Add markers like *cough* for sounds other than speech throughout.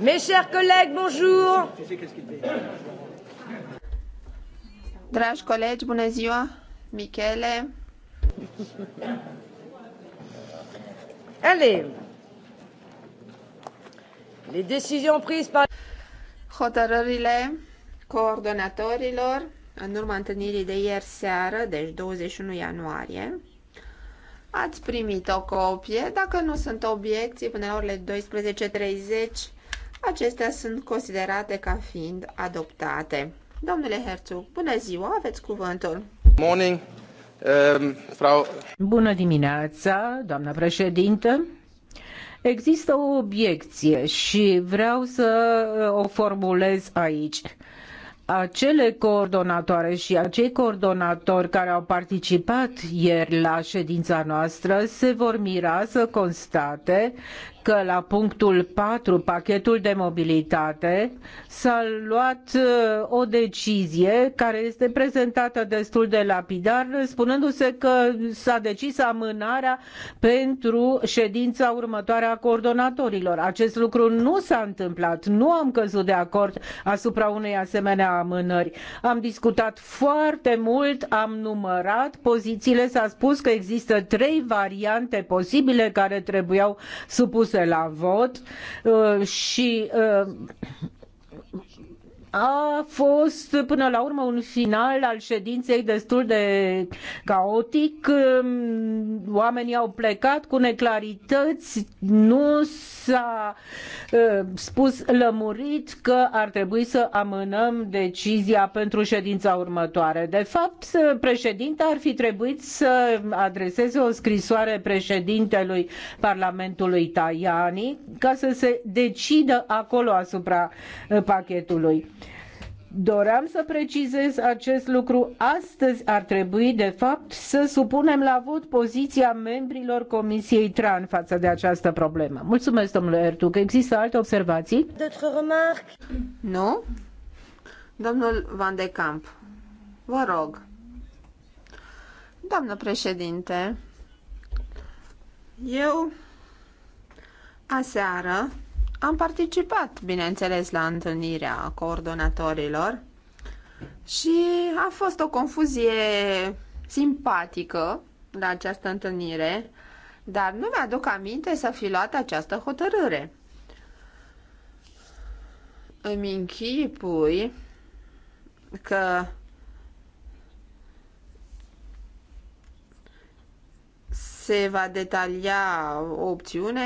Mes chers collègues, bonjour. Dragi colegi, bună ziua. Michele. Allez. Les décisions prises par hotărârile coordonatorilor în urma întâlnirii de ieri seară, deci 21 ianuarie, Ați primit o copie. Dacă nu sunt obiecții până la orele 12.30, acestea sunt considerate ca fiind adoptate. Domnule Herzog, bună ziua, aveți cuvântul. Morning, um, frau... Bună dimineața, doamna președintă. Există o obiecție și vreau să o formulez aici acele coordonatoare și acei coordonatori care au participat ieri la ședința noastră se vor mira să constate că la punctul patru, pachetul de mobilitate, s-a luat uh, o decizie care este prezentată destul de lapidar, spunându-se că s-a decis amânarea pentru ședința următoare a coordonatorilor. Acest lucru nu s-a întâmplat, nu am căzut de acord asupra unei asemenea amânări. Am discutat foarte mult, am numărat pozițiile, s-a spus că există trei variante posibile care trebuiau supuse puse la vot uh, și uh, a fost până la urmă un final al ședinței destul de caotic. Um, oamenii au plecat cu neclarități, nu s-a ă, spus lămurit că ar trebui să amânăm decizia pentru ședința următoare. De fapt, președinta ar fi trebuit să adreseze o scrisoare președintelui Parlamentului Tajani ca să se decidă acolo asupra ă, pachetului doream să precizez acest lucru. Astăzi ar trebui, de fapt, să supunem la vot poziția membrilor Comisiei TRAN față de această problemă. Mulțumesc, domnule Ertug. Există alte observații? Nu? Domnul Van de Camp, vă rog. Doamnă președinte, eu aseară am participat, bineînțeles, la întâlnirea coordonatorilor și a fost o confuzie simpatică la această întâlnire, dar nu mi-aduc aminte să fi luat această hotărâre. Îmi închipui că se va detalia o opțiune,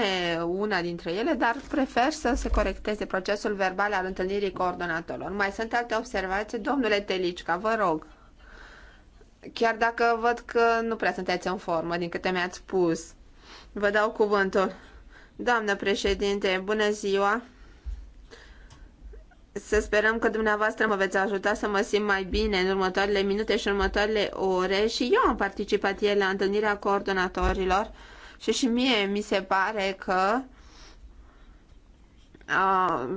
una dintre ele, dar prefer să se corecteze procesul verbal al întâlnirii coordonatorilor. Mai sunt alte observații? Domnule Telicica, vă rog. Chiar dacă văd că nu prea sunteți în formă, din câte mi-ați spus, vă dau cuvântul. Doamnă președinte, bună ziua! Să sperăm că dumneavoastră mă veți ajuta să mă simt mai bine în următoarele minute și în următoarele ore și eu am participat ieri la întâlnirea coordonatorilor și și mie mi se pare că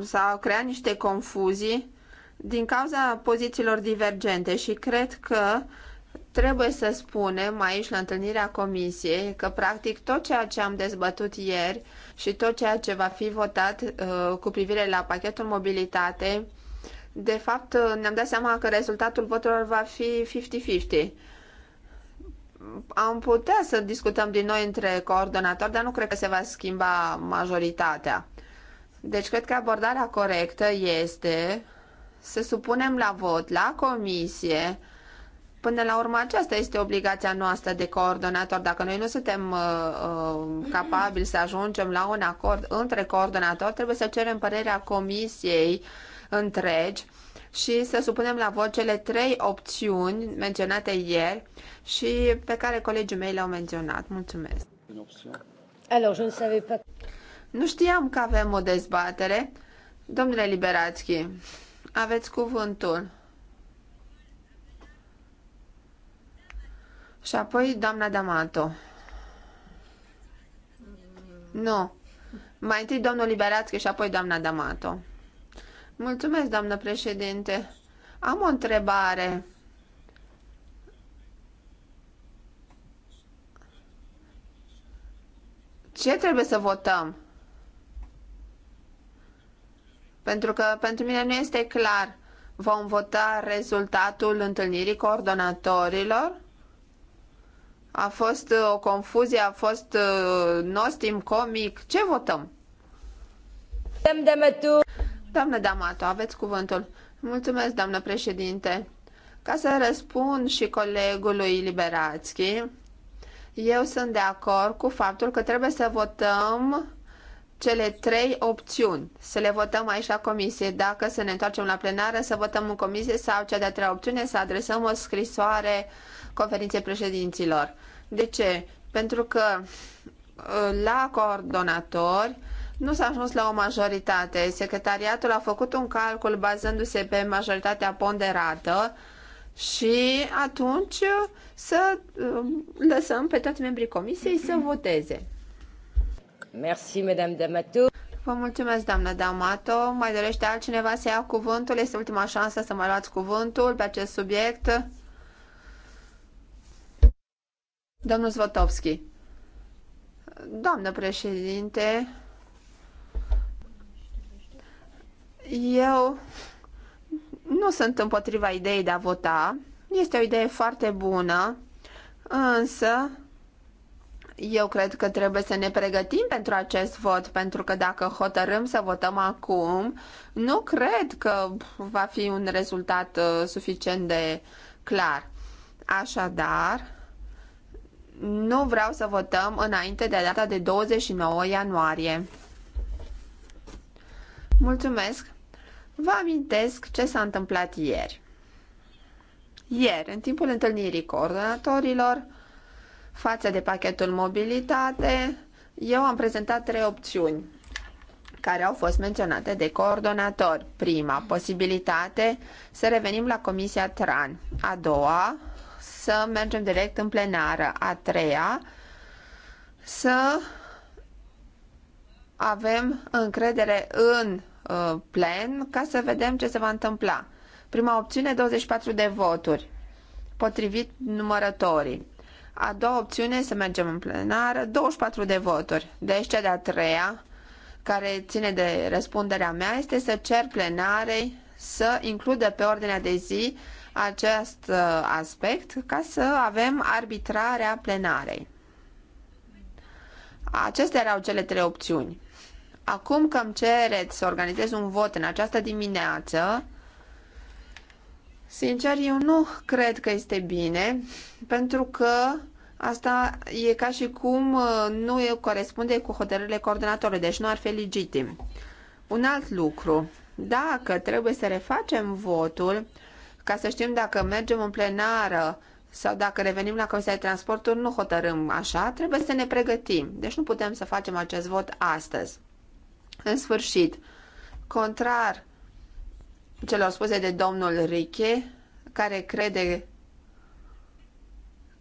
s-au creat niște confuzii din cauza pozițiilor divergente și cred că Trebuie să spunem aici la întâlnirea comisiei că practic tot ceea ce am dezbătut ieri și tot ceea ce va fi votat uh, cu privire la pachetul mobilitate, de fapt uh, ne-am dat seama că rezultatul voturilor va fi 50-50 am putea să discutăm din noi între coordonatori, dar nu cred că se va schimba majoritatea. Deci cred că abordarea corectă este să supunem la vot la comisie Până la urmă, aceasta este obligația noastră de coordonator. Dacă noi nu suntem uh, uh, capabili să ajungem la un acord între coordonatori, trebuie să cerem părerea comisiei întregi și să supunem la vot cele trei opțiuni menționate ieri și pe care colegii mei le-au menționat. Mulțumesc. Nu știam că avem o dezbatere. Domnule Liberațchi, aveți cuvântul. Și apoi doamna D'Amato. Nu. Mai întâi domnul Liberațchi și apoi doamna D'Amato. Mulțumesc, doamnă președinte. Am o întrebare. Ce trebuie să votăm? Pentru că pentru mine nu este clar. Vom vota rezultatul întâlnirii coordonatorilor a fost uh, o confuzie, a fost uh, nostim comic. Ce votăm? Doamnă Damato, aveți cuvântul. Mulțumesc, doamnă președinte. Ca să răspund și colegului Liberațchi, eu sunt de acord cu faptul că trebuie să votăm cele trei opțiuni. Să le votăm aici la comisie. Dacă să ne întoarcem la plenară, să votăm în comisie sau cea de-a treia opțiune, să adresăm o scrisoare uh, conferinței președinților. De ce? Pentru că ă, la coordonatori nu s-a ajuns la o majoritate. Secretariatul a făcut un calcul bazându-se pe majoritatea ponderată și atunci ă, să ă, lăsăm pe toți membrii comisiei să voteze. Merci, Madame D'Amato. Vă mulțumesc, doamnă D'Amato. Mai dorește altcineva să ia cuvântul? Este ultima șansă să mai luați cuvântul pe acest subiect. Domnul Zvotovski. Doamnă președinte, eu nu sunt împotriva ideii de a vota. Este o idee foarte bună, însă eu cred că trebuie să ne pregătim pentru acest vot, pentru că dacă hotărâm să votăm acum, nu cred că va fi un rezultat uh, suficient de clar. Așadar, nu vreau să votăm înainte de data de 29 ianuarie. Mulțumesc! Vă amintesc ce s-a întâmplat ieri. Ieri, în timpul întâlnirii coordonatorilor, față de pachetul mobilitate, eu am prezentat trei opțiuni care au fost menționate de coordonator. Prima posibilitate să revenim la Comisia TRAN. A doua să mergem direct în plenară. A treia, să avem încredere în uh, plen ca să vedem ce se va întâmpla. Prima opțiune, 24 de voturi, potrivit numărătorii. A doua opțiune, să mergem în plenară, 24 de voturi. Deci cea de-a treia, care ține de răspunderea mea, este să cer plenarei să includă pe ordinea de zi acest uh, aspect ca să avem arbitrarea plenarei. Acestea erau cele trei opțiuni. Acum că îmi cereți să organizez un vot în această dimineață, sincer, eu nu cred că este bine, pentru că asta e ca și cum uh, nu corespunde cu hotărârile coordonatorului, deci nu ar fi legitim. Un alt lucru, dacă trebuie să refacem votul, ca să știm dacă mergem în plenară sau dacă revenim la Comisia de Transporturi, nu hotărâm așa, trebuie să ne pregătim. Deci nu putem să facem acest vot astăzi. În sfârșit, contrar celor spuse de domnul Riche, care crede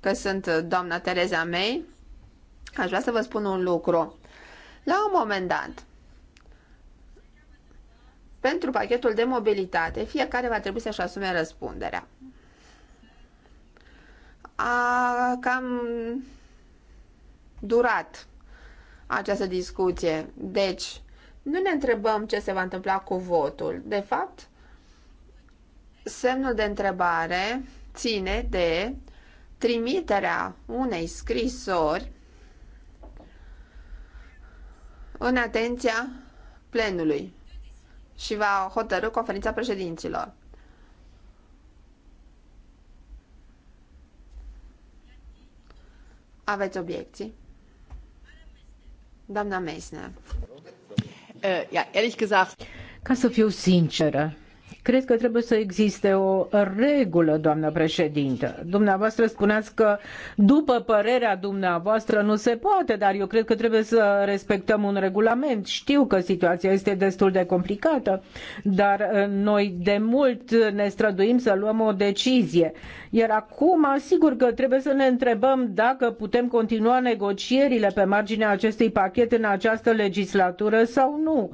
că sunt doamna Tereza May, aș vrea să vă spun un lucru. La un moment dat, pentru pachetul de mobilitate, fiecare va trebui să-și asume răspunderea. A cam durat această discuție. Deci, nu ne întrebăm ce se va întâmpla cu votul. De fapt, semnul de întrebare ține de trimiterea unei scrisori în atenția plenului și va hotărâ conferința președinților. Aveți obiecții? Doamna Meisner. Äh, ja, Ca să fiu sinceră, Cred că trebuie să existe o regulă, doamnă președintă. Dumneavoastră spuneați că după părerea dumneavoastră nu se poate, dar eu cred că trebuie să respectăm un regulament. Știu că situația este destul de complicată, dar uh, noi de mult ne străduim să luăm o decizie. Iar acum, sigur că trebuie să ne întrebăm dacă putem continua negocierile pe marginea acestui pachet în această legislatură sau nu.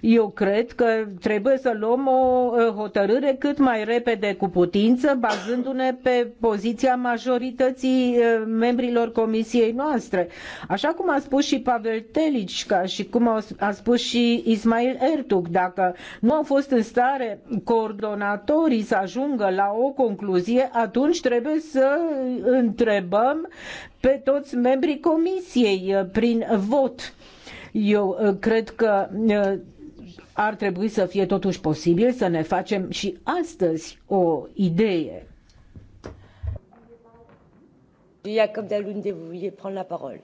Eu cred că trebuie să luăm o uh, hotărâre cât mai repede cu putință, bazându-ne pe poziția majorității eh, membrilor comisiei noastre. Așa cum a spus și Pavel Telici, și cum a spus și Ismail Ertug, dacă nu au fost în stare coordonatorii să ajungă la o concluzie, atunci trebuie să întrebăm pe toți membrii comisiei eh, prin vot. Eu eh, cred că ar trebui să fie totuși posibil să ne facem și astăzi o idee. Jacob Dalunde, vous vouliez prendre la parole.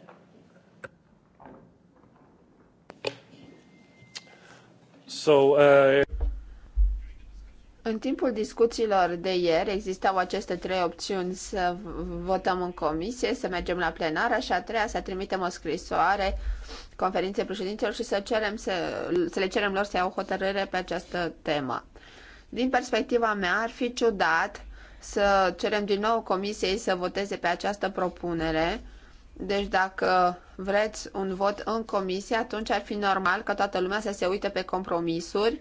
So, uh... În timpul discuțiilor de ieri existau aceste trei opțiuni să votăm în comisie, să mergem la plenară și a treia să trimitem o scrisoare conferinței președinților și să, cerem, să, să le cerem lor să iau hotărâre pe această temă. Din perspectiva mea, ar fi ciudat să cerem din nou comisiei să voteze pe această propunere. Deci dacă vreți un vot în comisie, atunci ar fi normal ca toată lumea să se uite pe compromisuri,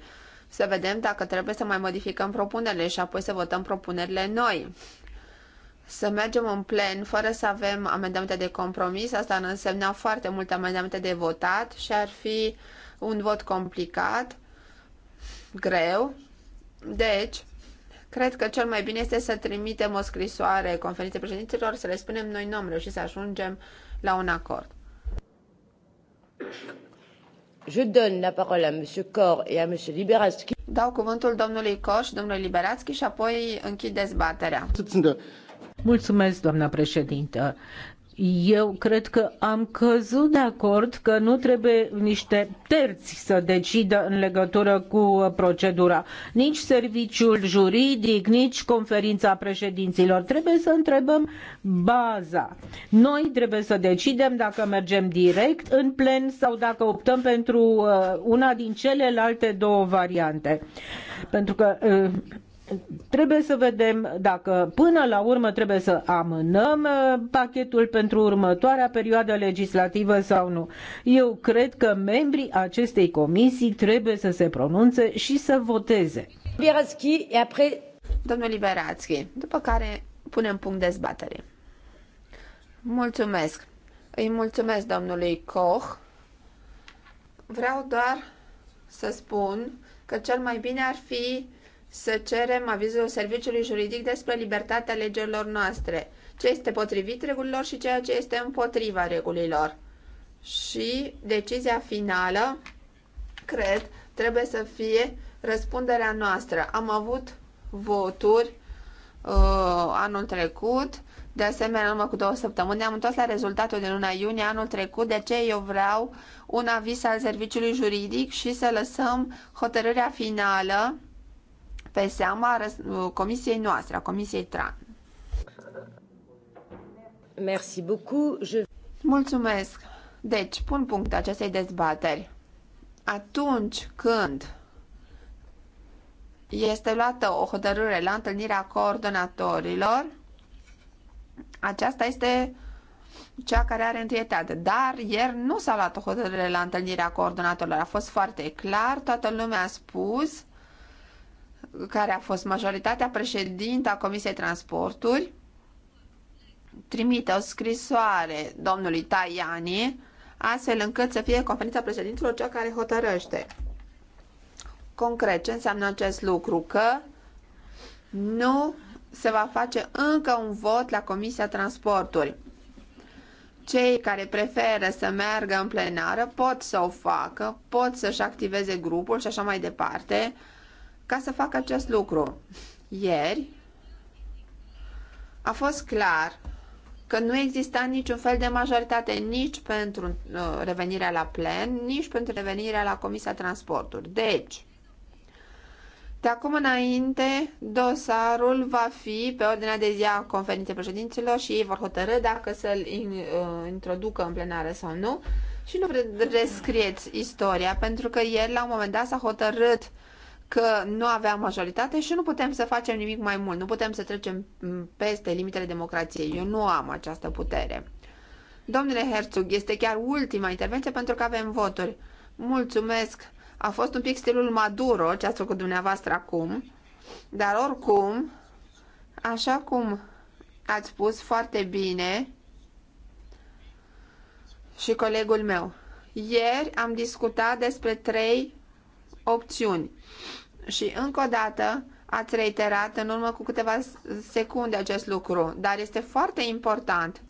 să vedem dacă trebuie să mai modificăm propunerile și apoi să votăm propunerile noi să mergem în plen fără să avem amendamente de compromis, asta ar însemna foarte multe amendamente de votat și ar fi un vot complicat, greu. Deci, cred că cel mai bine este să trimitem o scrisoare conferinței președinților, să le spunem noi nu am reușit să ajungem la un acord. Je donne la parole à Monsieur Cor et à Monsieur Liberatski. Dau cuvântul domnului Cor și domnului Liberatski și apoi închid dezbaterea. Mulțumesc, doamna președintă. Eu cred că am căzut de acord că nu trebuie niște terți să decidă în legătură cu procedura. Nici serviciul juridic, nici conferința președinților. Trebuie să întrebăm baza. Noi trebuie să decidem dacă mergem direct în plen sau dacă optăm pentru uh, una din celelalte două variante. Pentru că uh, trebuie să vedem dacă până la urmă trebuie să amânăm uh, pachetul pentru următoarea perioadă legislativă sau nu. Eu cred că membrii acestei comisii trebuie să se pronunțe și să voteze. Domnul Liberațchi, după care punem punct dezbatere. Mulțumesc. Îi mulțumesc domnului Koch. Vreau doar să spun că cel mai bine ar fi să cerem avizul serviciului juridic despre libertatea legilor noastre, ce este potrivit regulilor și ceea ce este împotriva regulilor. Și decizia finală, cred, trebuie să fie răspunderea noastră. Am avut voturi uh, anul trecut, de asemenea, numai cu două săptămâni, am întors la rezultatul din luna iunie anul trecut, de ce eu vreau un avis al serviciului juridic și să lăsăm hotărârea finală pe seama comisiei noastre, a comisiei TRAN. Merci beaucoup. Je... Mulțumesc. Deci, pun punct acestei dezbateri. Atunci când este luată o hotărâre la întâlnirea coordonatorilor, aceasta este cea care are întâietate. Dar ieri nu s-a luat o hotărâre la întâlnirea coordonatorilor. A fost foarte clar, toată lumea a spus care a fost majoritatea a Comisiei Transporturi, trimite o scrisoare domnului Tajani, astfel încât să fie conferința președintelor cea care hotărăște. Concret, ce înseamnă acest lucru? Că nu se va face încă un vot la Comisia Transporturi. Cei care preferă să meargă în plenară pot să o facă, pot să-și activeze grupul și așa mai departe, ca să facă acest lucru. Ieri a fost clar că nu exista niciun fel de majoritate nici pentru uh, revenirea la plen, nici pentru revenirea la Comisia Transporturi. Deci, de acum înainte, dosarul va fi pe ordinea de zi a conferinței președinților și ei vor hotărâ dacă să-l uh, introducă în plenare sau nu. Și nu rescrieți istoria, pentru că ieri, la un moment dat, s-a hotărât uh, că nu aveam majoritate și nu putem să facem nimic mai mult, nu putem să trecem peste limitele democrației. Eu nu am această putere. Domnule Herzog, este chiar ultima intervenție pentru că avem voturi. Mulțumesc! A fost un pic stilul Maduro ce ați făcut dumneavoastră acum, dar oricum, așa cum ați spus foarte bine și colegul meu, ieri am discutat despre trei opțiuni. Și încă o dată ați reiterat în urmă cu câteva secunde acest lucru, dar este foarte important.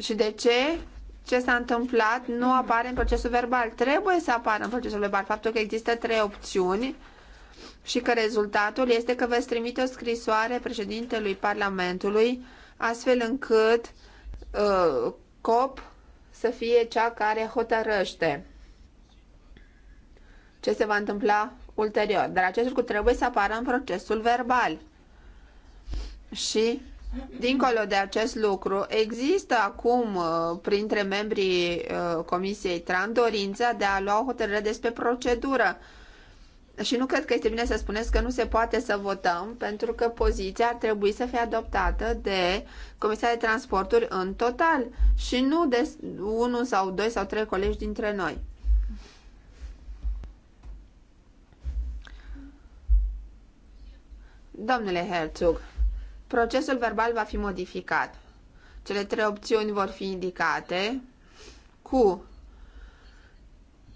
Și de ce ce s-a întâmplat nu apare în procesul verbal? Trebuie să apară în procesul verbal faptul că există trei opțiuni și că rezultatul este că veți trimite o scrisoare președintelui Parlamentului astfel încât uh, COP să fie cea care hotărăște ce se va întâmpla ulterior. Dar acest lucru trebuie să apară în procesul verbal. Și, dincolo de acest lucru, există acum uh, printre membrii uh, Comisiei Tran dorința de a lua o hotărâre despre procedură. Și nu cred că este bine să spuneți că nu se poate să votăm, pentru că poziția ar trebui să fie adoptată de Comisia de Transporturi în total și nu de unul sau doi sau trei colegi dintre noi. Domnule Herzog, procesul verbal va fi modificat. Cele trei opțiuni vor fi indicate cu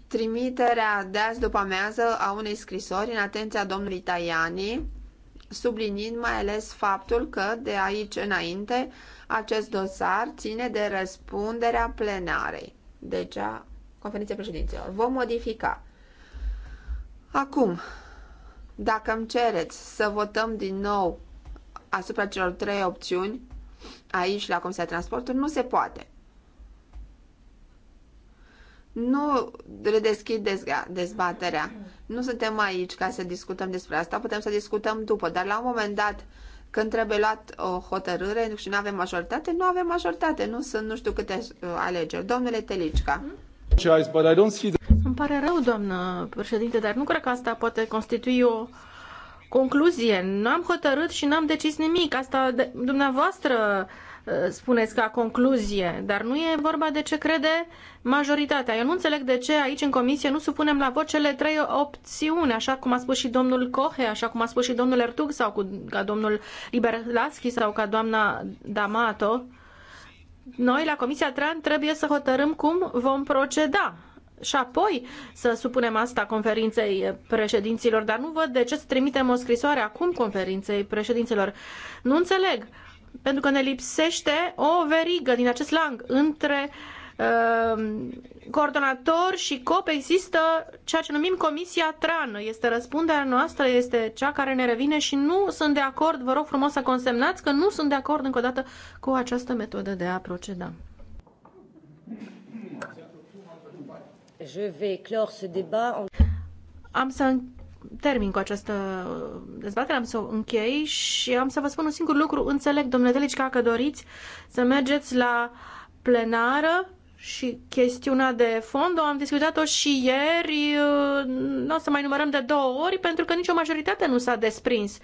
trimiterea de azi după amează a unei scrisori în atenția domnului Tajani, sublinind mai ales faptul că de aici înainte acest dosar ține de răspunderea plenarei, deci a conferinței președinților. Vom modifica. Acum, dacă îmi cereți să votăm din nou asupra celor trei opțiuni, aici, la Comisia Transporturi, nu se poate. Nu redeschid dezbaterea. Nu suntem aici ca să discutăm despre asta, putem să discutăm după, dar la un moment dat, când trebuie luat o hotărâre și nu avem majoritate, nu avem majoritate, nu sunt nu știu câte uh, alegeri. Domnule Telicica. Îmi pare rău, doamnă președinte, dar nu cred că asta poate constitui o concluzie. N-am hotărât și n-am decis nimic. Asta de, dumneavoastră uh, spuneți ca concluzie, dar nu e vorba de ce crede majoritatea. Eu nu înțeleg de ce aici în comisie nu supunem la vot cele trei opțiuni, așa cum a spus și domnul Cohe, așa cum a spus și domnul Ertug sau cu, ca domnul Liberlaschi sau ca doamna Damato. Noi la Comisia Tran trebuie să hotărâm cum vom proceda și apoi să supunem asta conferinței președinților, dar nu văd de ce să trimitem o scrisoare acum conferinței președinților. Nu înțeleg, pentru că ne lipsește o verigă din acest lang între ehm, coordonator și COP există ceea ce numim Comisia TRAN. Este răspunderea noastră, este cea care ne revine și nu sunt de acord, vă rog frumos să consemnați că nu sunt de acord încă o dată cu această metodă de a proceda. Je vais clore ce débat. Am să termin cu această dezbatere, am să o închei și am să vă spun un singur lucru. Înțeleg, domnule Delicica, că doriți să mergeți la plenară și chestiunea de fond o am discutat-o și ieri, uh, nu o să mai numărăm de două ori, pentru că nicio majoritate nu s-a desprins.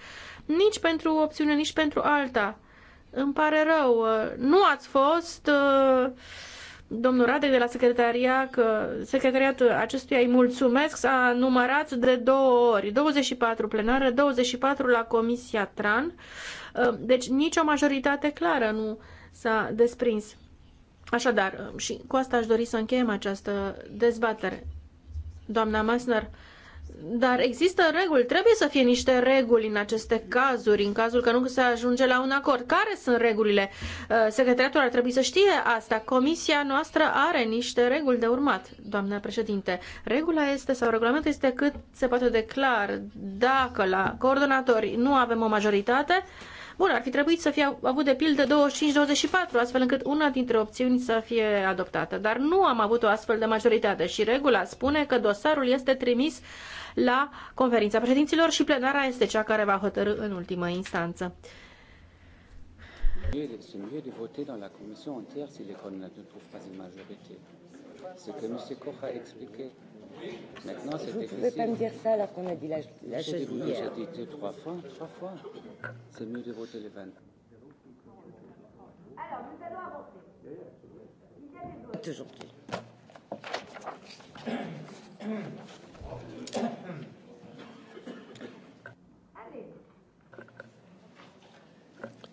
Nici pentru o opțiune, nici pentru alta. Îmi pare rău, uh, nu ați fost... Uh domnul Rade de la secretaria, că secretariatul acestuia îi mulțumesc, s-a numărat de două ori, 24 plenară, 24 la Comisia TRAN, uh, deci nicio majoritate clară nu s-a desprins. Așadar, uh, și cu asta aș dori să încheiem această dezbatere. Doamna Masner, dar există reguli, trebuie să fie niște reguli în aceste cazuri, în cazul că nu se ajunge la un acord. Care sunt regulile? Uh, secretariatul ar trebui să știe asta. Comisia noastră are niște reguli de urmat, doamna președinte. Regula este, sau regulamentul este cât se poate de clar. Dacă la coordonatori nu avem o majoritate, Bun, ar fi trebuit să fie avut de pildă 25-24, astfel încât una dintre opțiuni să fie adoptată. Dar nu am avut o astfel de majoritate și regula spune că dosarul este trimis la conferința președinților și plenara este cea care va hotărâ în ultimă instanță. C'est mieux de voter dans la commission entière si les candidats ne trouvent pas une majorité. C'est que M. Koch a expliqué. Maintenant, c'est difficile. Vous ne pouvez pas me dire ça alors qu'on a dit la, la chose hier. J'ai dit trois fois, trois fois. C'est mieux de voter les 20. Alors, nous allons avancer. Il y a des votes aujourd'hui.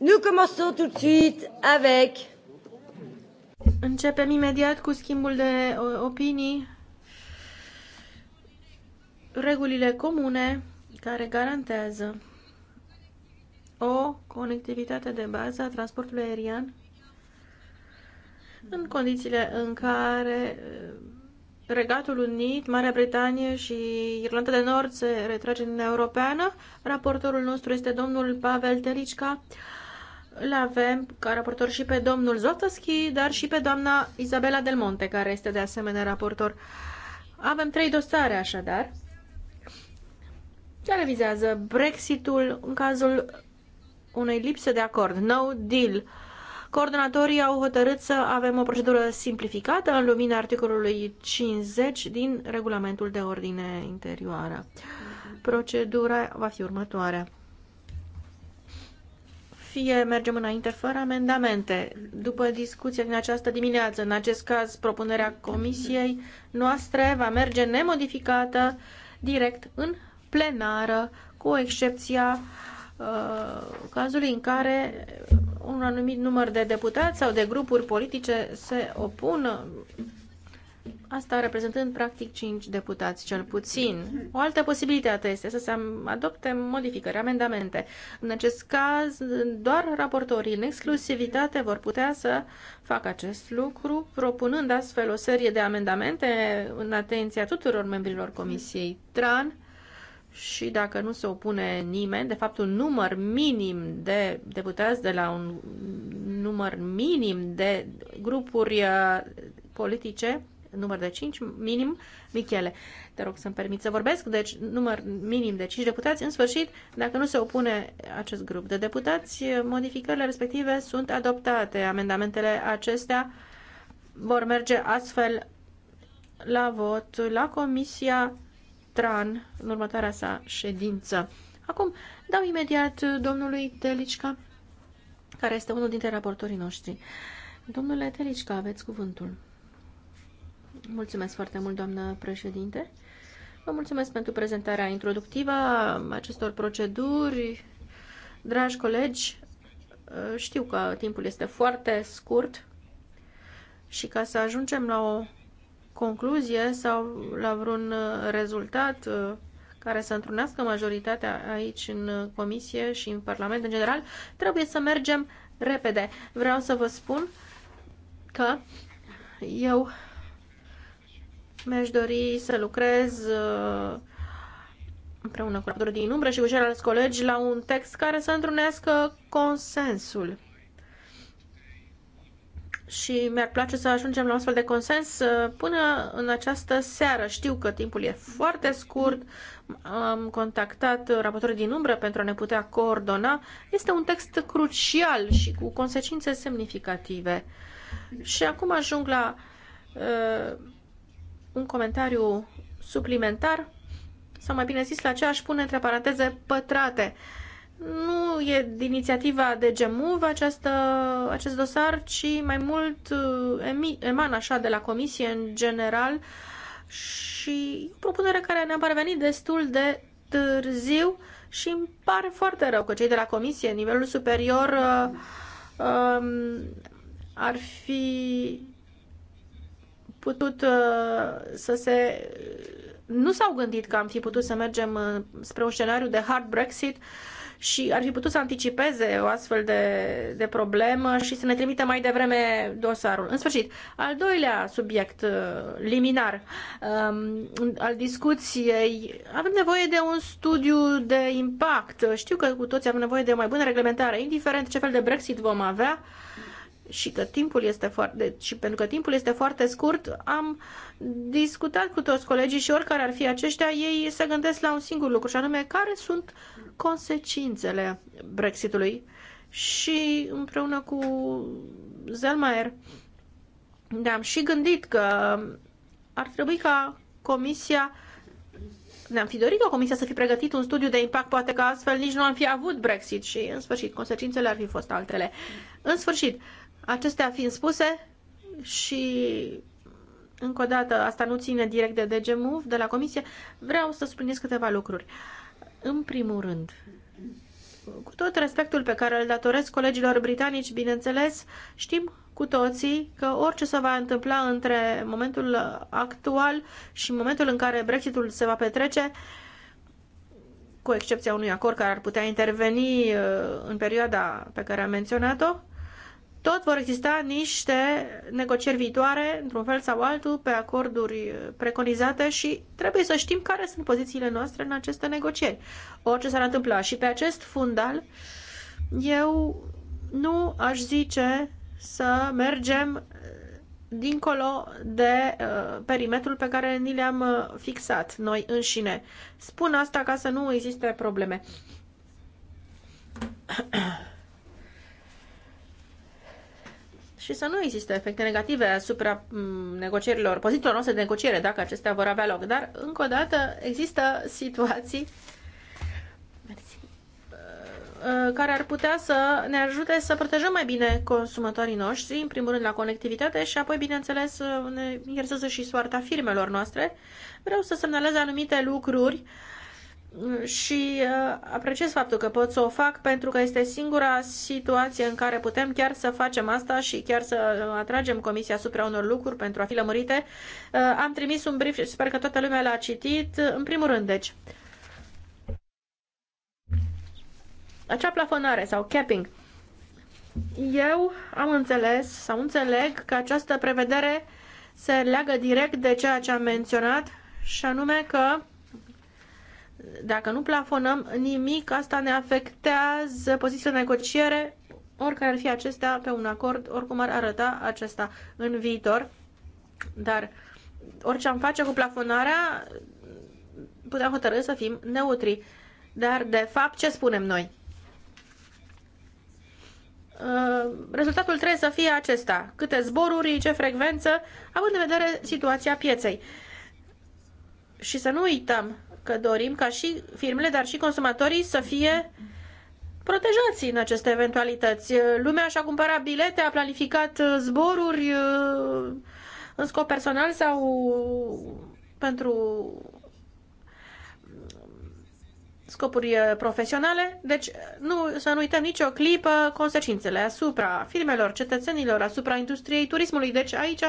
Nous commençons tout de suite avec. Începem imediat cu schimbul de opinii. Regulile comune care garantează o conectivitate de bază a transportului aerian în condițiile în care Regatul Unit, Marea Britanie și Irlanda de Nord se retrage în Europeană. Raportorul nostru este domnul Pavel Telicca. Îl avem ca raportor și pe domnul Zotăschi, dar și pe doamna Izabela Del Monte, care este de asemenea raportor. Avem trei dosare așadar, Ce vizează Brexitul în cazul unei lipse de acord, no deal, Coordonatorii au hotărât să avem o procedură simplificată în lumina articolului 50 din regulamentul de ordine interioară. Procedura va fi următoarea. Fie mergem înainte fără amendamente. După discuția din această dimineață, în acest caz, propunerea comisiei noastre va merge nemodificată direct în plenară, cu excepția uh, cazului în care un anumit număr de deputați sau de grupuri politice se opună, asta reprezentând practic 5 deputați cel puțin. O altă posibilitate este să se adopte modificări, amendamente. În acest caz, doar raportorii în exclusivitate vor putea să facă acest lucru, propunând astfel o serie de amendamente în atenția tuturor membrilor Comisiei TRAN, și dacă nu se opune nimeni, de fapt un număr minim de deputați de la un număr minim de grupuri uh, politice, număr de 5 minim, Michele, te rog să-mi permit să vorbesc, deci număr minim de 5 deputați, în sfârșit, dacă nu se opune acest grup de deputați, uh, modificările respective sunt adoptate. Amendamentele acestea vor merge astfel la vot la Comisia TRAN în următoarea sa ședință. Acum dau imediat domnului Telicca, care este unul dintre raportorii noștri. Domnule Telicca, aveți cuvântul. Mulțumesc foarte mult, doamnă președinte. Vă mulțumesc pentru prezentarea introductivă a acestor proceduri. Dragi colegi, știu că timpul este foarte scurt și ca să ajungem la o concluzie sau la vreun uh, rezultat uh, care să întrunească majoritatea aici în uh, Comisie și în Parlament în general, trebuie să mergem repede. Vreau să vă spun că eu mi-aș dori să lucrez împreună cu raportul din umbră și cu ceilalți colegi la un text care să întrunească consensul și mi-ar place să ajungem la un astfel de consens uh, până în această seară. Știu că timpul e foarte scurt, am contactat raportorii din umbră pentru a ne putea coordona. Este un text crucial și cu consecințe semnificative. Și acum ajung la uh, un comentariu suplimentar, sau mai bine zis, la ce aș pune între paranteze pătrate. Uh, nu e de inițiativa de GEMUV această, acest dosar, ci mai mult uh, eman așa de la comisie în general și o propunere care ne-a parvenit destul de târziu și îmi pare foarte rău că cei de la comisie, nivelul superior, uh, um, ar fi putut uh, să se nu s-au gândit că am fi putut să mergem spre un scenariu de hard Brexit și ar fi putut să anticipeze o astfel de, de problemă și să ne trimită mai devreme dosarul. În sfârșit, al doilea subiect uh, liminar um, al discuției, avem nevoie de un studiu de impact. Știu că cu toți avem nevoie de o mai bună reglementare, indiferent ce fel de Brexit vom avea și că timpul este foarte, și pentru că timpul este foarte scurt, am discutat cu toți colegii și oricare ar fi aceștia, ei se gândesc la un singur lucru și anume care sunt consecințele Brexitului și împreună cu Zelmaer ne-am și gândit că ar trebui ca Comisia ne-am fi dorit o Comisia să fi pregătit un studiu de impact, poate că astfel nici nu am fi avut Brexit și, în sfârșit, consecințele ar fi fost altele. În sfârșit, acestea fiind spuse și, încă o dată, asta nu ține direct de DG Move, de la Comisie, vreau să spuneți câteva lucruri. Uh, în primul rând, cu tot respectul pe care îl datoresc colegilor britanici, bineînțeles, știm cu toții că orice se va întâmpla între momentul actual și momentul în care Brexitul se va petrece, cu excepția unui acord care ar putea interveni uh, în perioada pe care am menționat-o, tot vor exista niște negocieri viitoare, într-un fel sau altul, pe acorduri preconizate și trebuie să știm care sunt pozițiile noastre în aceste negocieri. Orice s-ar întâmpla. Și pe acest fundal, eu nu aș zice să mergem dincolo de uh, perimetrul pe care ni le-am uh, fixat noi înșine. Spun asta ca să nu existe probleme. *clears throat* și să nu existe efecte negative asupra mm, negocierilor, pozițiilor noastre de negociere, dacă acestea vor avea loc. Dar, încă o dată, există situații uh, uh, care ar putea să ne ajute să protejăm mai bine consumatorii noștri, în primul rând la conectivitate și apoi, bineînțeles, uh, ne interesează și soarta firmelor noastre. Vreau să semnalez anumite lucruri uh, și uh, apreciez faptul că pot să o fac pentru că este singura situație în care putem chiar să facem asta și chiar să atragem comisia asupra unor lucruri pentru a fi lămurite. Uh, am trimis un brief și sper că toată lumea l-a citit. În primul rând, deci, acea plafonare sau capping. Eu am înțeles sau înțeleg că această prevedere se leagă direct de ceea ce am menționat și anume că dacă nu plafonăm nimic, asta ne afectează poziția negociere, oricare ar fi acestea, pe un acord, oricum ar arăta acesta în viitor. Dar orice am face cu plafonarea, putem hotărâ să fim neutri. Dar, de fapt, ce spunem noi? Uh, rezultatul trebuie să fie acesta. Câte zboruri, ce frecvență, având în vedere situația pieței. Și să nu uităm că dorim ca și firmele, dar și consumatorii să fie protejați în aceste eventualități. Lumea și-a cumpărat bilete, a planificat uh, zboruri uh, în scop personal sau pentru scopuri eh, profesionale, deci eh, nu, să nu uităm nicio clipă consecințele asupra firmelor, cetățenilor, asupra industriei turismului. Deci aici,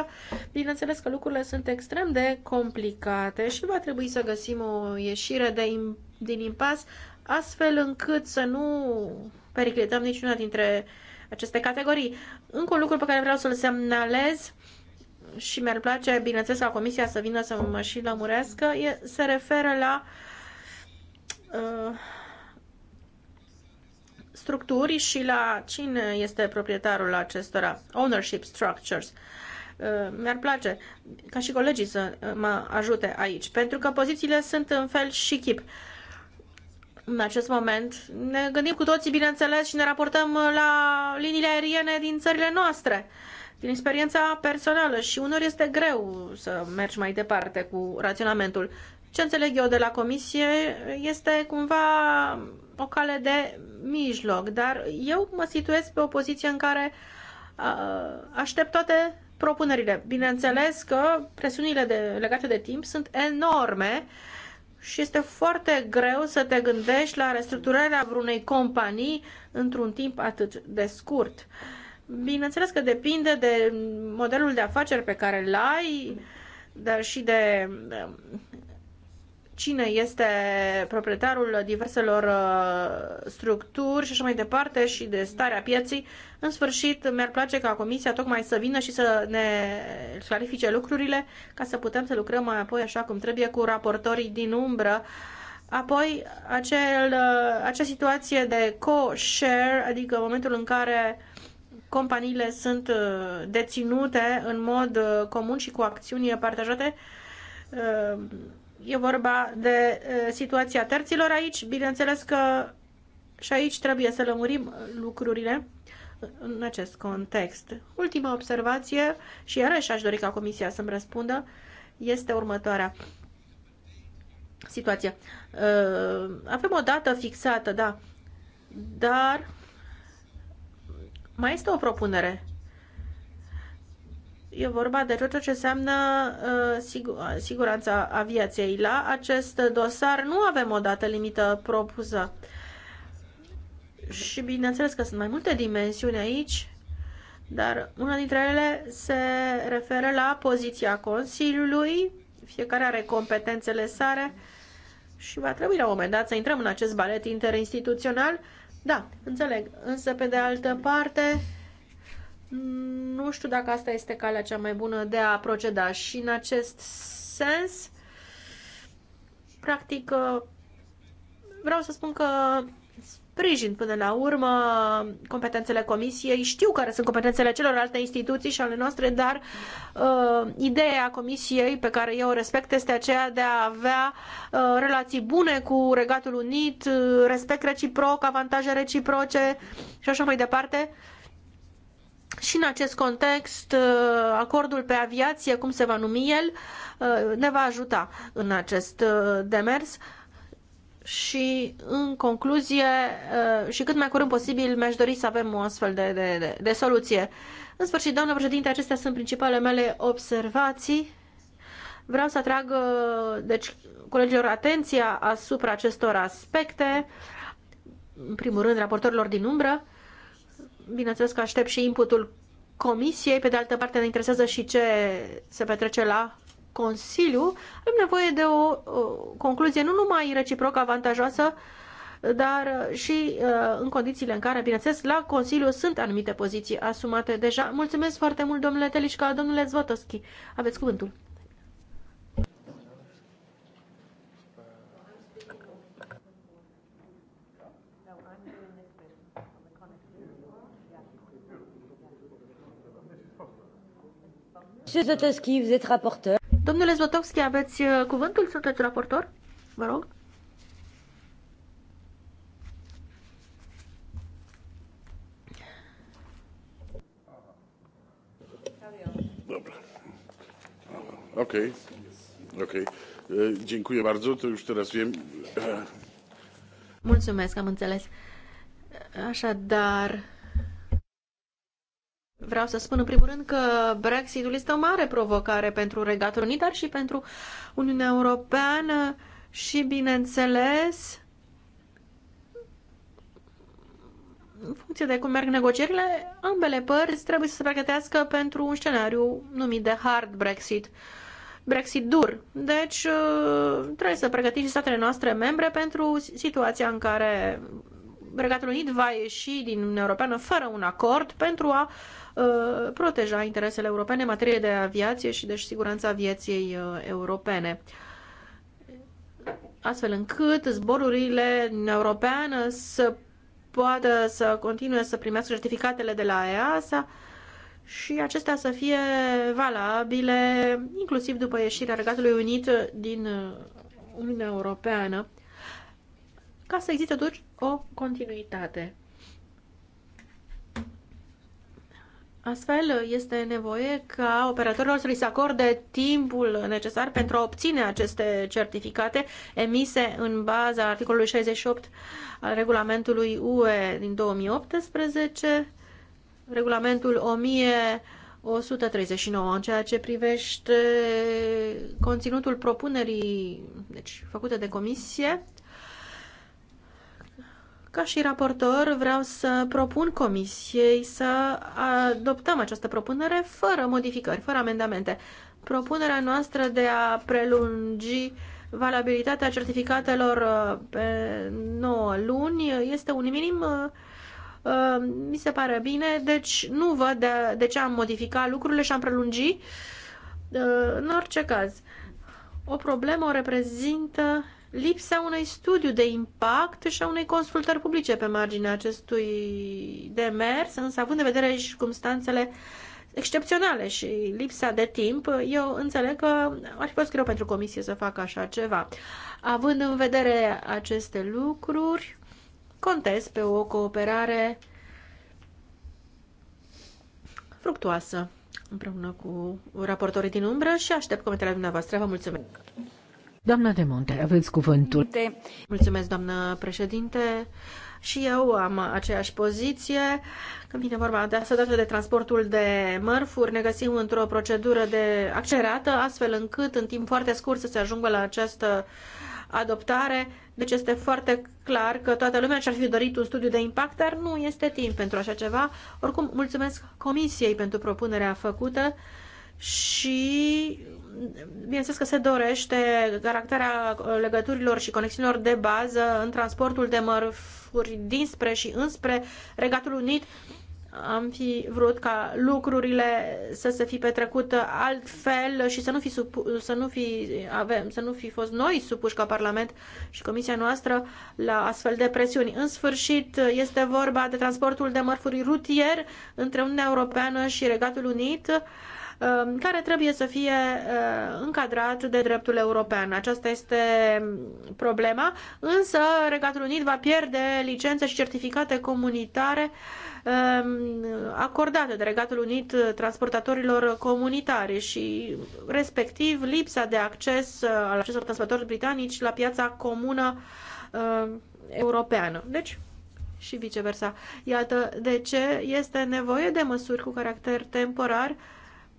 bineînțeles că lucrurile sunt extrem de complicate și va trebui să găsim o ieșire de, din impas astfel încât să nu periclităm niciuna dintre aceste categorii. Încă un lucru pe care vreau să-l semnalez și mi-ar place, bineînțeles, ca comisia să vină să mă și lămurească, e, se referă la uh, Uh, structuri și la cine este proprietarul acestora, ownership structures. Uh, mi-ar place ca și colegii să mă ajute aici, pentru că pozițiile sunt în fel și chip. În acest moment ne gândim cu toții, bineînțeles, și ne raportăm la liniile aeriene din țările noastre din experiența personală și unor este greu să mergi mai departe cu raționamentul. Ce înțeleg eu de la comisie este cumva o cale de mijloc, dar eu mă situez pe o poziție în care aștept toate propunerile. Bineînțeles că presiunile de, legate de timp sunt enorme și este foarte greu să te gândești la restructurarea vreunei companii într-un timp atât de scurt. Bineînțeles că depinde de modelul de afaceri pe care îl ai, dar și de cine este proprietarul diverselor uh, structuri și așa mai departe și de starea pieții. În sfârșit, mi-ar place ca Comisia tocmai să vină și să ne clarifice lucrurile ca să putem să lucrăm mai apoi așa cum trebuie cu raportorii din umbră. Apoi, acel, uh, acea situație de co-share, adică momentul în care companiile sunt uh, deținute în mod comun și cu acțiuni partajate, E vorba de situația terților aici. Bineînțeles că și aici trebuie să lămurim lucrurile în acest context. Ultima observație, și iarăși aș dori ca Comisia să-mi răspundă, este următoarea situație. Avem o dată fixată, da, dar mai este o propunere E vorba de tot ce înseamnă uh, sigur, siguranța aviației. La acest dosar nu avem o dată limită propusă. Și bineînțeles că sunt mai multe dimensiuni aici, dar una dintre ele se referă la poziția Consiliului. Fiecare are competențele sare și va trebui la un moment dat să intrăm în acest balet interinstituțional. Da, înțeleg. Însă, pe de altă parte, nu știu dacă asta este calea cea mai bună de a proceda și în acest sens, practic, uh, vreau să spun că sprijin până la urmă competențele comisiei. Știu care sunt competențele celorlalte instituții și ale noastre, dar uh, ideea comisiei pe care eu o respect este aceea de a avea uh, relații bune cu Regatul Unit, uh, respect reciproc, avantaje reciproce și așa mai departe. Uh, și în acest context, uh, acordul pe aviație, cum se va numi el, uh, ne va ajuta în acest uh, demers. Și în concluzie, și cât mai curând posibil, mi-aș dori să avem o astfel de, de, de, de soluție. În sfârșit, doamnă președinte, acestea sunt principalele mele observații. Vreau să atrag deci, colegilor atenția asupra acestor aspecte, în primul rând raportorilor din umbră, bineînțeles că aștept și inputul Comisiei, pe de altă parte ne interesează și ce se petrece la Consiliu. Avem nevoie de o, o concluzie nu numai reciproc avantajoasă, dar și uh, în condițiile în care, bineînțeles, la Consiliu sunt anumite poziții asumate deja. Mulțumesc foarte mult, domnule Telișca, domnule Zvotoschi. Aveți cuvântul. Monsieur Zotowski, vous êtes raportor? Domnule Zlotowski, aveți uh, cuvântul? Sunteți raportor? Vă rog. Ok, ok. Dziękuję bardzo, to już teraz wiem. Mulțumesc, am înțeles. Așadar, Vreau să spun în primul rând că Brexitul este o mare provocare pentru Regatul Unit, dar și pentru Uniunea Europeană și, bineînțeles, în funcție de cum merg negocierile, ambele părți trebuie să se pregătească pentru un scenariu numit de hard Brexit. Brexit dur. Deci uh, trebuie să pregătim și statele noastre membre pentru situația în care Regatul Unit va ieși din Uniunea Europeană fără un acord pentru a uh, proteja interesele europene în materie de aviație și de siguranța vieții uh, europene astfel încât zborurile în europeană să poată să continue să primească certificatele de la EASA și acestea să fie valabile inclusiv după ieșirea Regatului Unit din uh, Uniunea Europeană ca să existe totuși o continuitate. Astfel, este nevoie ca operatorilor să li se acorde timpul necesar pentru a obține aceste certificate emise în baza articolului 68 al regulamentului UE din 2018, regulamentul 1139, în ceea ce privește conținutul propunerii deci, făcute de comisie ca și raportor vreau să propun comisiei să adoptăm această propunere fără modificări, fără amendamente. Propunerea noastră de a prelungi valabilitatea certificatelor uh, pe 9 luni este un minim uh, uh, mi se pare bine, deci nu văd de, de ce am modificat lucrurile și am prelungit. În orice caz, o problemă o reprezintă lipsa unui studiu de impact și a unei consultări publice pe marginea acestui demers, însă având în vedere și circumstanțele excepționale și lipsa de timp, eu înțeleg că ar fi fost greu pentru comisie să facă așa ceva. Având în vedere aceste lucruri, contez pe o cooperare fructuoasă împreună cu raportorii din umbră și aștept comentariile dumneavoastră. Vă mulțumesc! Doamna de Monte, aveți cuvântul. De... Mulțumesc, doamnă președinte. Și eu am aceeași poziție. Când vine vorba de asta de transportul de mărfuri, ne găsim într-o procedură de accelerată, astfel încât în timp foarte scurt să se ajungă la această adoptare. Deci este foarte clar că toată lumea și-ar fi dorit un studiu de impact, dar nu este timp pentru așa ceva. Oricum, mulțumesc Comisiei pentru propunerea făcută și bineînțeles că se dorește caracterea legăturilor și conexiunilor de bază în transportul de mărfuri dinspre și înspre Regatul Unit. Am fi vrut ca lucrurile să se fi petrecut altfel și să nu fi, supu- să nu fi, avem, să nu fi fost noi supuși ca Parlament și Comisia noastră la astfel de presiuni. În sfârșit, este vorba de transportul de mărfuri rutier între Uniunea Europeană și Regatul Unit Um, care trebuie să fie uh, încadrat de dreptul european. Aceasta este problema, însă Regatul Unit va pierde licențe și certificate comunitare um, acordate de Regatul Unit transportatorilor comunitari și respectiv lipsa de acces uh, al acestor transportatori britanici la piața comună uh, europeană. Deci, și viceversa. Iată de ce este nevoie de măsuri cu caracter temporar uh,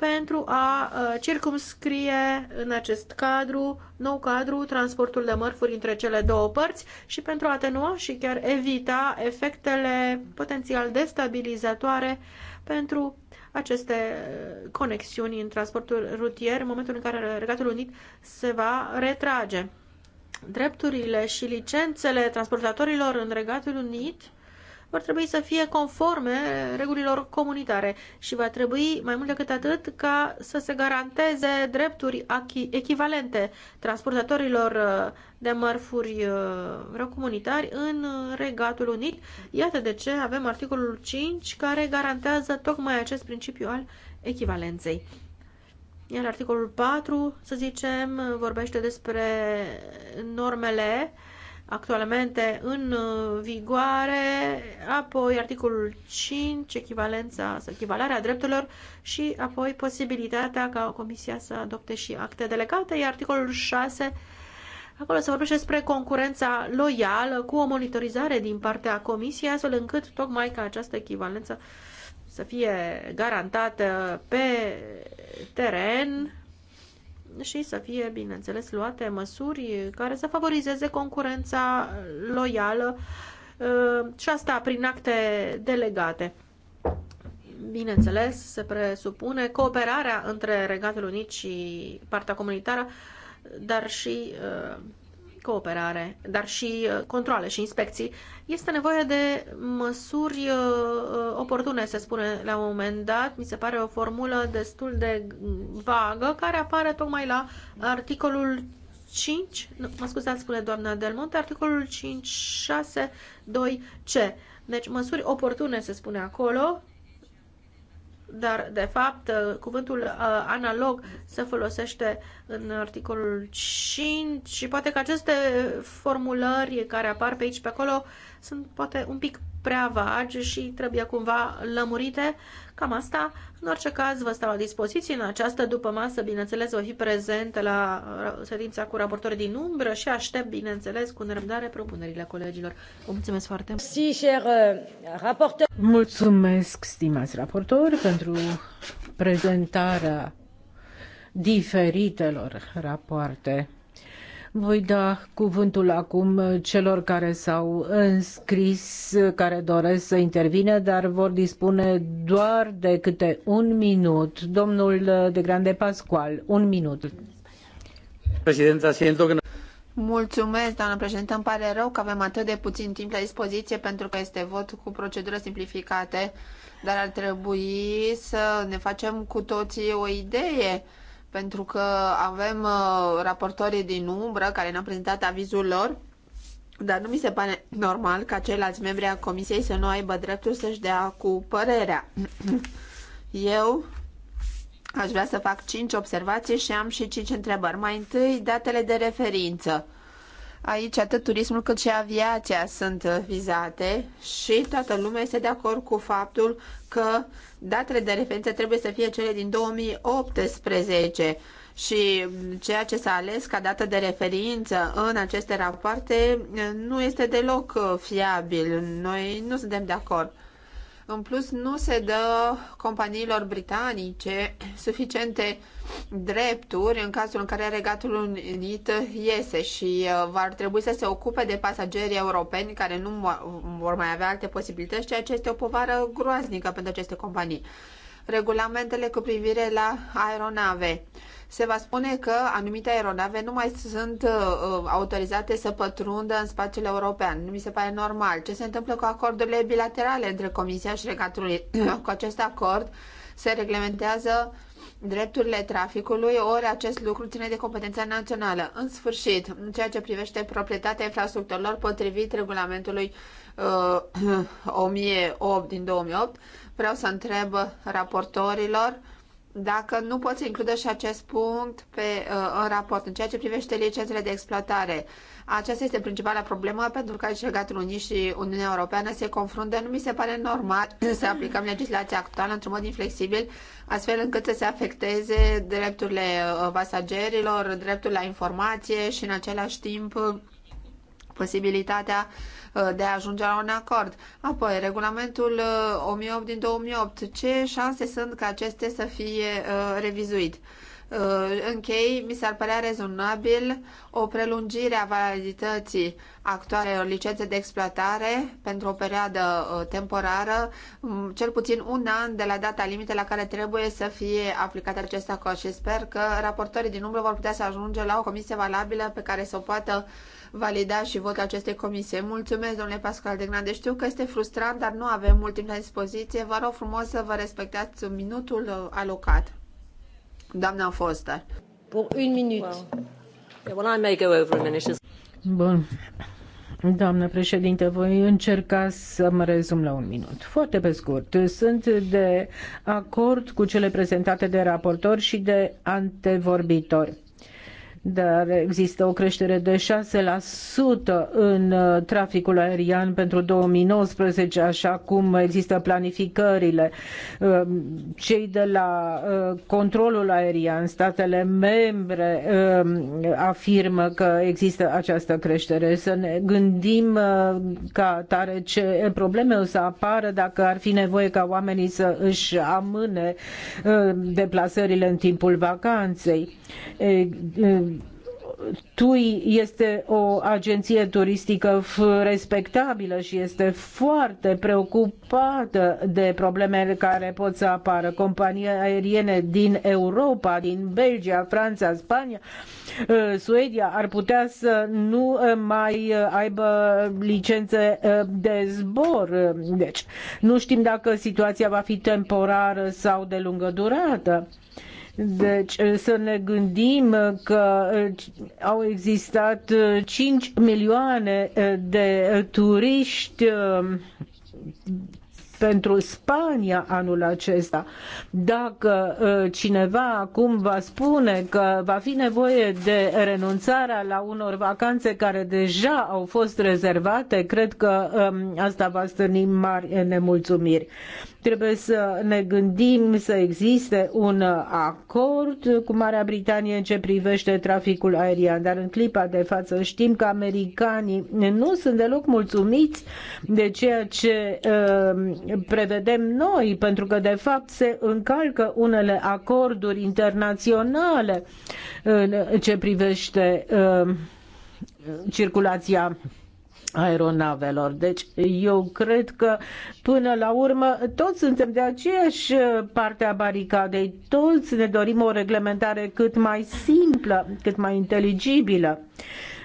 pentru a uh, circumscrie în acest cadru, nou cadru, transportul de mărfuri între cele două părți și pentru a atenua și chiar evita efectele potențial destabilizatoare pentru aceste uh, conexiuni în transportul rutier în momentul în care Regatul Unit se va retrage. Drepturile și licențele transportatorilor în Regatul Unit vor trebui să fie conforme regulilor comunitare și va trebui mai mult decât atât ca să se garanteze drepturi echivalente transportatorilor uh, de mărfuri uh, comunitari în uh, Regatul Unit. Iată de ce avem articolul 5 care garantează tocmai acest principiu al echivalenței. Iar articolul 4, să zicem, vorbește despre normele uh, actualmente în uh, vigoare, apoi articolul 5, echivalența, echivalarea drepturilor și apoi posibilitatea ca Comisia să adopte și acte delegate, iar articolul 6 Acolo se vorbește despre concurența loială cu o monitorizare din partea Comisiei, astfel încât tocmai ca această echivalență să fie garantată pe teren și să fie, bineînțeles, luate măsuri care să favorizeze concurența loială uh, și asta prin acte delegate. Bineînțeles, se presupune cooperarea între Regatul Unit și partea comunitară, dar și uh, cooperare, dar și uh, controle și inspecții, este nevoie de măsuri uh, uh, oportune, se spune la un moment dat. Mi se pare o formulă destul de vagă care apare tocmai la articolul 5, nu, mă scuzați, spune doamna Delmonte, articolul 5, 6, 2, C. Deci măsuri oportune, se spune acolo, dar de fapt uh, cuvântul uh, analog se folosește în articolul 5 și poate că aceste formulări care apar pe aici pe acolo sunt poate un pic prea vagi și trebuie cumva lămurite. Cam asta în orice caz, vă stau la dispoziție în această după masă, bineînțeles, voi fi prezent la ședința cu raportori din umbră și aștept, bineînțeles, cu nerăbdare propunerile colegilor. Vă mulțumesc foarte mult! Si, uh, raportor. Mulțumesc, stimați raportori, pentru prezentarea diferitelor rapoarte. Voi da cuvântul acum celor care s-au înscris, care doresc să intervină, dar vor dispune doar de câte un minut. Domnul de Grande Pascual, un minut. Președinte, siento că... Mulțumesc, doamnă președinte. Îmi pare rău că avem atât de puțin timp la dispoziție pentru că este vot cu procedură simplificată, dar ar trebui să ne facem cu toții o idee pentru că avem uh, raportorii din umbră care ne-au prezentat avizul lor, dar nu mi se pare normal ca ceilalți membri a comisiei să nu aibă dreptul să-și dea cu părerea. *clears throat* Eu aș vrea să fac 5 observații și am și 5 întrebări. Mai întâi, datele de referință. Aici atât turismul cât și aviația sunt vizate și toată lumea este de acord cu faptul că datele de referință trebuie să fie cele din 2018 și ceea ce s-a ales ca dată de referință în aceste rapoarte nu este deloc fiabil. Noi nu suntem de acord. În plus, nu se dă companiilor britanice suficiente drepturi în cazul în care Regatul Unit iese și uh, va trebui să se ocupe de pasagerii europeni care nu vor mai avea alte posibilități, ceea ce este o povară groaznică pentru aceste companii regulamentele cu privire la aeronave. Se va spune că anumite aeronave nu mai sunt uh, uh autorizate să pătrundă în spațiul european. Nu mi se pare normal. Ce se întâmplă cu acordurile bilaterale între Comisia și Regatul Unit? *clears throat* cu acest acord se reglementează drepturile traficului, ori acest lucru ține de competența națională. În sfârșit, în ceea ce privește proprietatea infrastructurilor potrivit regulamentului uh, 1008 *clears throat* din 2008, Vreau să întreb raportorilor dacă nu poți include și acest punct pe, uh, în raport. În ceea ce privește licențele de exploatare, aceasta este principala problemă pentru că aici legatul Unii și Uniunea Europeană se confruntă. Nu mi se pare normal *clears throat* să aplicăm legislația actuală într-un mod inflexibil, astfel încât să se afecteze drepturile uh, pasagerilor, dreptul la informație și în același timp uh, posibilitatea uh, Uh, de a ajunge la un acord. Apoi, regulamentul 1008 uh, din 2008, ce șanse sunt ca aceste să fie uh, revizuit? Închei, mi s-ar părea rezonabil o prelungire a validității actualelor licențe de exploatare pentru o perioadă temporară, um, cel puțin un an de la data limită la care trebuie să fie aplicat acest acord și sper că raportorii din umbră vor putea să ajungă la o comisie valabilă pe care să o poată valida și votul acestei comisie. Mulțumesc, domnule Pascal de Grande. Știu că este frustrant, dar nu avem mult timp la dispoziție. Vă rog frumos să vă respectați minutul uh, alocat. Doamna Foster. Pour un minut. Well, I may go over a minute. Bun. Doamnă președinte, voi încerca să mă rezum la un minut. Foarte pe scurt, sunt de acord cu cele prezentate de raportor și de antevorbitori dar există o creștere de 6% în uh, traficul aerian pentru 2019, așa cum există planificările. Uh, cei de la uh, controlul aerian, statele membre, afirmă că există această creștere. Să ne gândim ca tare ce probleme o să apară dacă ar fi nevoie ca oamenii să își amâne deplasările în timpul vacanței TUI este o agenție turistică respectabilă și este foarte preocupată de problemele care pot să apară. Companii aeriene din Europa, din Belgia, Franța, Spania, uh, Suedia ar putea să nu uh, mai uh, aibă licențe de zbor. Deci, nu știm dacă situația va fi temporară sau de lungă durată. Deci eh, să ne gândim eh, că eh, au existat 5 milioane de turiști pentru Spania anul acesta. Dacă cineva acum va spune că va fi nevoie de renunțarea la unor vacanțe care deja au fost rezervate, cred că asta va stârni mari nemulțumiri. Trebuie să ne gândim să existe un acord cu Marea Britanie în ce privește traficul aerian, dar în clipa de față știm că americanii nu sunt deloc mulțumiți de ceea ce uh, prevedem noi, pentru că de fapt se încalcă unele acorduri internaționale în ce privește uh, circulația aeronavelor. Deci eu cred că până la urmă toți suntem de aceeași uh, parte a baricadei, toți ne dorim o reglementare cât mai simplă, cât mai inteligibilă.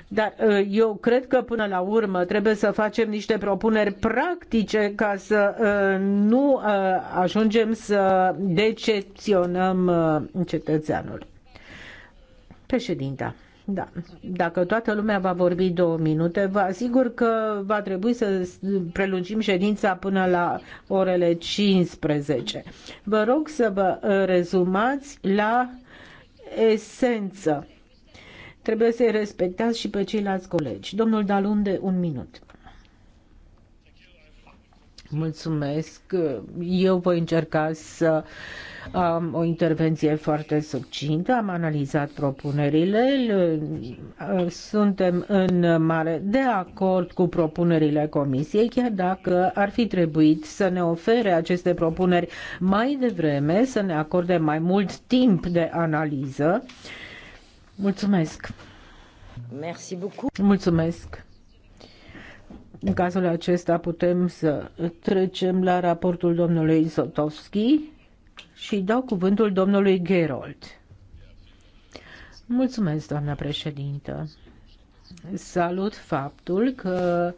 Dar uh, eu cred că până la urmă trebuie să facem niște propuneri practice ca să uh, nu ajungem să decepționăm cetățeanul. Președinta. Da. Dacă toată lumea va vorbi două minute, vă asigur că va trebui să prelungim ședința până la orele 15. Vă rog să vă uh, rezumați la esență. Trebuie să-i respectați și pe ceilalți colegi. Domnul Dalunde, un minut. Mulțumesc. Eu voi încerca să uh, am o intervenție foarte subțintă, am analizat propunerile, suntem în mare de acord cu propunerile Comisiei, chiar dacă ar fi trebuit să ne ofere aceste propuneri mai devreme, să ne acorde mai mult timp de analiză. Mulțumesc! Merci beaucoup. Mulțumesc! În cazul acesta putem să trecem la raportul domnului Zotovski și dau cuvântul domnului Gerold. Mulțumesc, doamna președintă. Salut faptul că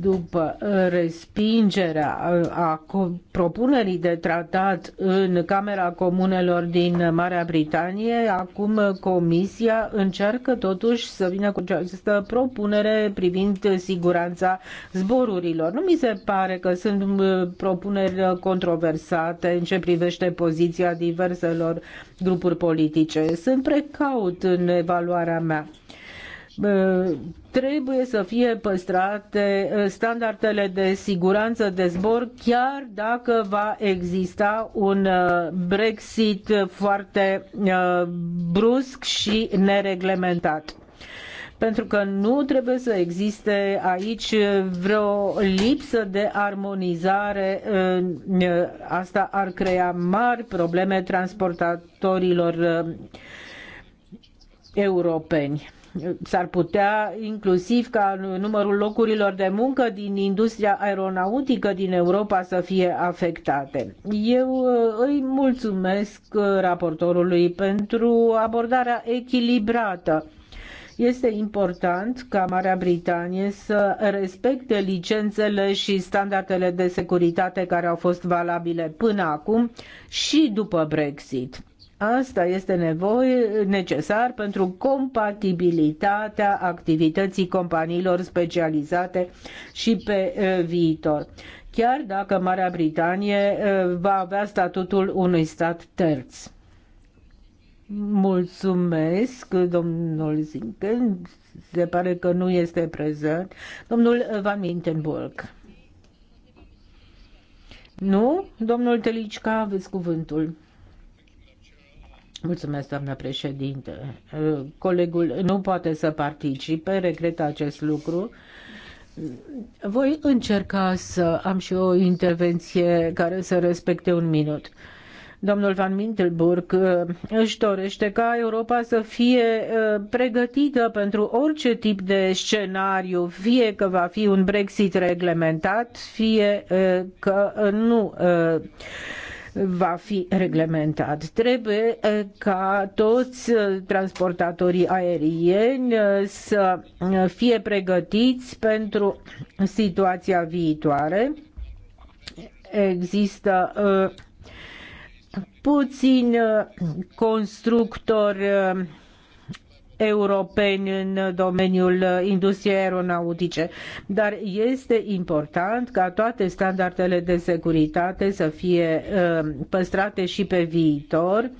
după uh, respingerea uh, a propunerii de tratat în Camera Comunelor din Marea Britanie, acum uh, Comisia încearcă totuși să vină cu această propunere privind siguranța zborurilor. Nu mi se pare că sunt propuneri controversate în ce privește poziția diverselor grupuri politice. Sunt precaut în evaluarea mea trebuie să fie păstrate uh, standardele de siguranță de zbor, chiar dacă va exista un uh, Brexit foarte uh, brusc și nereglementat pentru că nu trebuie să existe aici vreo lipsă de armonizare. Asta ar crea mari probleme transportatorilor europeni s-ar putea inclusiv ca numărul locurilor de muncă din industria aeronautică din Europa să fie afectate. Eu uh, îi mulțumesc uh, raportorului pentru abordarea echilibrată. Este important ca Marea Britanie să respecte licențele și standardele de securitate care au fost valabile până acum și după Brexit. Asta este nevoie necesar pentru compatibilitatea activității companiilor specializate și pe viitor, chiar dacă Marea Britanie va avea statutul unui stat terț. Mulțumesc, domnul Zinken. Se pare că nu este prezent. Domnul Van Mintenburg. Nu? Domnul Telicca, aveți cuvântul. Mulțumesc, doamnă președinte. Colegul nu poate să participe, regret acest lucru. Voi încerca să am și o intervenție care să respecte un minut. Domnul Van Mintelburg uh, își dorește ca Europa să fie uh, pregătită pentru orice tip de scenariu, fie că va fi un Brexit reglementat, fie uh, că nu va fi reglementat. Trebuie eh, ca toți eh, transportatorii aerieni eh, să fie pregătiți pentru situația viitoare. Există puțini constructori europeni în domeniul industriei aeronautice, dar este important ca toate standardele de securitate să fie uh, păstrate și pe viitor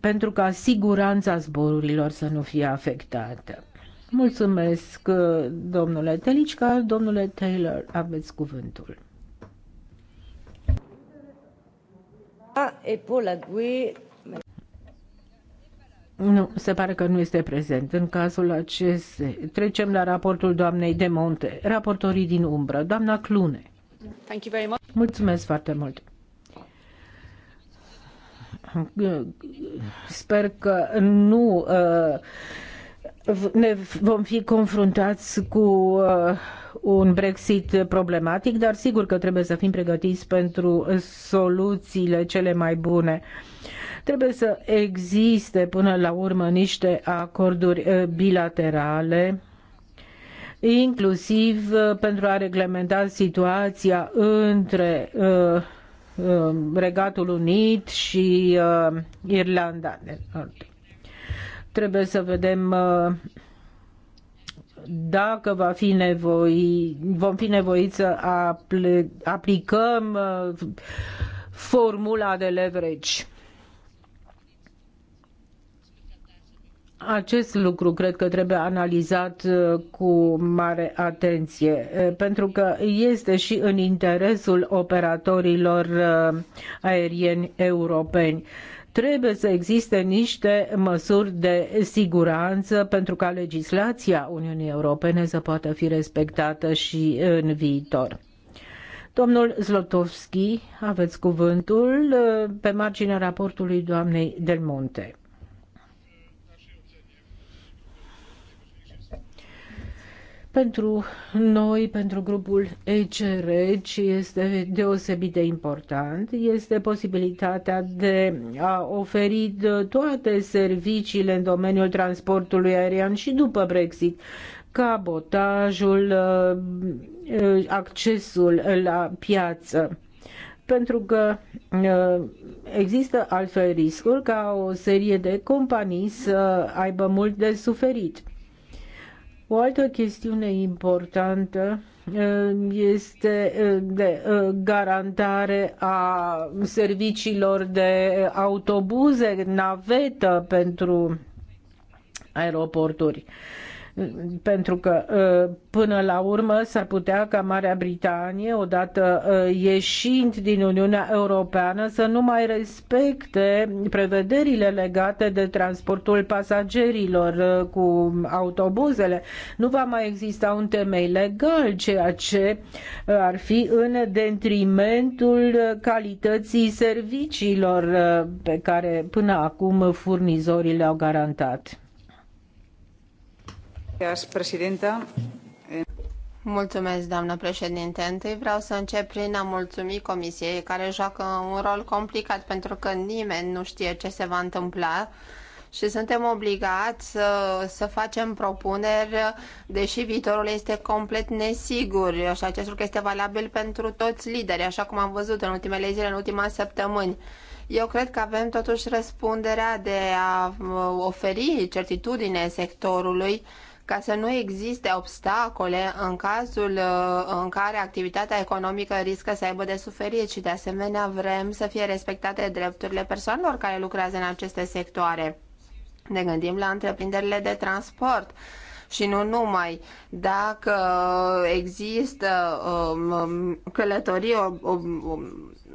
pentru ca siguranța zborurilor să nu fie afectată. Mulțumesc, uh, domnule Telicca. Domnule Taylor, aveți cuvântul. pour la nu, se pare că nu este prezent. În cazul acesta trecem la raportul doamnei de Monte, raportorii din umbră, doamna Clune. Thank you very much. Mulțumesc foarte mult. Sper că nu uh, ne vom fi confruntați cu uh, un Brexit problematic, dar sigur că trebuie să fim pregătiți pentru soluțiile cele mai bune. Uh, Trebuie să existe până la urmă niște acorduri eh, bilaterale inclusiv eh, pentru a reglementa situația între eh, Regatul Unit și Irlanda Trebuie să vedem dacă va fi nevoi, vom fi nevoiți să apl aplicăm formula de leverage Acest lucru cred că trebuie analizat uh, cu mare atenție, uh, pentru că este și în interesul operatorilor uh, aerieni europeni. Trebuie să existe niște măsuri de siguranță pentru ca legislația Uniunii Europene să poată fi respectată și în viitor. Domnul Zlotovski, aveți cuvântul pe marginea raportului doamnei Del Monte. pentru noi, pentru grupul ECR, este deosebit de important. Este posibilitatea de a oferi toate serviciile în domeniul transportului aerian și după Brexit, cabotajul, uh, accesul la piață pentru că uh, există altfel riscul ca o serie de companii să aibă mult de suferit. O altă chestiune importantă uh, este uh, de uh, garantare a serviciilor de autobuze, navetă pentru aeroporturi pentru că uh, până la urmă s-ar putea ca Marea Britanie, odată uh, ieșind din Uniunea Europeană, să nu mai respecte prevederile legate de transportul pasagerilor uh, cu autobuzele. Nu va mai exista un temei legal, ceea ce ar fi în detrimentul calității serviciilor pe care până acum furnizorii le-au garantat doamnă președinte. Întâi vreau să încep prin a mulțumi comisiei care joacă un rol complicat pentru că nimeni nu știe ce se va întâmpla și suntem obligați să, să facem propuneri, deși viitorul este complet nesigur și acest lucru este valabil pentru toți liderii, așa cum am văzut în ultimele zile, în ultima săptămâni. Eu cred că avem totuși răspunderea de a uh, oferi certitudine sectorului ca să nu existe obstacole în cazul uh, în care activitatea economică riscă să aibă de suferit și de asemenea vrem să fie respectate drepturile persoanelor care lucrează în aceste sectoare. Ne gândim la întreprinderile de transport și nu numai. Dacă există um, călătorii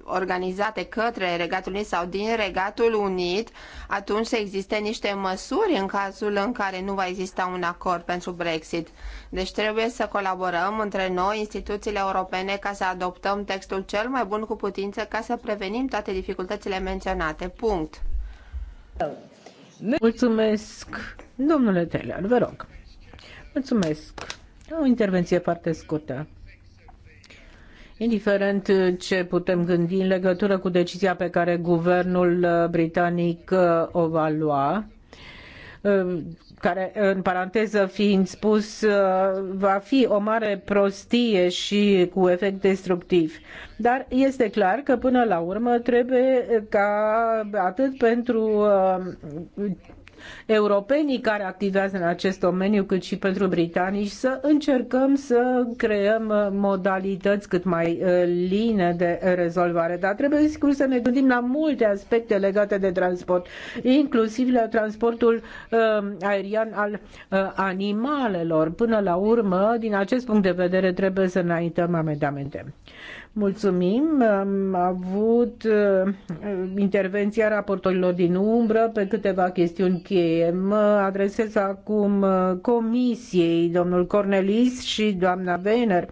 organizate către Regatul Unit sau din Regatul Unit, atunci să existe niște măsuri în cazul în care nu va exista un acord pentru Brexit. Deci trebuie să colaborăm între noi, instituțiile europene, ca să adoptăm textul cel mai bun cu putință ca să prevenim toate dificultățile menționate. Punct. Mulțumesc, domnule Taylor, vă rog. Mulțumesc. O intervenție foarte scurtă indiferent uh, ce putem gândi în legătură cu decizia pe care guvernul uh, britanic uh, o va lua, care, în paranteză fiind spus, va fi o mare prostie și cu efect destructiv. Dar este clar că până la urmă trebuie ca atât pentru europenii care activează în acest domeniu, cât și pentru britanici, să încercăm să creăm uh, modalități cât mai uh, line de rezolvare. Dar trebuie sigur să ne gândim la multe aspecte legate de transport, inclusiv la transportul uh, aerian al animalelor. Până la urmă, din acest punct de vedere, trebuie să înaintăm amendamente. Mulțumim. Am avut uh, intervenția raportorilor din umbră pe câteva chestiuni cheie. Mă adresez acum uh, comisiei, domnul Cornelis și doamna Weiner,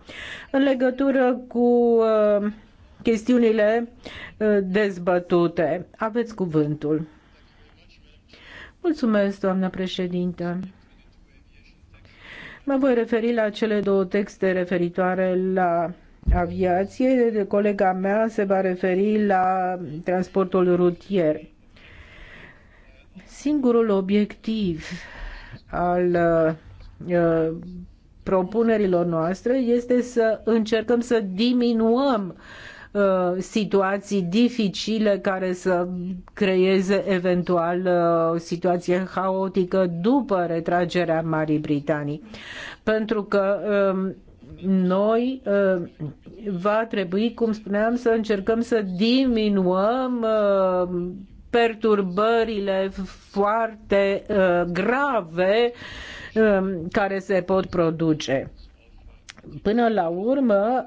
în legătură cu uh, chestiunile dezbătute. Aveți cuvântul. Mulțumesc, doamna președintă. Mă voi referi la cele două texte referitoare la aviației, colega mea se va referi la transportul rutier. Singurul obiectiv al uh, propunerilor noastre este să încercăm să diminuăm uh, situații dificile care să creeze eventual uh, o situație haotică după retragerea Marii Britanii. Pentru că um, noi ă, va trebui, cum spuneam, să încercăm să diminuăm ă, perturbările foarte ă, grave care se pot produce. Până la urmă,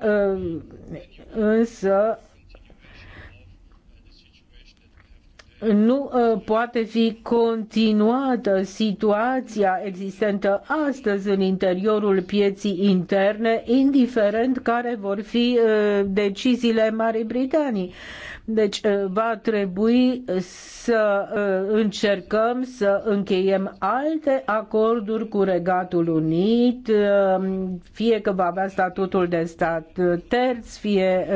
însă, nu uh, poate fi continuată situația existentă astăzi în interiorul pieții interne, indiferent care vor fi uh, deciziile Marii Britanii. Deci eh, va trebui să eh, încercăm să încheiem alte acorduri cu Regatul Unit, eh, fie că va avea statutul de stat terț, fie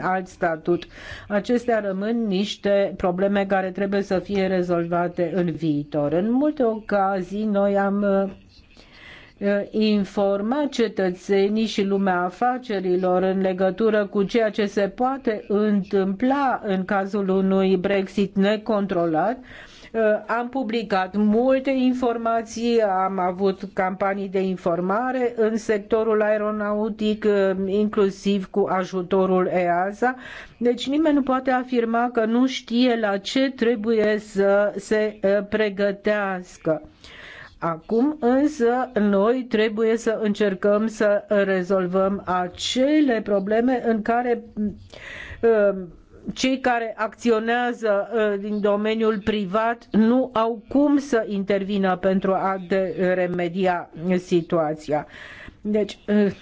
alt statut. Acestea rămân niște probleme care trebuie să fie rezolvate în viitor. În multe ocazii noi am informa cetățenii și lumea afacerilor în legătură cu ceea ce se poate întâmpla în cazul unui Brexit necontrolat. Uh, am publicat multe informații, am avut campanii de informare în sectorul aeronautic, uh, inclusiv cu ajutorul EASA. Deci nimeni nu poate afirma că nu știe la ce trebuie să se uh, pregătească. Acum însă noi trebuie să încercăm să rezolvăm acele probleme în care uh, cei care acționează uh, din domeniul privat nu au cum să intervină pentru a remedia situația. Deci, eh,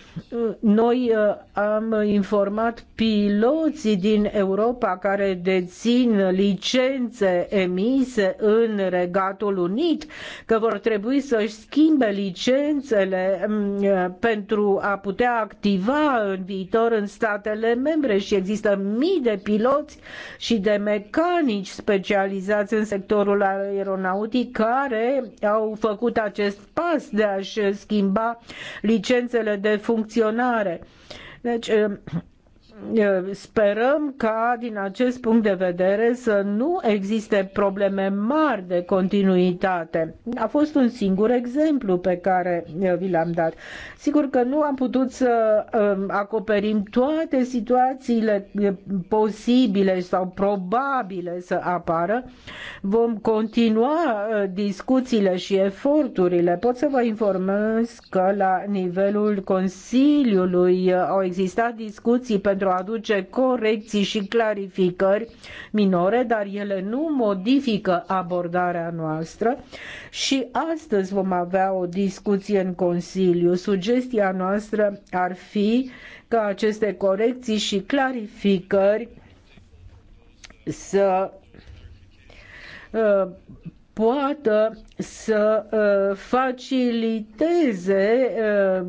noi eh, am informat piloții din Europa care dețin licențe emise în Regatul Unit că vor trebui să-și schimbe licențele mm, eh, pentru a putea activa în viitor în statele membre și există mii de piloți și de mecanici specializați în sectorul aeronautic care au făcut acest pas de a-și schimba licențele deficiențele de funcționare. Deci, sperăm ca din acest punct de vedere să nu existe probleme mari de continuitate. A fost un singur exemplu pe care vi l-am dat. Sigur că nu am putut să acoperim toate situațiile posibile sau probabile să apară. Vom continua discuțiile și eforturile. Pot să vă informez că la nivelul Consiliului au existat discuții pentru a aduce corecții și clarificări minore, dar ele nu modifică abordarea noastră și astăzi vom avea o discuție în Consiliu. Sugestia noastră ar fi ca aceste corecții și clarificări să uh, poată să uh, faciliteze uh,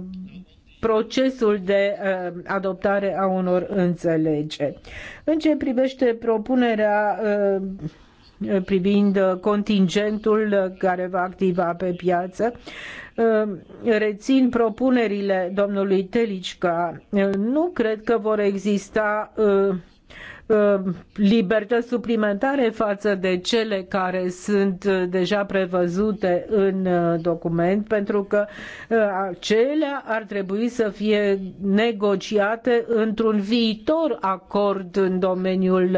procesul de uh, adoptare a unor înțelegeri. În ce privește propunerea uh, privind contingentul care va activa pe piață. Uh, rețin propunerile domnului Telicca. Nu cred că vor exista Uh, libertăți suplimentare față de cele care sunt uh, deja prevăzute în uh, document, pentru că acelea ar trebui să fie negociate într-un viitor acord în domeniul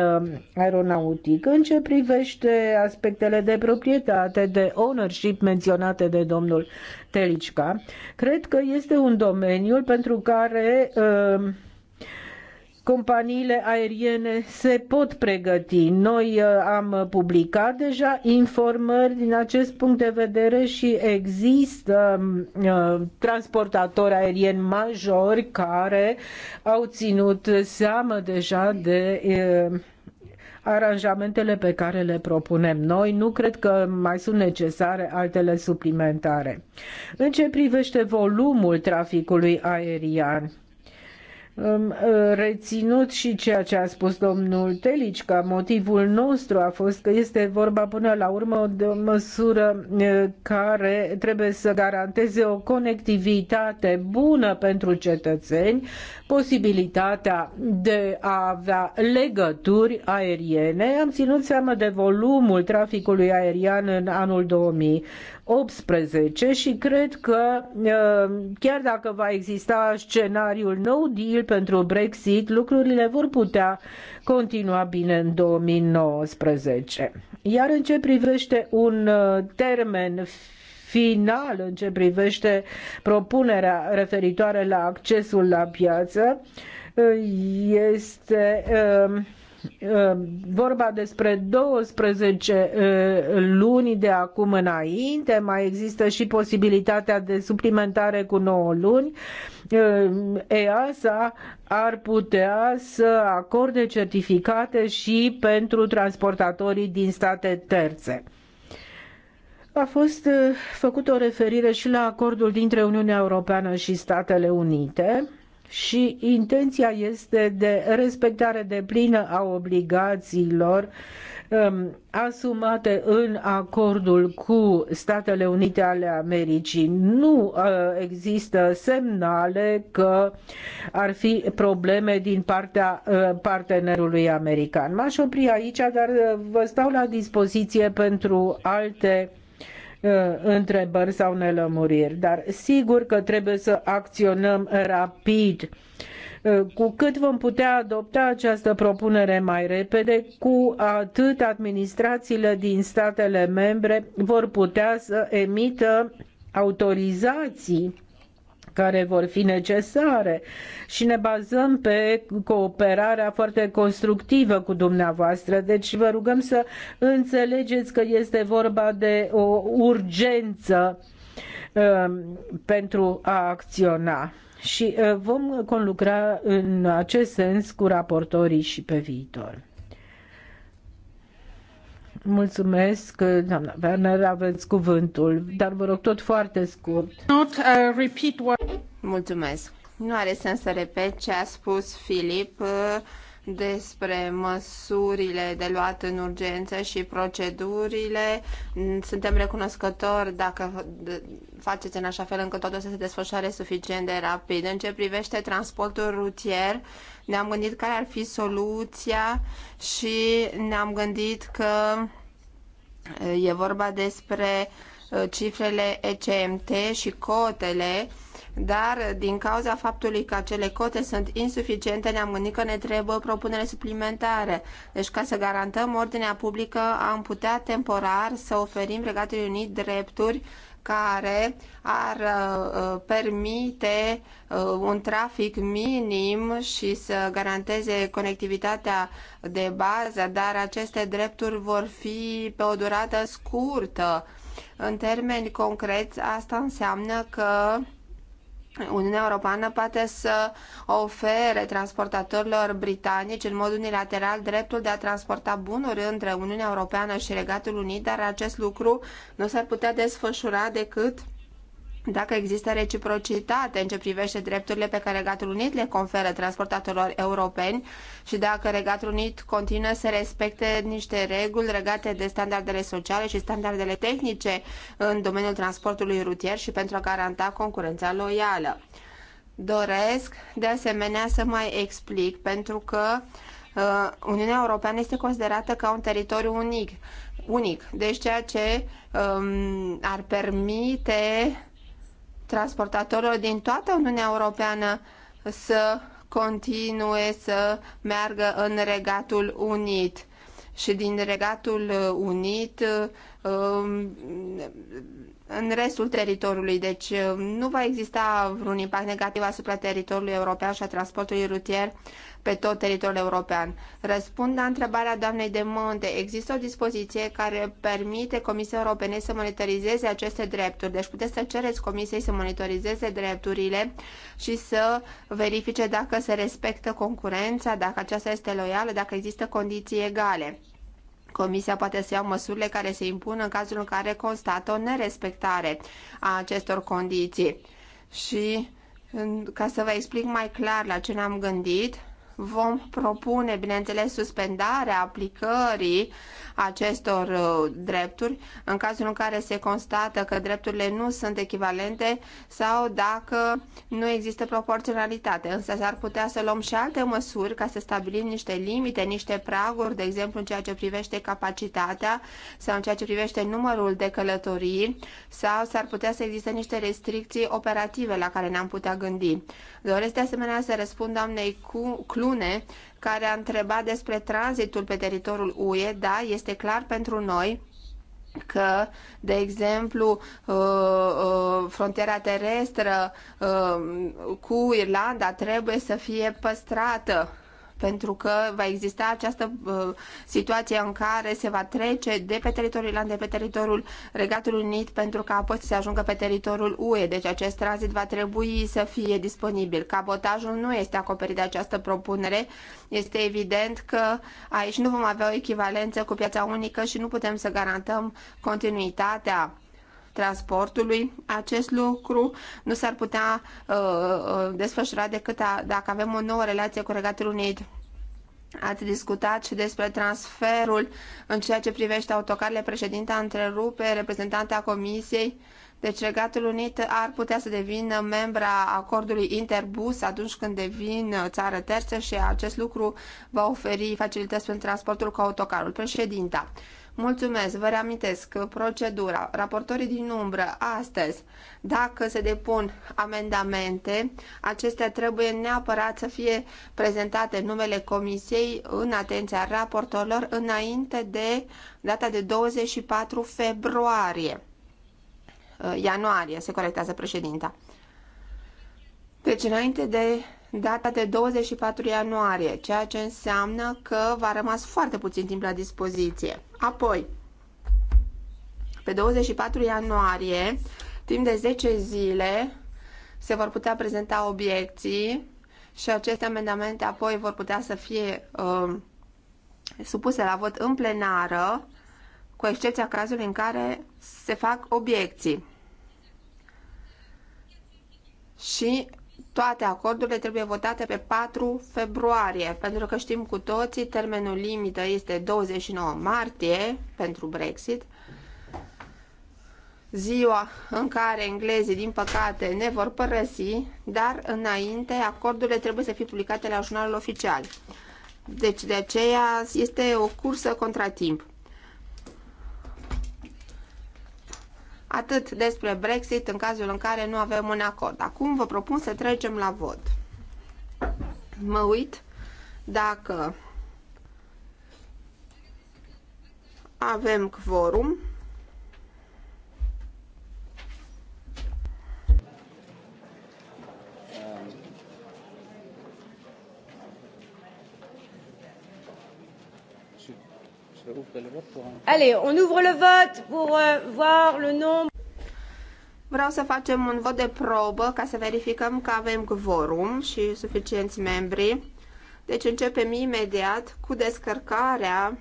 aeronautic. În ce privește aspectele de proprietate, de ownership menționate de domnul Telicca, cred că este un domeniu pentru care uh, companiile aeriene se pot pregăti. Noi uh, am publicat deja informări din acest punct de vedere și există um, uh, transportatori aerieni majori care au ținut seamă deja de uh, aranjamentele pe care le propunem noi. Nu cred că mai sunt necesare altele suplimentare. În ce privește volumul traficului aerian, Uh, reținut și ceea ce a spus domnul Telici, că motivul nostru a fost că este vorba până la urmă de o măsură uh, care trebuie să garanteze o conectivitate bună pentru cetățeni, posibilitatea de a avea legături aeriene. Am ținut seama de volumul traficului aerian în anul 2000. 2018 și cred că uh, chiar dacă va exista scenariul no deal pentru Brexit, lucrurile vor putea continua bine în 2019. Iar în ce privește un uh, termen final în ce privește propunerea referitoare la accesul la piață uh, este uh, Uh, vorba despre 12 uh, luni de acum înainte, mai există și posibilitatea de suplimentare cu 9 luni. Uh, EASA ar putea să acorde certificate și pentru transportatorii din state terțe. A fost făcută o referire și la acordul dintre Uniunea Europeană și Statele Unite și intenția este de respectare deplină a obligațiilor um, asumate în acordul cu Statele Unite ale Americii. Nu uh, există semnale că ar fi probleme din partea uh, partenerului american. M-aș opri aici, dar uh, vă stau la dispoziție pentru alte Uh, întrebări sau nelămuriri, dar sigur că trebuie să acționăm rapid. Uh, cu cât vom putea adopta această propunere mai repede, cu atât administrațiile din statele membre vor putea să emită autorizații care vor fi necesare și ne bazăm pe cooperarea foarte constructivă cu dumneavoastră. Deci vă rugăm să înțelegeți că este vorba de o urgență um, pentru a acționa și uh, vom conlucra în acest sens cu raportorii și pe viitor. Mulțumesc, doamna Werner, aveți cuvântul, dar vă rog tot foarte scurt. Not, uh, repeat what... Mulțumesc. Nu are sens să repet ce a spus Filip. Uh, despre măsurile de luat în urgență și procedurile. Suntem recunoscători dacă faceți în așa fel încât totul să se desfășoare suficient de rapid. În ce privește transportul rutier, ne-am gândit care ar fi soluția și ne-am gândit că e vorba despre uh, cifrele ECMT și cotele dar din cauza faptului că acele cote sunt insuficiente, ne-am gândit că ne trebuie o propunere suplimentare. Deci ca să garantăm ordinea publică, am putea temporar să oferim Regatului Unit drepturi care ar uh, uh, permite uh, un trafic minim și să garanteze conectivitatea de bază, dar aceste drepturi vor fi pe o durată scurtă. În termeni concreți, asta înseamnă că Uniunea Europeană poate să ofere transportatorilor britanici în mod unilateral dreptul de a transporta bunuri între Uniunea Europeană și Regatul Unit, dar acest lucru nu s-ar putea desfășura decât dacă există reciprocitate în ce privește drepturile pe care Regatul Unit le conferă transportatorilor europeni și dacă Regatul Unit continuă să respecte niște reguli legate de standardele sociale și standardele tehnice în domeniul transportului rutier și pentru a garanta concurența loială. Doresc de asemenea să mai explic pentru că uh, Uniunea Europeană este considerată ca un teritoriu unic, unic deci ceea ce um, ar permite transportatorilor din toată Uniunea Europeană să continue să meargă în Regatul Unit. Și din Regatul Unit um, în restul teritoriului, deci uh, nu va exista vreun impact negativ asupra teritoriului european și a transportului rutier pe tot teritoriul european. Răspund la întrebarea doamnei de Monte. Există o dispoziție care permite Comisiei Europene să monitorizeze aceste drepturi, deci puteți să cereți Comisiei să monitorizeze drepturile și să verifice dacă se respectă concurența, dacă aceasta este loială, dacă există condiții egale. Comisia poate să ia măsurile care se impun în cazul în care constată o nerespectare a acestor condiții. Și ca să vă explic mai clar la ce ne-am gândit, vom propune, bineînțeles, suspendarea aplicării acestor uh, drepturi în cazul în care se constată că drepturile nu sunt echivalente sau dacă nu există proporționalitate. Însă s-ar putea să luăm și alte măsuri ca să stabilim niște limite, niște praguri, de exemplu în ceea ce privește capacitatea sau în ceea ce privește numărul de călătorii sau s-ar putea să existe niște restricții operative la care ne-am putea gândi. Doresc de asemenea să răspund doamnei Clun chestiune care a întrebat despre tranzitul pe teritoriul UE, da, este clar pentru noi că, de exemplu, uh, uh, frontiera terestră uh, cu Irlanda trebuie să fie păstrată pentru că va exista această uh, situație în care se va trece de pe teritoriul Irlandei pe teritoriul Regatului Unit pentru că apoi să se ajungă pe teritoriul UE. Deci acest tranzit va trebui să fie disponibil. Cabotajul nu este acoperit de această propunere. Este evident că aici nu vom avea o echivalență cu piața unică și nu putem să garantăm continuitatea transportului. Acest lucru nu s-ar putea uh, uh, desfășura decât a, dacă avem o nouă relație cu Regatul Unit. Ați discutat și despre transferul în ceea ce privește autocarele. a întrerupe reprezentanta Comisiei. Deci Regatul Unit ar putea să devină membra acordului Interbus atunci când devin țară terță și acest lucru va oferi facilități pentru transportul cu autocarul. Președinta. Mulțumesc, vă reamintesc procedura. Raportorii din umbră, astăzi, dacă se depun amendamente, acestea trebuie neapărat să fie prezentate numele comisiei în atenția raportorilor înainte de data de 24 februarie. Uh, ianuarie, se corectează președinta. Deci înainte de data de 24 ianuarie, ceea ce înseamnă că va rămas foarte puțin timp la dispoziție. Apoi, pe 24 ianuarie, timp de 10 zile, se vor putea prezenta obiecții și aceste amendamente apoi vor putea să fie uh, supuse la vot în plenară, cu excepția cazului în care se fac obiecții. Și toate acordurile trebuie votate pe 4 februarie, pentru că știm cu toții termenul limită este 29 martie pentru Brexit, ziua în care englezii, din păcate, ne vor părăsi, dar înainte acordurile trebuie să fie publicate la jurnalul oficial. Deci de aceea este o cursă contra timp. Atât despre Brexit în cazul în care nu avem un acord. Acum vă propun să trecem la vot. Mă uit dacă avem quorum. Allez, on ouvre le vote pour euh, voir le nombre. Vreau să facem un vot de probă ca să verificăm că avem quorum și suficienți membri. Deci începem imediat cu descărcarea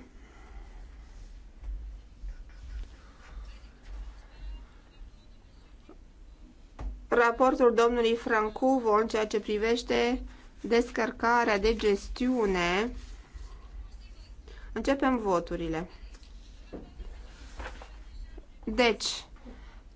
raportul domnului Francuvo în ceea ce privește descărcarea de gestiune Începem voturile. Deci,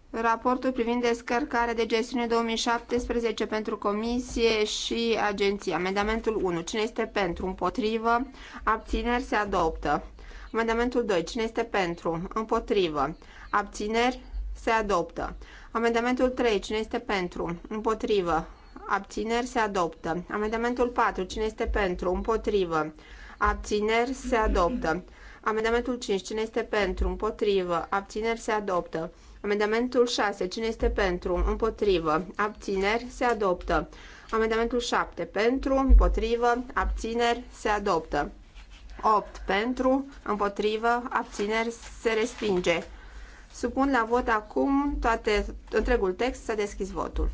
raportul privind descărcarea de gestiune 2017 pentru comisie și agenție. Amendamentul 1. Cine este pentru? Împotrivă? Abțineri se adoptă. Amendamentul 2. Cine este pentru? Împotrivă. Abțineri se adoptă. Amendamentul 3. Cine este pentru? Împotrivă. Abțineri se adoptă. Amendamentul 4. Cine este pentru? Împotrivă abțineri, se adoptă. Amendamentul 5, cine este pentru, împotrivă, abțineri, se adoptă. Amendamentul 6, cine este pentru, împotrivă, abțineri, se adoptă. Amendamentul 7, pentru, împotrivă, abțineri, se adoptă. 8 pentru, împotrivă, abțineri, se respinge. Supun la vot acum toate, întregul text, să deschis votul.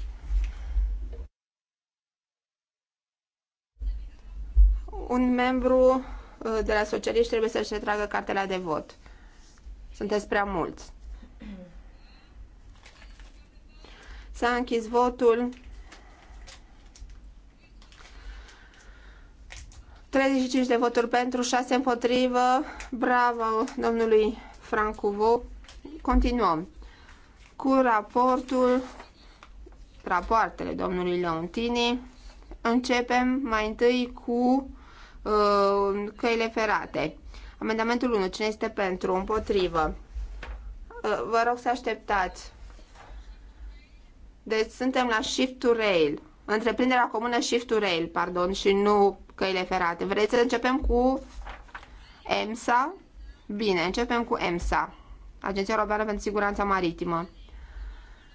un membru uh, de la socialiști trebuie să-și retragă cartela de vot. Sunteți prea mulți. S-a închis votul. 35 de voturi pentru, 6 împotrivă. Bravo domnului Francuvo. Continuăm cu raportul, rapoartele domnului Leontini. Începem mai întâi cu uh, căile ferate. Amendamentul 1. Cine este pentru? Împotrivă. Uh, vă rog să așteptați. Deci suntem la Shift to Rail. Întreprinderea comună Shift to Rail, pardon, și nu căile ferate. Vreți să începem cu EMSA? Bine, începem cu EMSA, Agenția Europeană pentru Siguranța Maritimă.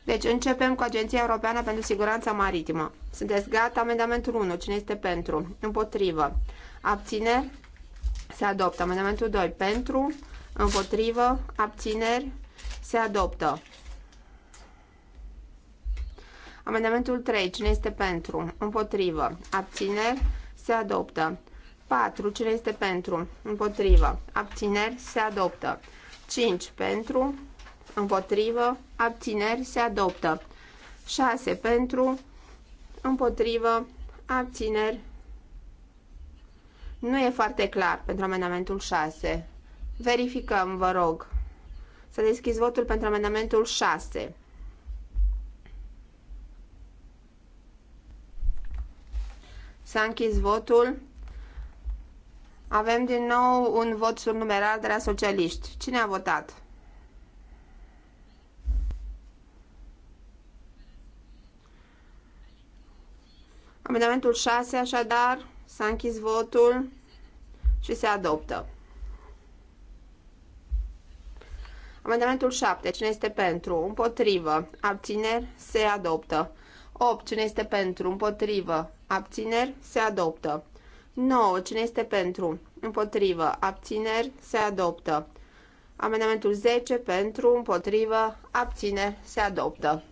Deci începem cu Agenția Europeană pentru Siguranța Maritimă. Sunteți gata? Amendamentul 1. Cine este pentru? Împotrivă abțineri, se adoptă. Amendamentul 2 pentru, împotrivă, abțineri, se adoptă. Amendamentul 3. Cine este pentru? Împotrivă. Abțineri? Se adoptă. 4. Cine este pentru? Împotrivă. Abțineri? Se adoptă. 5. Pentru? Împotrivă. Abțineri? Se adoptă. 6. Pentru? Împotrivă. Abțineri? Nu e foarte clar pentru amendamentul 6. Verificăm, vă rog. Să deschizi votul pentru amendamentul 6. S-a închis votul. Avem din nou un vot subnumerar de la socialiști. Cine a votat? Amendamentul 6, așadar, S-a închis votul și se adoptă. Amendamentul 7. Cine este pentru? Împotrivă. Abțineri? Se adoptă. 8. Cine este pentru? Împotrivă. Abțineri? Se adoptă. 9. Cine este pentru? Împotrivă. Abțineri? Se adoptă. Amendamentul 10. Pentru? Împotrivă. Abțineri? Se adoptă.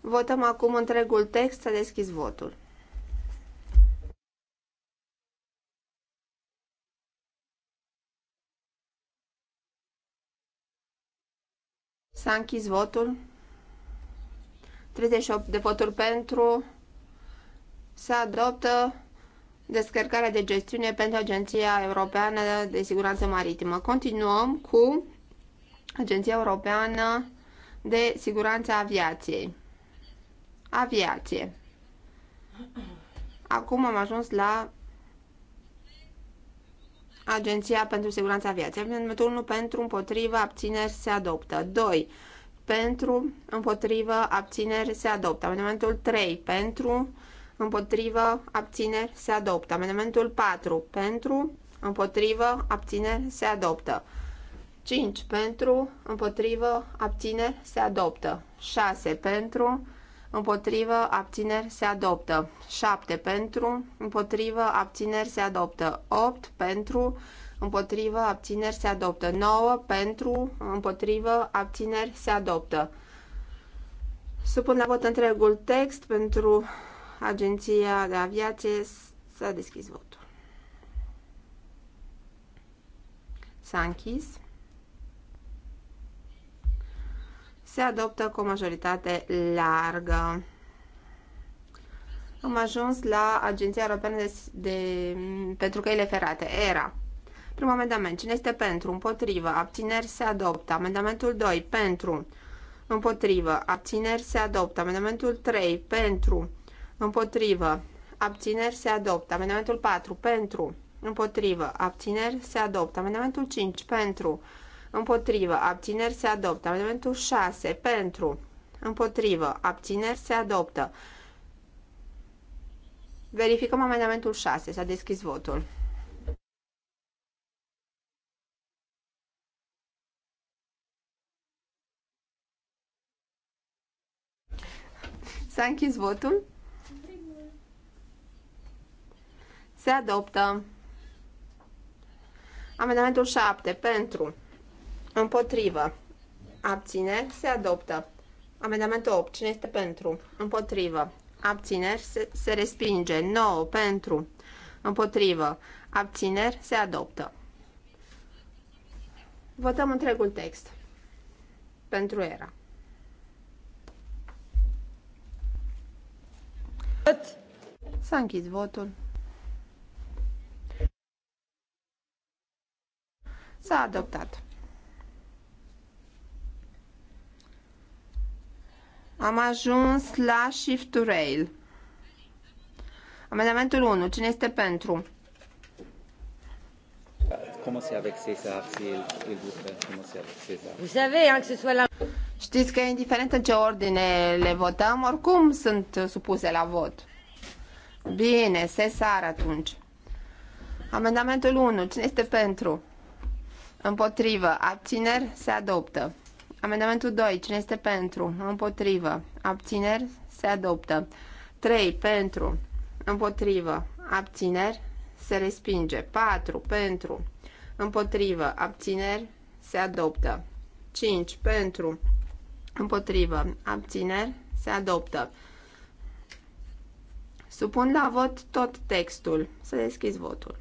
Votăm acum întregul text. S-a deschis votul. S-a închis votul. 38 de voturi pentru. Se adoptă descărcarea de gestiune pentru Agenția Europeană de Siguranță Maritimă. Continuăm cu Agenția Europeană de Siguranță Aviației. Aviație. Acum am ajuns la Agenția pentru Siguranța Aviației. Amendamentul 1 pentru, împotrivă, abțineri se adoptă. 2 pentru, împotrivă, abțineri se adoptă. Amendamentul 3 pentru, împotrivă, abțineri se adoptă. Amendamentul 4 pentru, împotrivă, abțineri se adoptă. 5 pentru, împotrivă, abțineri se adoptă. 6 pentru, împotrivă, abțineri, se adoptă. 7 pentru, împotrivă, abțineri, se adoptă. 8 pentru, împotrivă, abțineri, se adoptă. 9 pentru, împotrivă, abțineri, se adoptă. Supun la vot întregul text pentru Agenția de Aviație. să deschizi deschis votul. S-a închis. se adoptă cu o majoritate largă. Am ajuns la Agenția Europeană de, de, pentru Căile Ferate, ERA. Primul amendament. Cine este pentru? Împotrivă. Abțineri se adoptă. Amendamentul 2. Pentru. Împotrivă. Abțineri se adoptă. Amendamentul 3. Pentru. Împotrivă. Abțineri se adoptă. Amendamentul 4. Pentru. Împotrivă. Abțineri se adoptă. Amendamentul 5. Pentru împotrivă, abțineri se adoptă. Amendamentul 6 pentru, împotrivă, abțineri se adoptă. Verificăm amendamentul 6. S-a deschis votul. S-a închis votul. Se adoptă. Amendamentul 7 pentru Împotrivă. Abțineri se adoptă. Amendamentul 8. Cine este pentru? Împotrivă. Abțineri se, se respinge. 9. Pentru. Împotrivă. Abțineri se adoptă. Votăm întregul text. Pentru era. S-a închis votul. S-a adoptat. Am ajuns la Shift to Rail. Amendamentul 1. Cine este pentru? Cum se avec César, si il, vous se savez, Știți că indiferent în ce ordine le votăm, oricum sunt supuse la vot. Bine, sar atunci. Amendamentul 1. Cine este pentru? Împotrivă. Abțineri? Se adoptă. Amendamentul 2. Cine este pentru? Împotrivă. Abțineri? Se adoptă. 3. Pentru. Împotrivă. Abțineri? Se respinge. 4. Pentru. Împotrivă. Abțineri? Se adoptă. 5. Pentru. Împotrivă. Abțineri? Se adoptă. Supun la vot tot textul. Să deschizi votul.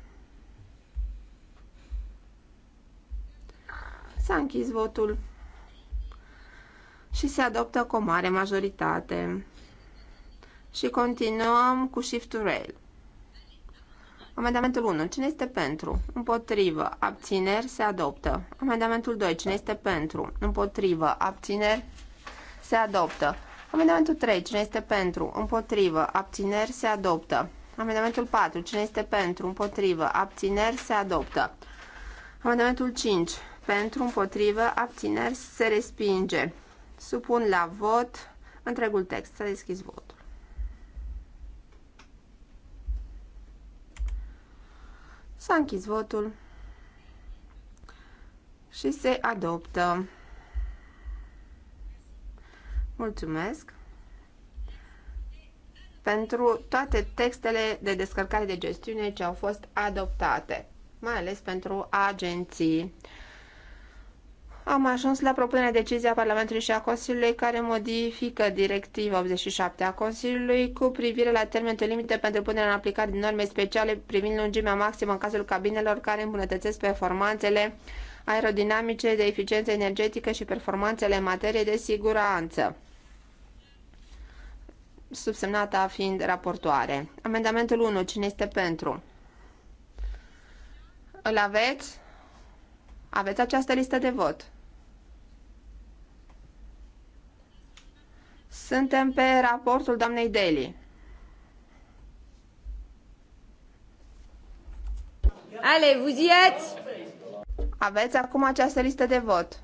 S-a închis votul și se adoptă cu o mare majoritate. Și continuăm cu Shift to Rail. Amendamentul 1. Cine este pentru? Împotrivă. Abțineri. Se adoptă. Amendamentul 2. Cine este pentru? Împotrivă. Abțineri. Se adoptă. Amendamentul 3. Cine este pentru? Împotrivă. Abțineri. Se adoptă. Amendamentul 4. Cine este pentru? Împotrivă. Abțineri. Se adoptă. Amendamentul 5. Pentru, împotrivă, abțineri, se respinge. Supun la vot întregul text. S-a deschis votul. S-a închis votul și se adoptă. Mulțumesc pentru toate textele de descărcare de gestiune ce au fost adoptate, mai ales pentru agenții am ajuns la propunerea decizia Parlamentului și a Consiliului care modifică directiva 87 a Consiliului cu privire la termenul limite pentru punerea în aplicare din norme speciale privind lungimea maximă în cazul cabinelor care îmbunătățesc performanțele aerodinamice de eficiență energetică și performanțele în materie de siguranță subsemnata fiind raportoare. Amendamentul 1. Cine este pentru? Îl aveți? Aveți această listă de vot. Suntem pe raportul doamnei Daly. Ale, vous y êtes? Aveți acum această listă de vot.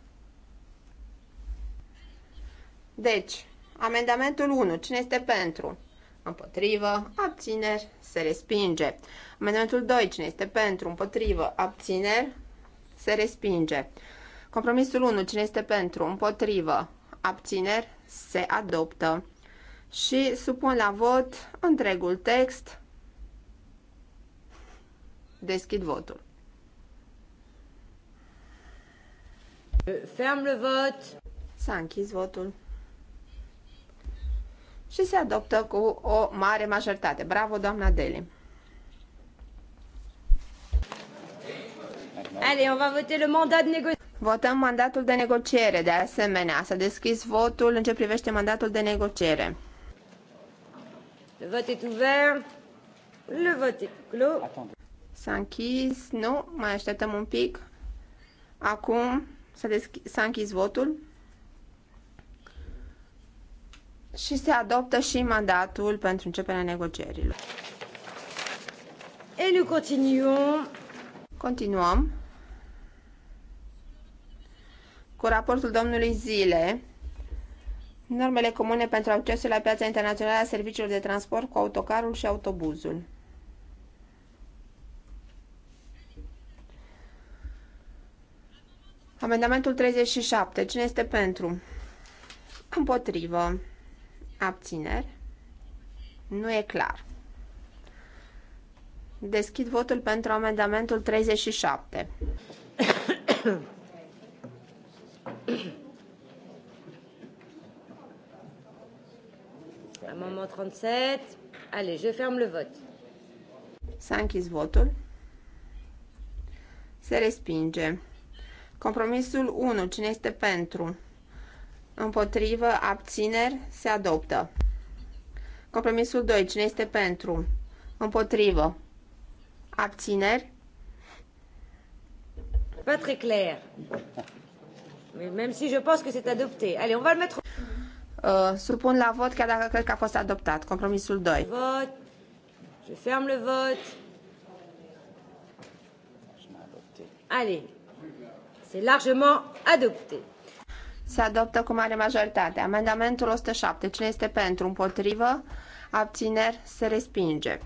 Deci, amendamentul 1. Cine este pentru? Împotrivă, abțineri, se respinge. Amendamentul 2. Cine este pentru? Împotrivă, abțineri, se respinge. Compromisul 1, cine este pentru, împotrivă, abțineri, se adoptă. Și supun la vot întregul text. Deschid votul. Ferm le vot. S-a închis votul. Și se adoptă cu o mare majoritate. Bravo, doamna Deli. Allez, on va voter le mandat de Votăm mandatul de negociere, de asemenea. S-a deschis votul în ce privește mandatul de negociere. Le vot est ouvert. Le vot est clos. S-a închis. Nu, mai așteptăm un pic. Acum s-a, deschis, s-a închis votul. Și se adoptă și mandatul pentru începerea negocierilor. Et nous continuons Continuăm cu raportul domnului Zile. Normele comune pentru accesul la piața internațională a serviciilor de transport cu autocarul și autobuzul. Amendamentul 37. Cine este pentru? Împotrivă. Abțineri. Nu e clar. Deschid votul pentru amendamentul 37. *coughs* Amendement 37. Allez, je ferme le vote. S-a închis votul. Se respinge. Compromisul 1. Cine este pentru? Împotrivă, abțineri, se adoptă. Compromisul 2. Cine este pentru? Împotrivă, Abțineri? Pas très clair. Mais même si je pense que c'est adopté. Allez, on va le mettre... Uh, supun la vot chiar dacă cred că a fost adoptat. Compromisul 2. Vot. Je ferme le vot. Allez. C'est largement adopté. Se adoptă cu mare majoritate. Amendamentul 107. Cine este pentru? Împotrivă? Abțineri? Se respinge.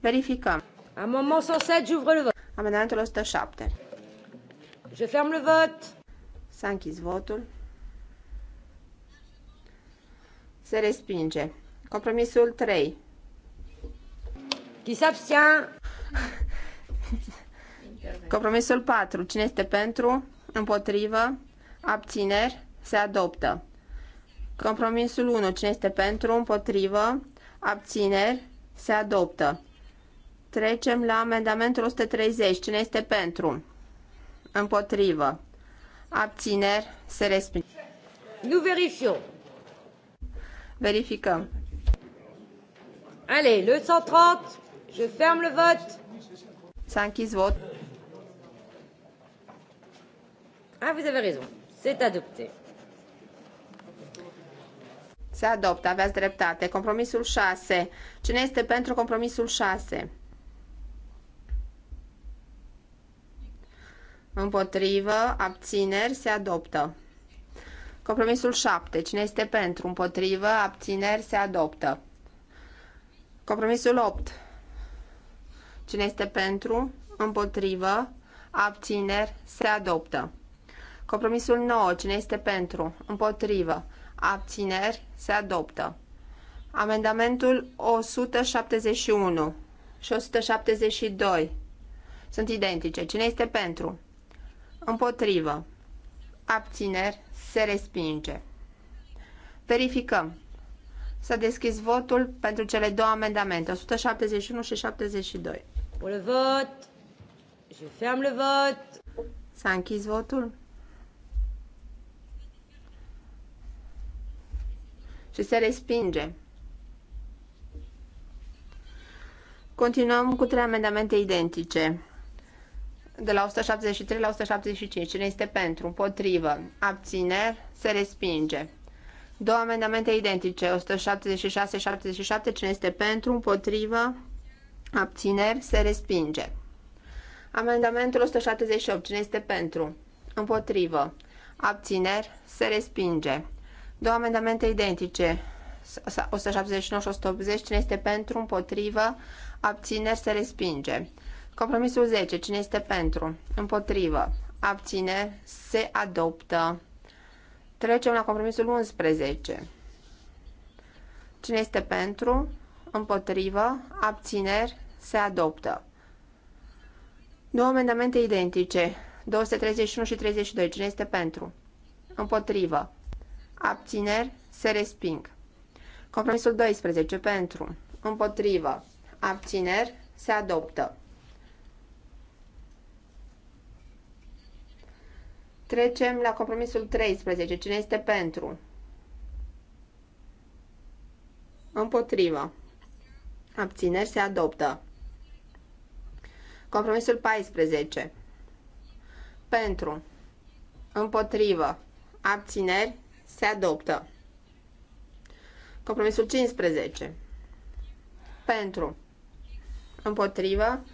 Verificăm. Amendement 107, j'ouvre le vot. Amendamentul 107. Je ferme le vot. S-a închis votul. Se respinge. Compromisul 3. Qui s'abstient? *laughs* Compromisul 4. Cine este pentru? Împotrivă? Abțineri? Se adoptă. Compromisul 1. Cine este pentru? Împotrivă? Abțineri? Se adoptă. Trecem la amendamentul 130. Cine este pentru? Împotrivă. Abțineri. Se respinge. Nu verificăm. Verificăm. Allez, le 130. Je ferme le vote. S-a închis vot. Ah, vous avez raison. C'est adopté. Se adoptă, aveați dreptate. Compromisul 6. Cine este pentru compromisul 6? împotrivă, abțineri, se adoptă. Compromisul 7. Cine este pentru, împotrivă, abțineri, se adoptă. Compromisul 8. Cine este pentru, împotrivă, abțineri, se adoptă. Compromisul 9. Cine este pentru, împotrivă, abțineri, se adoptă. Amendamentul 171 și 172 sunt identice. Cine este pentru? Împotrivă. Abțineri. Se respinge. Verificăm. Să deschis votul pentru cele două amendamente, 171 și 72. Pour le vot. Je ferme le vot. S-a închis votul. Și se respinge. Continuăm cu trei amendamente identice de la 173 la 175. Cine este pentru? Împotrivă. Abțineri? Se respinge. Două amendamente identice, 176-77, cine este pentru, împotrivă, abțineri, se respinge. Amendamentul 178, cine este pentru, împotrivă, abțineri, se respinge. Două amendamente identice, 179 și 180, cine este pentru, împotrivă, abțineri, se respinge. Compromisul 10. Cine este pentru? Împotrivă. Abține. Se adoptă. Trecem la compromisul 11. Cine este pentru? Împotrivă. Abțineri. Se adoptă. Două amendamente identice. 231 și 32. Cine este pentru? Împotrivă. Abțineri. Se resping. Compromisul 12. Pentru. Împotrivă. Abțineri. Se adoptă. Trecem la compromisul 13. Cine este pentru? Împotrivă. Abțineri se adoptă. Compromisul 14. Pentru. Împotrivă. Abțineri se adoptă. Compromisul 15. Pentru. Împotrivă.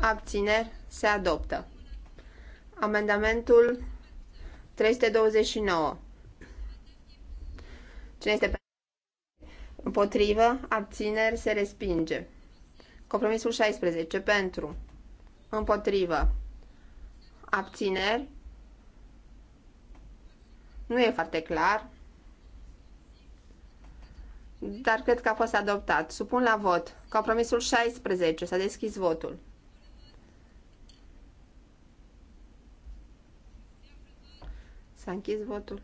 Abțineri se adoptă. Amendamentul 329. Cine este pentru? Împotrivă, abțineri, se respinge. Compromisul 16. Pentru. Împotrivă. Abțineri. Nu e foarte clar. Dar cred că a fost adoptat. Supun la vot. Compromisul 16. S-a deschis votul. S-a închis votul.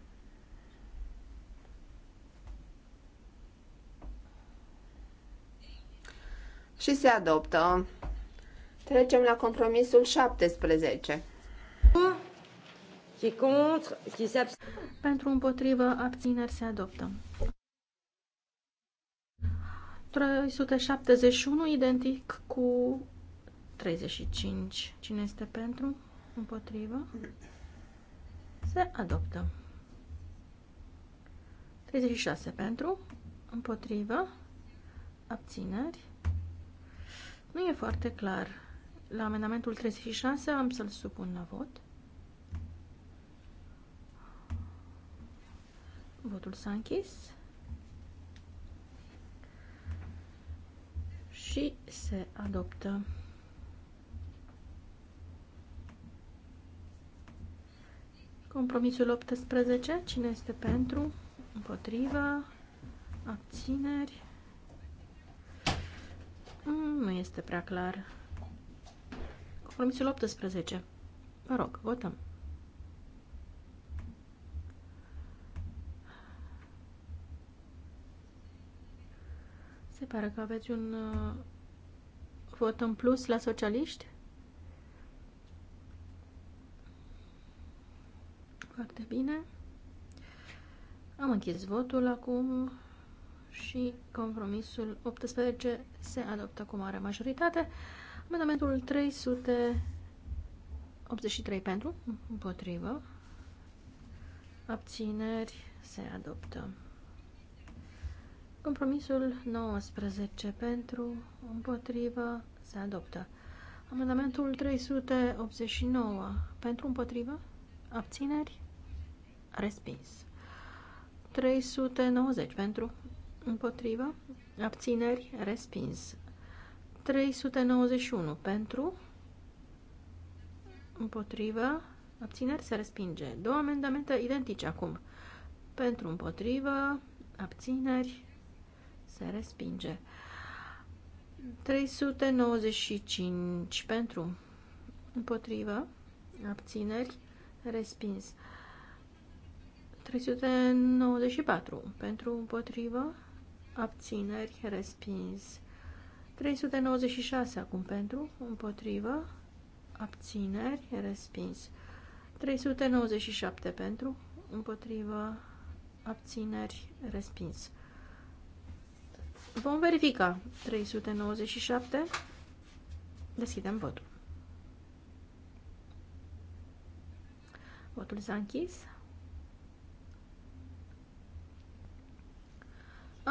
Și se adoptă. Trecem la compromisul 17. Qui contre, qui Pentru împotrivă, abțineri se adoptă. 371 identic cu 35. Cine este pentru? Împotrivă? Se adoptă. 36 pentru, împotrivă, abțineri. Nu e foarte clar. La amendamentul 36 am să-l supun la vot. Votul s-a închis. Și se adoptă. Compromisul 18. Cine este pentru? Împotrivă? Abțineri? Mm, nu este prea clar. Compromisul 18. Vă rog, votăm. Se pare că aveți un uh, vot în plus la socialiști? Foarte bine. Am închis votul acum și compromisul 18 se adoptă cu mare majoritate. Amendamentul 383 pentru, împotrivă, abțineri, se adoptă. Compromisul 19 pentru, împotrivă, se adoptă. Amendamentul 389 pentru, împotrivă, abțineri, Respins. 390 pentru, împotrivă, abțineri, respins. 391 pentru, împotrivă, abțineri, se respinge. Două amendamente identice acum. Pentru, împotrivă, abțineri, se respinge. 395 pentru, împotrivă, abțineri, respins. 394 pentru împotrivă, abțineri, respins. 396 acum pentru, împotrivă, abțineri, respins. 397 pentru, împotrivă, abțineri, respins. Vom verifica 397. Deschidem votul. Votul s-a închis.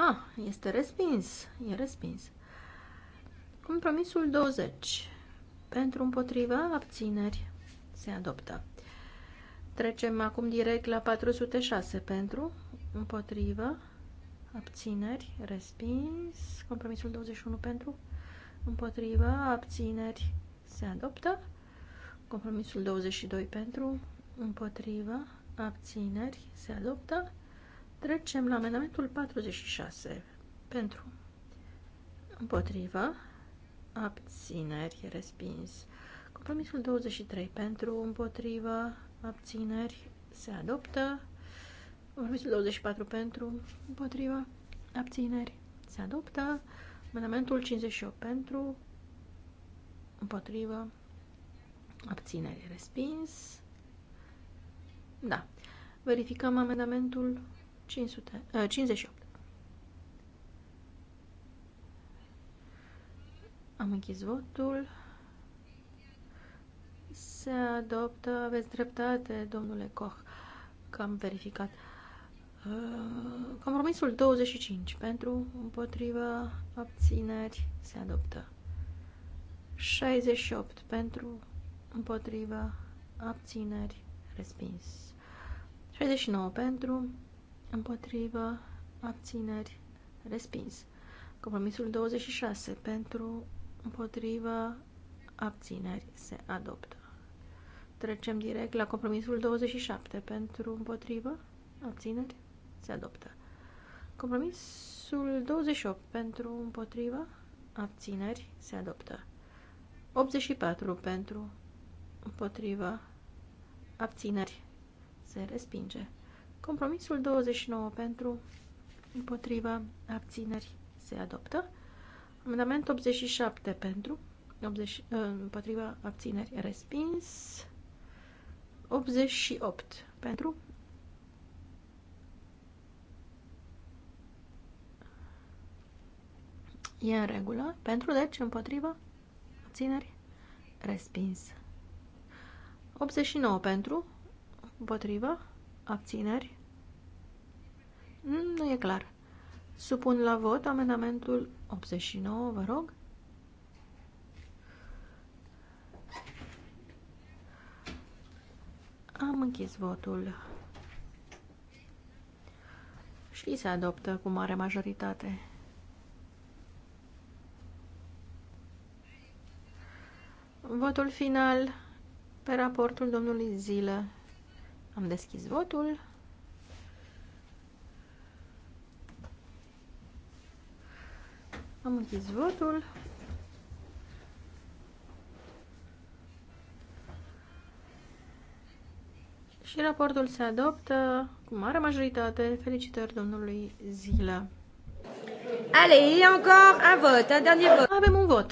Ah, este respins. E respins. Compromisul 20. Pentru împotriva abțineri se adoptă. Trecem acum direct la 406. Pentru împotriva abțineri respins. Compromisul 21 pentru împotriva abțineri se adoptă. Compromisul 22 pentru împotriva abțineri se adoptă. Trecem la amendamentul 46. Pentru. Împotrivă. Abțineri. Respins. Compromisul 23. Pentru. Împotrivă. Abțineri. Se adoptă. Compromisul 24. Pentru. Împotrivă. Abțineri. Se adoptă. Amendamentul 58. Pentru. Împotrivă. Abțineri. Respins. Da. Verificăm amendamentul 500, uh, 58. Am închis votul. Se adoptă, aveți dreptate, domnule Koch, că am verificat. Uh, compromisul 25 pentru, împotriva, abțineri, se adoptă. 68 pentru, împotriva, abțineri, respins. 69 pentru, împotrivă, abțineri, respins. Compromisul 26 pentru, împotrivă, abțineri, se adoptă. Trecem direct la compromisul 27 pentru, împotrivă, abțineri, se adoptă. Compromisul 28 pentru, împotrivă, abțineri, se adoptă. 84 pentru, împotrivă, abțineri, se respinge. Compromisul 29 pentru, împotriva, abțineri se adoptă. Amendament 87 pentru, 80, uh, împotriva, abțineri respins. 88 pentru, E în regulă. Pentru, deci, împotriva abțineri respins. 89 pentru, împotriva abțineri, nu e clar. Supun la vot amendamentul 89, vă rog. Am închis votul. Și se adoptă cu mare majoritate. Votul final pe raportul domnului Zilă. Am deschis votul. Am închis votul. Și raportul se adoptă cu mare majoritate. Felicitări domnului Zilă. Allez, encore un vot, un dernier vot. Avem un vot.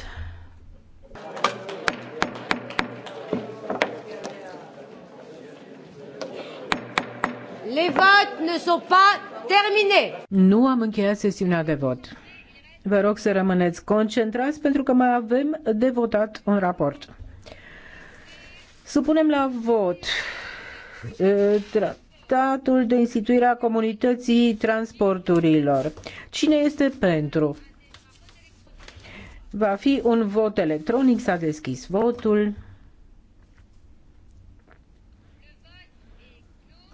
Les votes ne sont pas terminés. Nu am încheiat sesiunea de vot. Vă rog să rămâneți concentrați pentru că mai avem de votat un raport. Supunem la vot tratatul de instituire a comunității transporturilor. Cine este pentru? Va fi un vot electronic, s-a deschis votul.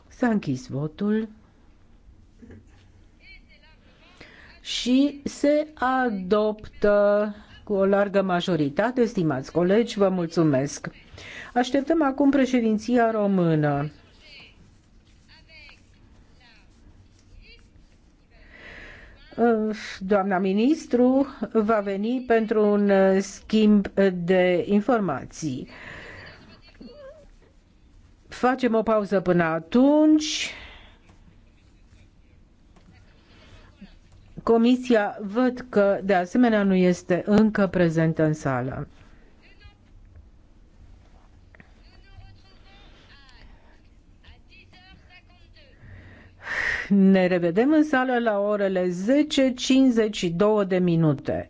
S-a închis votul. și se adoptă cu o largă majoritate. Stimați colegi, vă mulțumesc. Așteptăm acum președinția română. Doamna ministru va veni pentru un schimb de informații. Facem o pauză până atunci. Comisia văd că de asemenea nu este încă prezentă în sală. Ne revedem în sală la orele 10.52 de minute.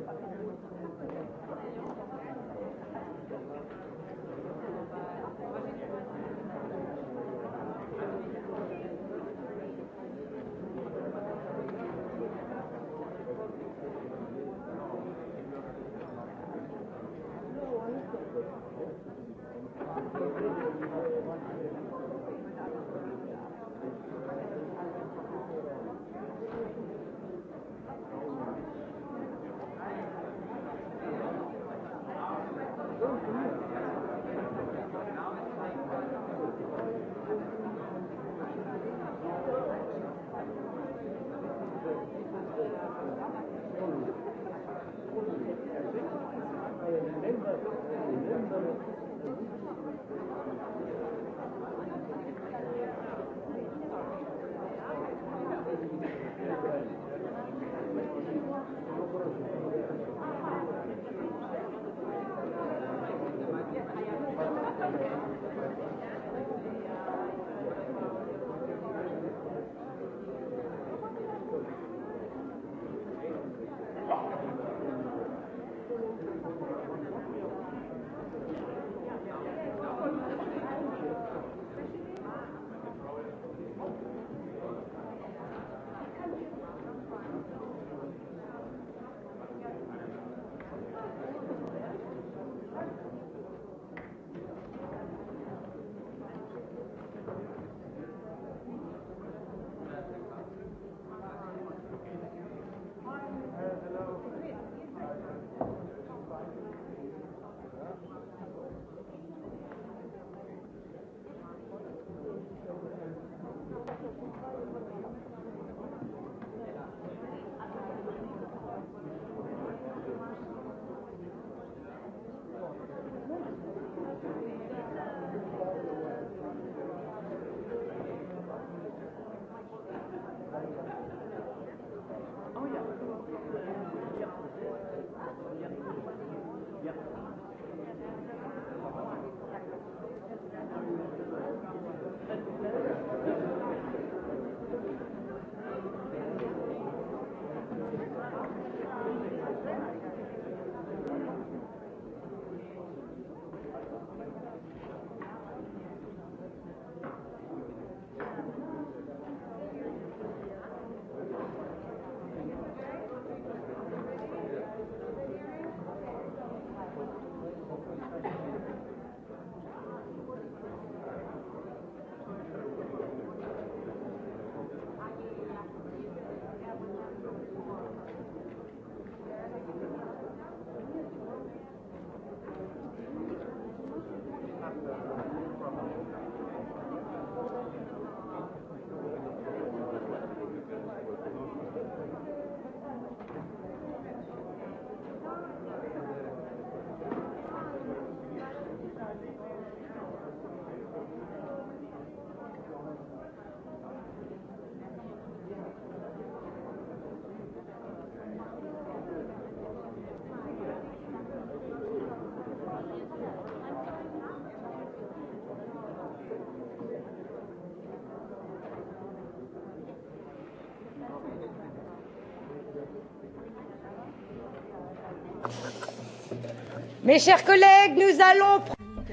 Mes chers collègues, nous allons...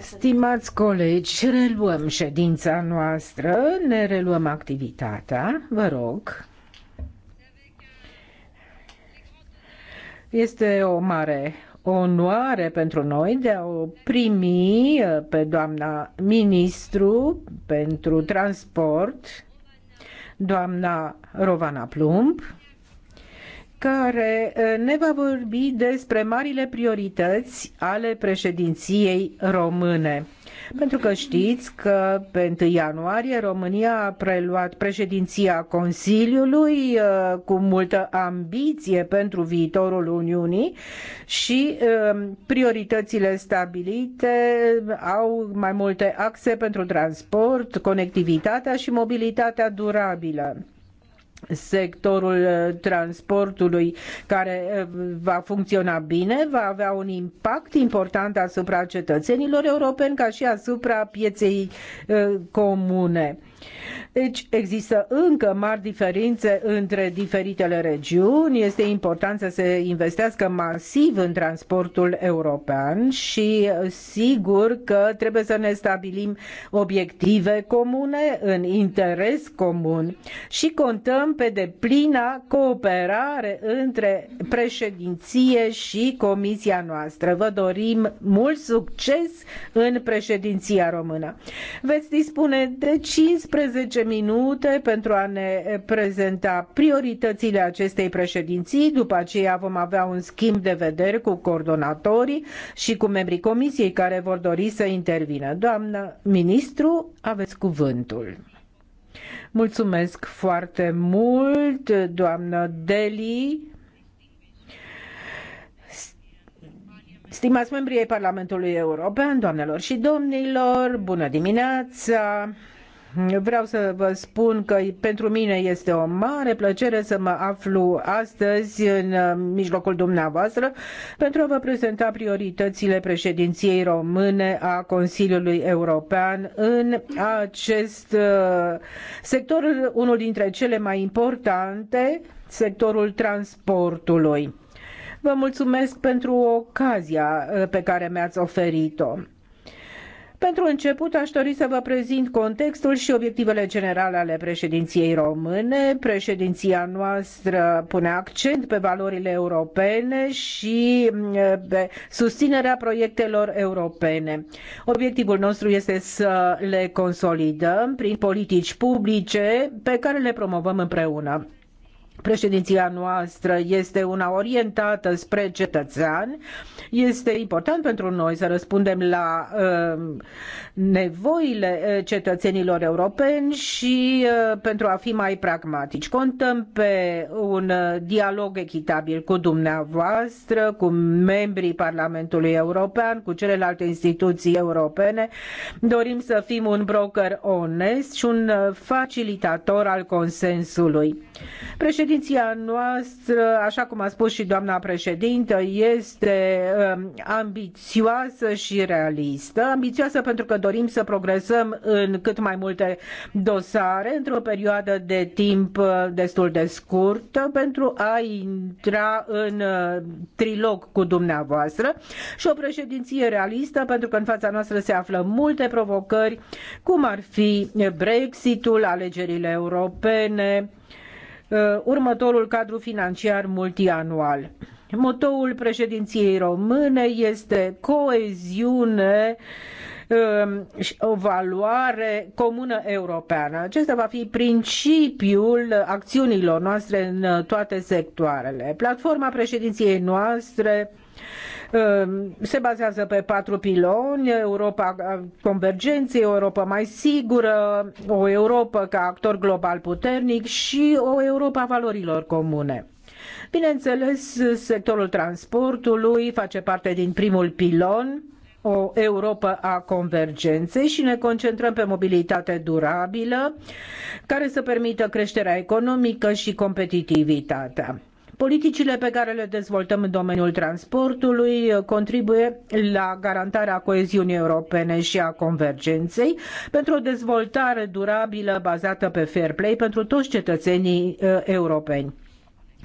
Stimați colegi, reluăm ședința noastră, ne reluăm activitatea, vă rog. Este o mare onoare pentru noi de a o primi uh, pe doamna ministru pentru transport, doamna Rovana Plumb, care ne va vorbi despre marile priorități ale președinției române. Pentru că știți că pe 1 ianuarie România a preluat președinția Consiliului cu multă ambiție pentru viitorul Uniunii și prioritățile stabilite au mai multe axe pentru transport, conectivitatea și mobilitatea durabilă sectorul uh, transportului care uh, va funcționa bine, va avea un impact important asupra cetățenilor europeni ca și asupra pieței uh, comune. Deci există încă mari diferențe între diferitele regiuni. Este important să se investească masiv în transportul european și sigur că trebuie să ne stabilim obiective comune în interes comun și contăm pe deplina cooperare între președinție și comisia noastră. Vă dorim mult succes în președinția română. Veți dispune de 15 15 minute pentru a ne prezenta prioritățile acestei președinții, după aceea vom avea un schimb de vederi cu coordonatorii și cu membrii comisiei care vor dori să intervină. Doamnă ministru, aveți cuvântul. Mulțumesc foarte mult, doamnă Deli. Stimați membrii ai Parlamentului European, doamnelor și domnilor, bună dimineața! Vreau să vă spun că pentru mine este o mare plăcere să mă aflu astăzi în uh, mijlocul dumneavoastră pentru a vă prezenta prioritățile președinției române a Consiliului European în acest uh, sector, unul dintre cele mai importante, sectorul transportului. Vă mulțumesc pentru ocazia uh, pe care mi-ați oferit-o. Pentru început, aș dori să vă prezint contextul și obiectivele generale ale președinției române. Președinția noastră pune accent pe valorile europene și mm, pe susținerea proiectelor europene. Obiectivul nostru este să le consolidăm prin politici publice pe care le promovăm împreună. Președinția noastră este una orientată spre cetățean. Este important pentru noi să răspundem la uh, nevoile uh, cetățenilor europeni și uh, pentru a fi mai pragmatici. Contăm pe un uh, dialog echitabil cu dumneavoastră, cu membrii Parlamentului European, cu celelalte instituții europene. Dorim să fim un broker onest și un uh, facilitator al consensului. Președinția Petiția noastră, așa cum a spus și doamna președintă, este um, ambițioasă și realistă. Ambițioasă pentru că dorim să progresăm în cât mai multe dosare într-o perioadă de timp uh, destul de scurtă pentru a intra în uh, trilog cu dumneavoastră și o președinție realistă pentru că în fața noastră se află multe provocări, cum ar fi Brexitul, alegerile europene, Uh, următorul cadru financiar multianual. Motoul președinției române este coeziune um, o valoare comună europeană. Acesta va fi principiul acțiunilor noastre în toate sectoarele. Platforma președinției noastre Ehm, se bazează pe patru piloni, Europa convergenței, Europa mai sigură, o Europa ca actor global puternic și o Europa valorilor comune. Bineînțeles, sectorul transportului face parte din primul pilon, o Europa a convergenței și ne concentrăm pe mobilitate durabilă care să permită creșterea economică și competitivitatea. Politicile pe care le dezvoltăm în domeniul transportului contribuie la garantarea coeziunii europene și a convergenței pentru o dezvoltare durabilă bazată pe fair play pentru toți cetățenii uh, europeni.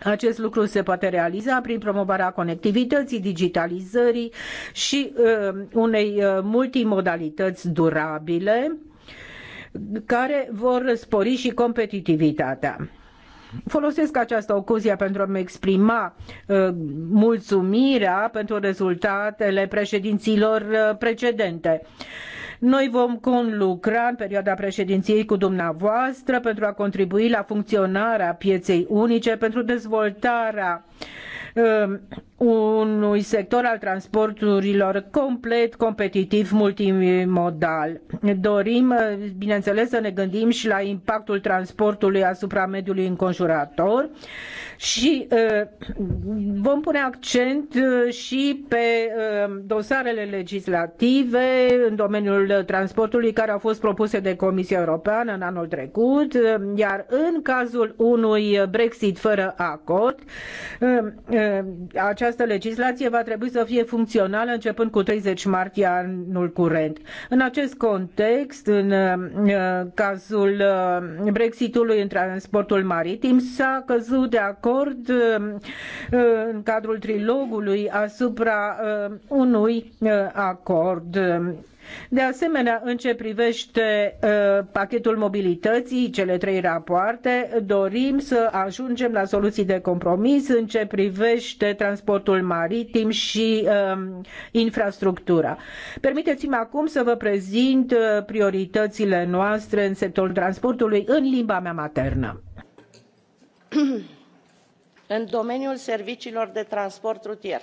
Acest lucru se poate realiza prin promovarea conectivității, digitalizării și uh, unei uh, multimodalități durabile care vor spori și competitivitatea. Folosesc această ocazie pentru a-mi exprima uh, mulțumirea pentru rezultatele președinților uh, precedente. Noi vom conlucra în perioada președinției cu dumneavoastră pentru a contribui la funcționarea pieței unice, pentru dezvoltarea uh, unui sector al transporturilor complet competitiv multimodal. Dorim, bineînțeles, să ne gândim și la impactul transportului asupra mediului înconjurator și vom pune accent și pe dosarele legislative în domeniul transportului care au fost propuse de Comisia Europeană în anul trecut, iar în cazul unui Brexit fără acord, această această legislație va trebui să fie funcțională începând cu 30 martie anul curent. În acest context, în uh, cazul uh, Brexitului în transportul maritim, s-a căzut de acord uh, în cadrul trilogului asupra unui acord de asemenea, în ce privește uh, pachetul mobilității, cele trei rapoarte, dorim să ajungem la soluții de compromis în ce privește transportul maritim și uh, infrastructura. Permiteți-mi acum să vă prezint uh, prioritățile noastre în sectorul transportului în limba mea maternă. în domeniul serviciilor de transport rutier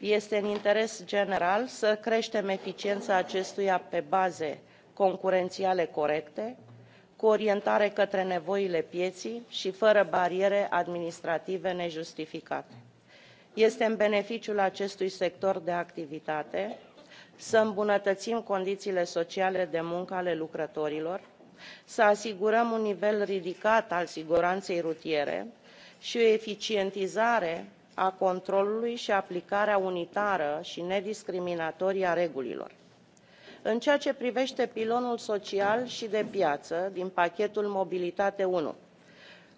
este în interes general să creștem eficiența acestuia pe baze concurențiale corecte cu orientare către nevoile pieței și fără bariere administrative nejustificate. este în beneficiul acestui sector de activitate să îmbunătățim condițiile sociale de muncă ale lucrătorilor să asigurăm un nivel ridicat al siguranței rutiere și o eficientizare a controlului și aplicarea unitară și nediscriminatorie a regulilor. în ceea ce privește pilonul social și de piață din pachetul mobilitate i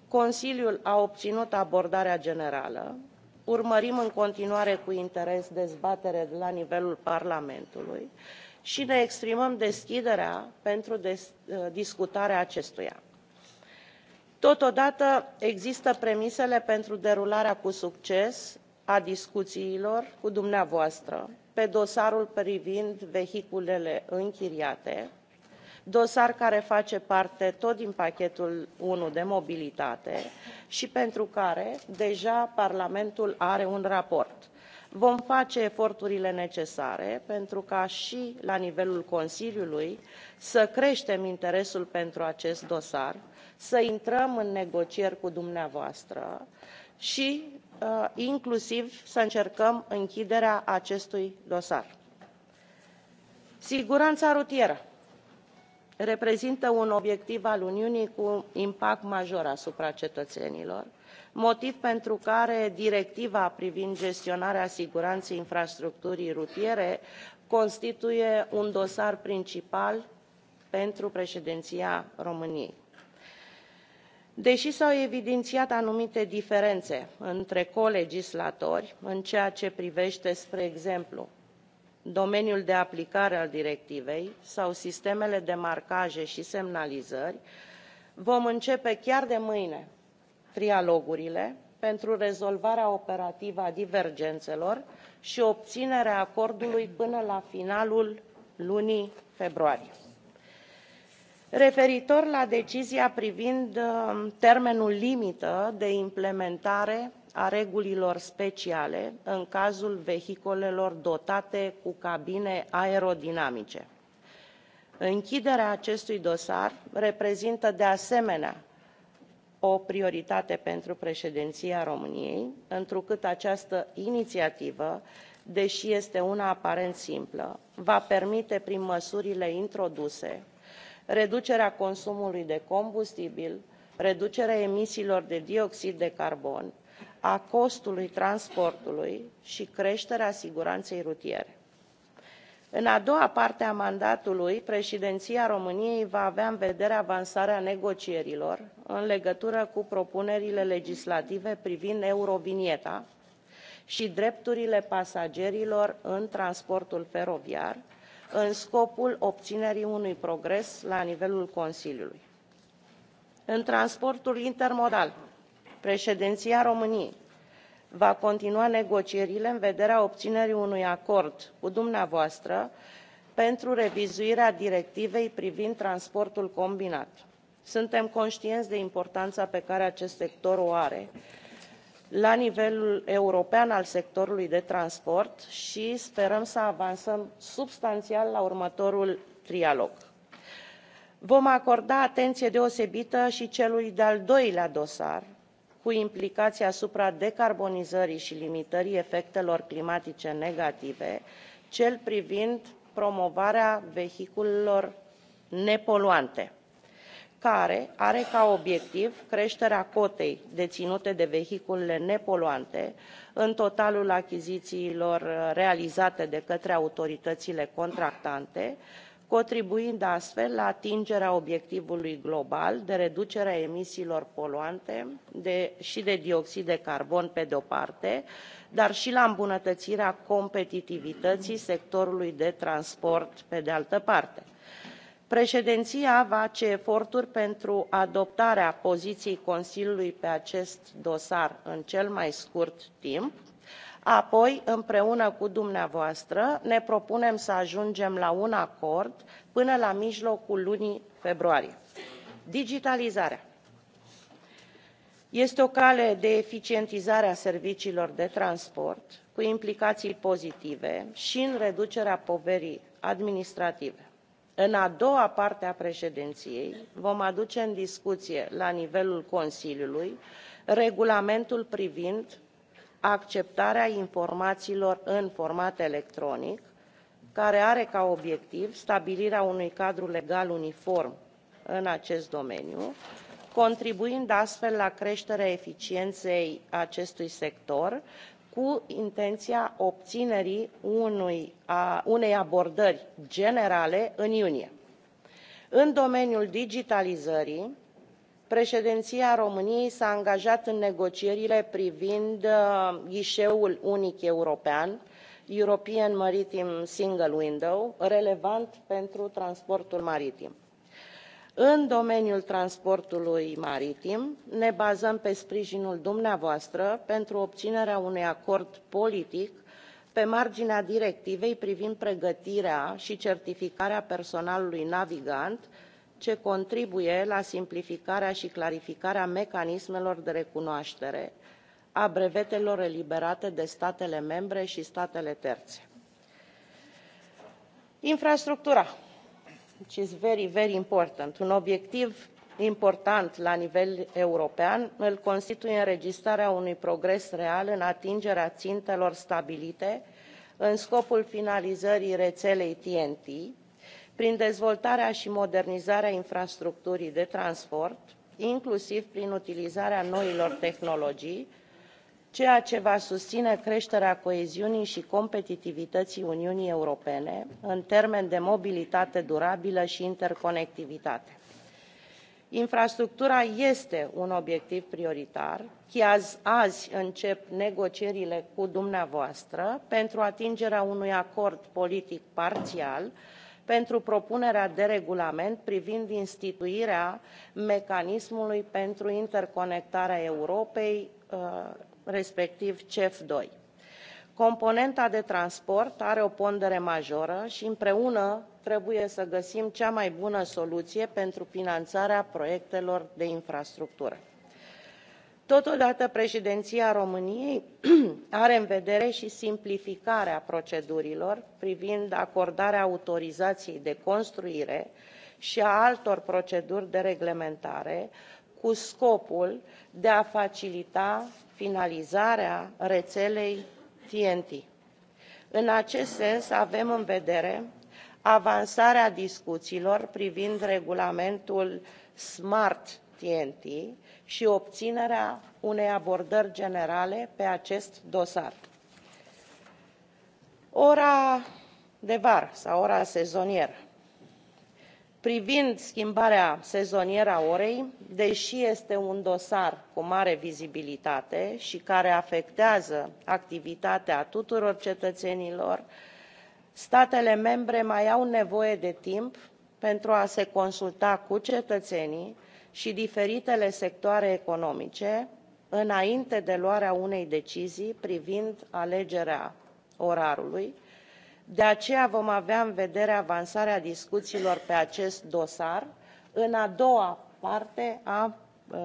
consiliul a obținut abordarea generală urmărim în continuare cu interes dezbaterea de la nivelul parlamentului și ne exprimăm deschiderea pentru eh, discutarea acestuia totodată există premisele pentru derularea cu succes a discuțiilor cu dumneavoastră pe dosarul privind vehiculele închiriate dosar care face parte tot din pachetul unu de mobilitate și pentru care deja parlamentul are un raport. vom face eforturile necesare pentru ca și la nivelul consiliului să creștem interesul pentru acest dosar să intrăm în negocieri cu dumneavoastră și uh, inclusiv să încercăm închiderea acestui dosar. Siguranța rutieră reprezintă un obiectiv al Uniunii cu impact major asupra cetățenilor, motiv pentru care directiva privind gestionarea siguranței infrastructurii rutiere constituie un dosar principal pentru președinția României deși s au evidențiat anumite diferențe între colegislatori în ceea ce privește spre exemplu domeniul de aplicare al directivei sau sistemele de marcaje și semnalizări vom începe chiar de mâine trialogurile pentru rezolvarea operativă a divergențelor și obținerea acordului până la finalul lunii februarie referitor la decizia privind uh, termenul limită de implementare a regulilor speciale în cazul vehiculelor dotate cu cabine aerodinamice închiderea acestui dosar reprezintă de asemenea o prioritate pentru președinția româniei întrucât această inițiativă deși este una aparent simplă va permite prin măsurile introduse reducerea consumului de combustibil reducerea emisiilor de dioxid de carbon a costului transportului și creșterea siguranței rutiere. în a doua parte a mandatului președinția româniei va avea în vedere avansarea negocierilor în legătură cu propunerile legislative privind eurovigneta și drepturile pasagerilor în transportul feroviar în scopul obținerii unui progres la nivelul consiliului. în transportul intermodal președinția româniei va continua negocierile în vederea obținerii unui acord cu dumneavoastră pentru revizuirea directivei privind transportul combinat. suntem conștienți de importanța pe care acest sector o are la nivelul european al sectorului de transport și sperăm să avansăm substanțial la următorul trialog. vom acorda atenție deosebită și celui de al doilea dosar cu implicații asupra decarbonizării și limitării efectelor climatice negative cel privind promovarea vehiculelor nepoluante care are ca obiectiv creșterea cotei deținute de vehiculele nepoluante în totalul achizițiilor uh, realizate de către autoritățile contractante contribuind astfel la atingerea obiectivului global de reducere a emisiilor poluante și de dioxid de carbon pe de o parte dar și la îmbunătățirea competitivității sectorului de transport pe de altă parte președinția face eforturi pentru adoptarea poziției consiliului pe acest dosar în cel mai scurt timp apoi împreună cu dumneavoastră ne propunem să ajungem la un acord până la mijlocul lunii februarie. digitalizarea este o cale de eficientizare a serviciilor de transport cu implicații pozitive și în reducerea poverii administrative în a doua parte a președinției vom aduce în discuție la nivelul consiliului regulamentul privind acceptarea informațiilor în format electronic care are ca obiectiv stabilirea unui cadru legal uniform în acest domeniu contribuind astfel la creșterea eficienței acestui sector cu intenția obținerii unui, a, unei abordări generale în iunie. În domeniul digitalizării, președinția României s-a angajat în negocierile privind uh, ghișeul unic european, European Maritime Single Window, relevant pentru transportul maritim în domeniul transportului maritim ne bazăm pe sprijinul dumneavoastră pentru obținerea unui acord politic pe marginea directivei privind pregătirea și certificarea personalului navigant ce contribuie la simplificarea și clarificarea mecanismelor de recunoaștere a brevetelor eliberate de statele membre și statele terțe. infrastructura which is very, very important. Un obiectiv important la nivel european îl constituie înregistrarea unui progres real în atingerea țintelor stabilite în scopul finalizării rețelei ten t prin dezvoltarea și modernizarea infrastructurii de transport inclusiv prin utilizarea noilor tehnologii ceea ce va susține creșterea coeziunii și competitivității uniunii europene în termeni de mobilitate durabilă și interconectivitate. infrastructura este un obiectiv prioritar chiar azi încep negocierile cu dumneavoastră pentru atingerea unui acord politic parțial pentru propunerea de regulament privind instituirea mecanismului pentru interconectarea europei uh, respectiv cef ii. componenta de transport are o pondere majoră și împreună trebuie să găsim cea mai bună soluție pentru finanțarea proiectelor de infrastructură. totodată președinția româniei *clears throat* are în vedere și simplificarea procedurilor privind acordarea autorizației de construire și a altor proceduri de reglementare cu scopul de a facilita finalizarea rețelei ten t. în acest sens avem în vedere avansarea discuțiilor privind regulamentul smart ten t și obținerea unei abordări generale pe acest dosar. ora de vară sau ora sezonieră privind schimbarea sezonieră a orei deși este un dosar cu mare vizibilitate și care afectează activitatea tuturor cetățenilor statele membre mai au nevoie de timp pentru a se consulta cu cetățenii și diferitele sectoare economice înainte de luarea unei decizii privind alegerea orarului de aceea vom avea în vedere avansarea discuțiilor pe acest dosar în a doua parte a uh,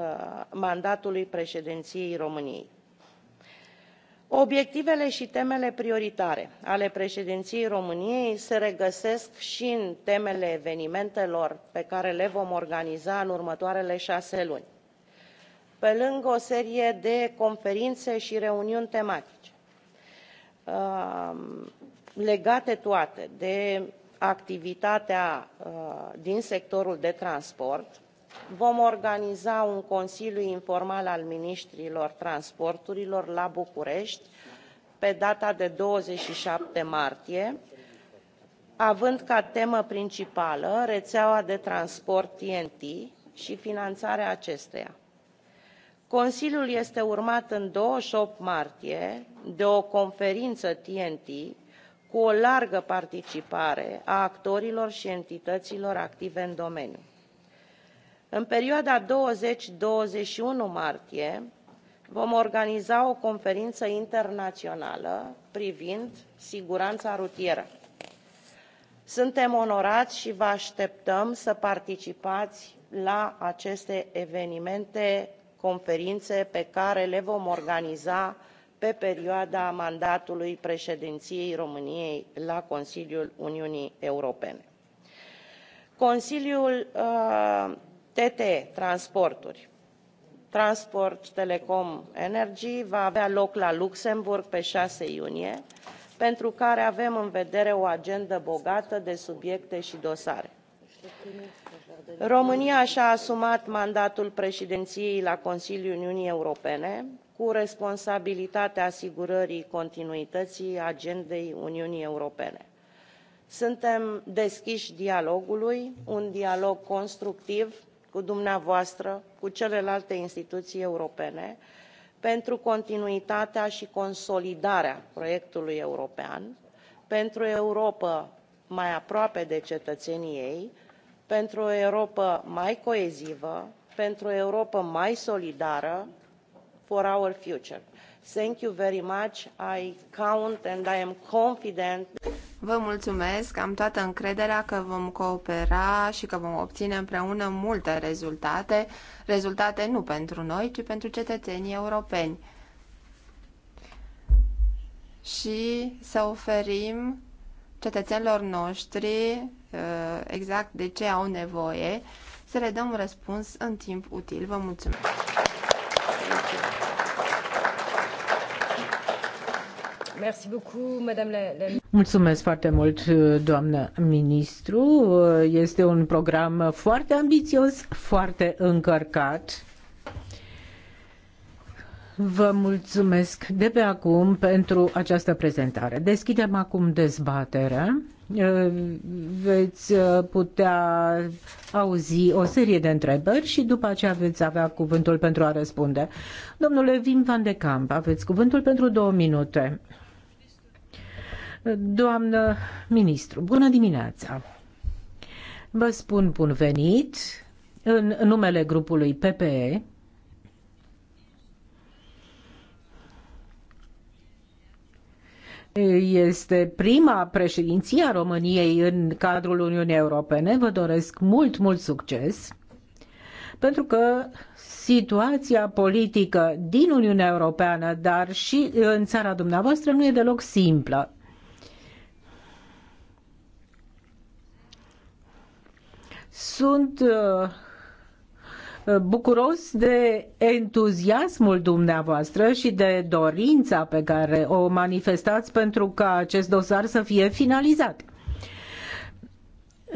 mandatului președinției româniei. obiectivele și temele prioritare ale președinției româniei se regăsesc și în temele evenimentelor pe care le vom organiza în următoarele șase luni pe lângă o serie de conferințe și reuniuni tematice uh, legate toate de activitatea uh, din sectorul de transport vom organiza un consiliu informal al ministrilor transporturilor la bucurești pe data de douăzeci și șapte martie având ca temă principală rețeaua de transport ten t și finanțarea acesteia. consiliul este urmat în douăzeci și opt martie de o conferință ten t cu o largă participare a actorilor și entităților active în domeniu. În perioada 20-21 martie vom organiza o conferință internațională privind siguranța rutieră. Suntem onorați și vă așteptăm să participați la aceste evenimente, conferințe pe care le vom organiza pe perioada mandatului președinției României la Consiliul Uniunii Europene. Consiliul uh, Transporturi, Transport, Telecom, Energy, va avea loc la Luxemburg pe 6 iunie, pentru care avem în vedere o agendă bogată de subiecte și dosare. România și-a asumat mandatul președinției la Consiliul Uniunii Europene, cu responsabilitatea asigurării continuității agendei uniunii europene. suntem deschiși dialogului un dialog constructiv cu dumneavoastră cu celelalte instituții europene pentru continuitatea și consolidarea proiectului european pentru o europă mai aproape de cetățenii ei pentru o europă mai coezivă pentru o europă mai solidară for our future. Thank you very much. I count and I am confident. Vă mulțumesc, am toată încrederea că vom coopera și că vom obține împreună multe rezultate, rezultate nu pentru noi, ci pentru cetățenii europeni. Și să oferim cetățenilor noștri uh, exact de ce au nevoie, să le dăm un răspuns în timp util. Vă mulțumesc! Mulțumesc foarte mult, doamnă ministru. Este un program foarte ambițios, foarte încărcat. Vă mulțumesc de pe acum pentru această prezentare. Deschidem acum dezbaterea. Veți putea auzi o serie de întrebări și după aceea veți avea cuvântul pentru a răspunde. Domnule Vim Van de Camp, aveți cuvântul pentru două minute. Doamnă ministru, bună dimineața! Vă spun bun venit în numele grupului PPE. Este prima președinție a României în cadrul Uniunii Europene. Vă doresc mult, mult succes pentru că situația politică din Uniunea Europeană, dar și în țara dumneavoastră, nu e deloc simplă. Sunt uh, uh, bucuros de entuziasmul dumneavoastră și de dorința pe care o manifestați pentru ca acest dosar să fie finalizat.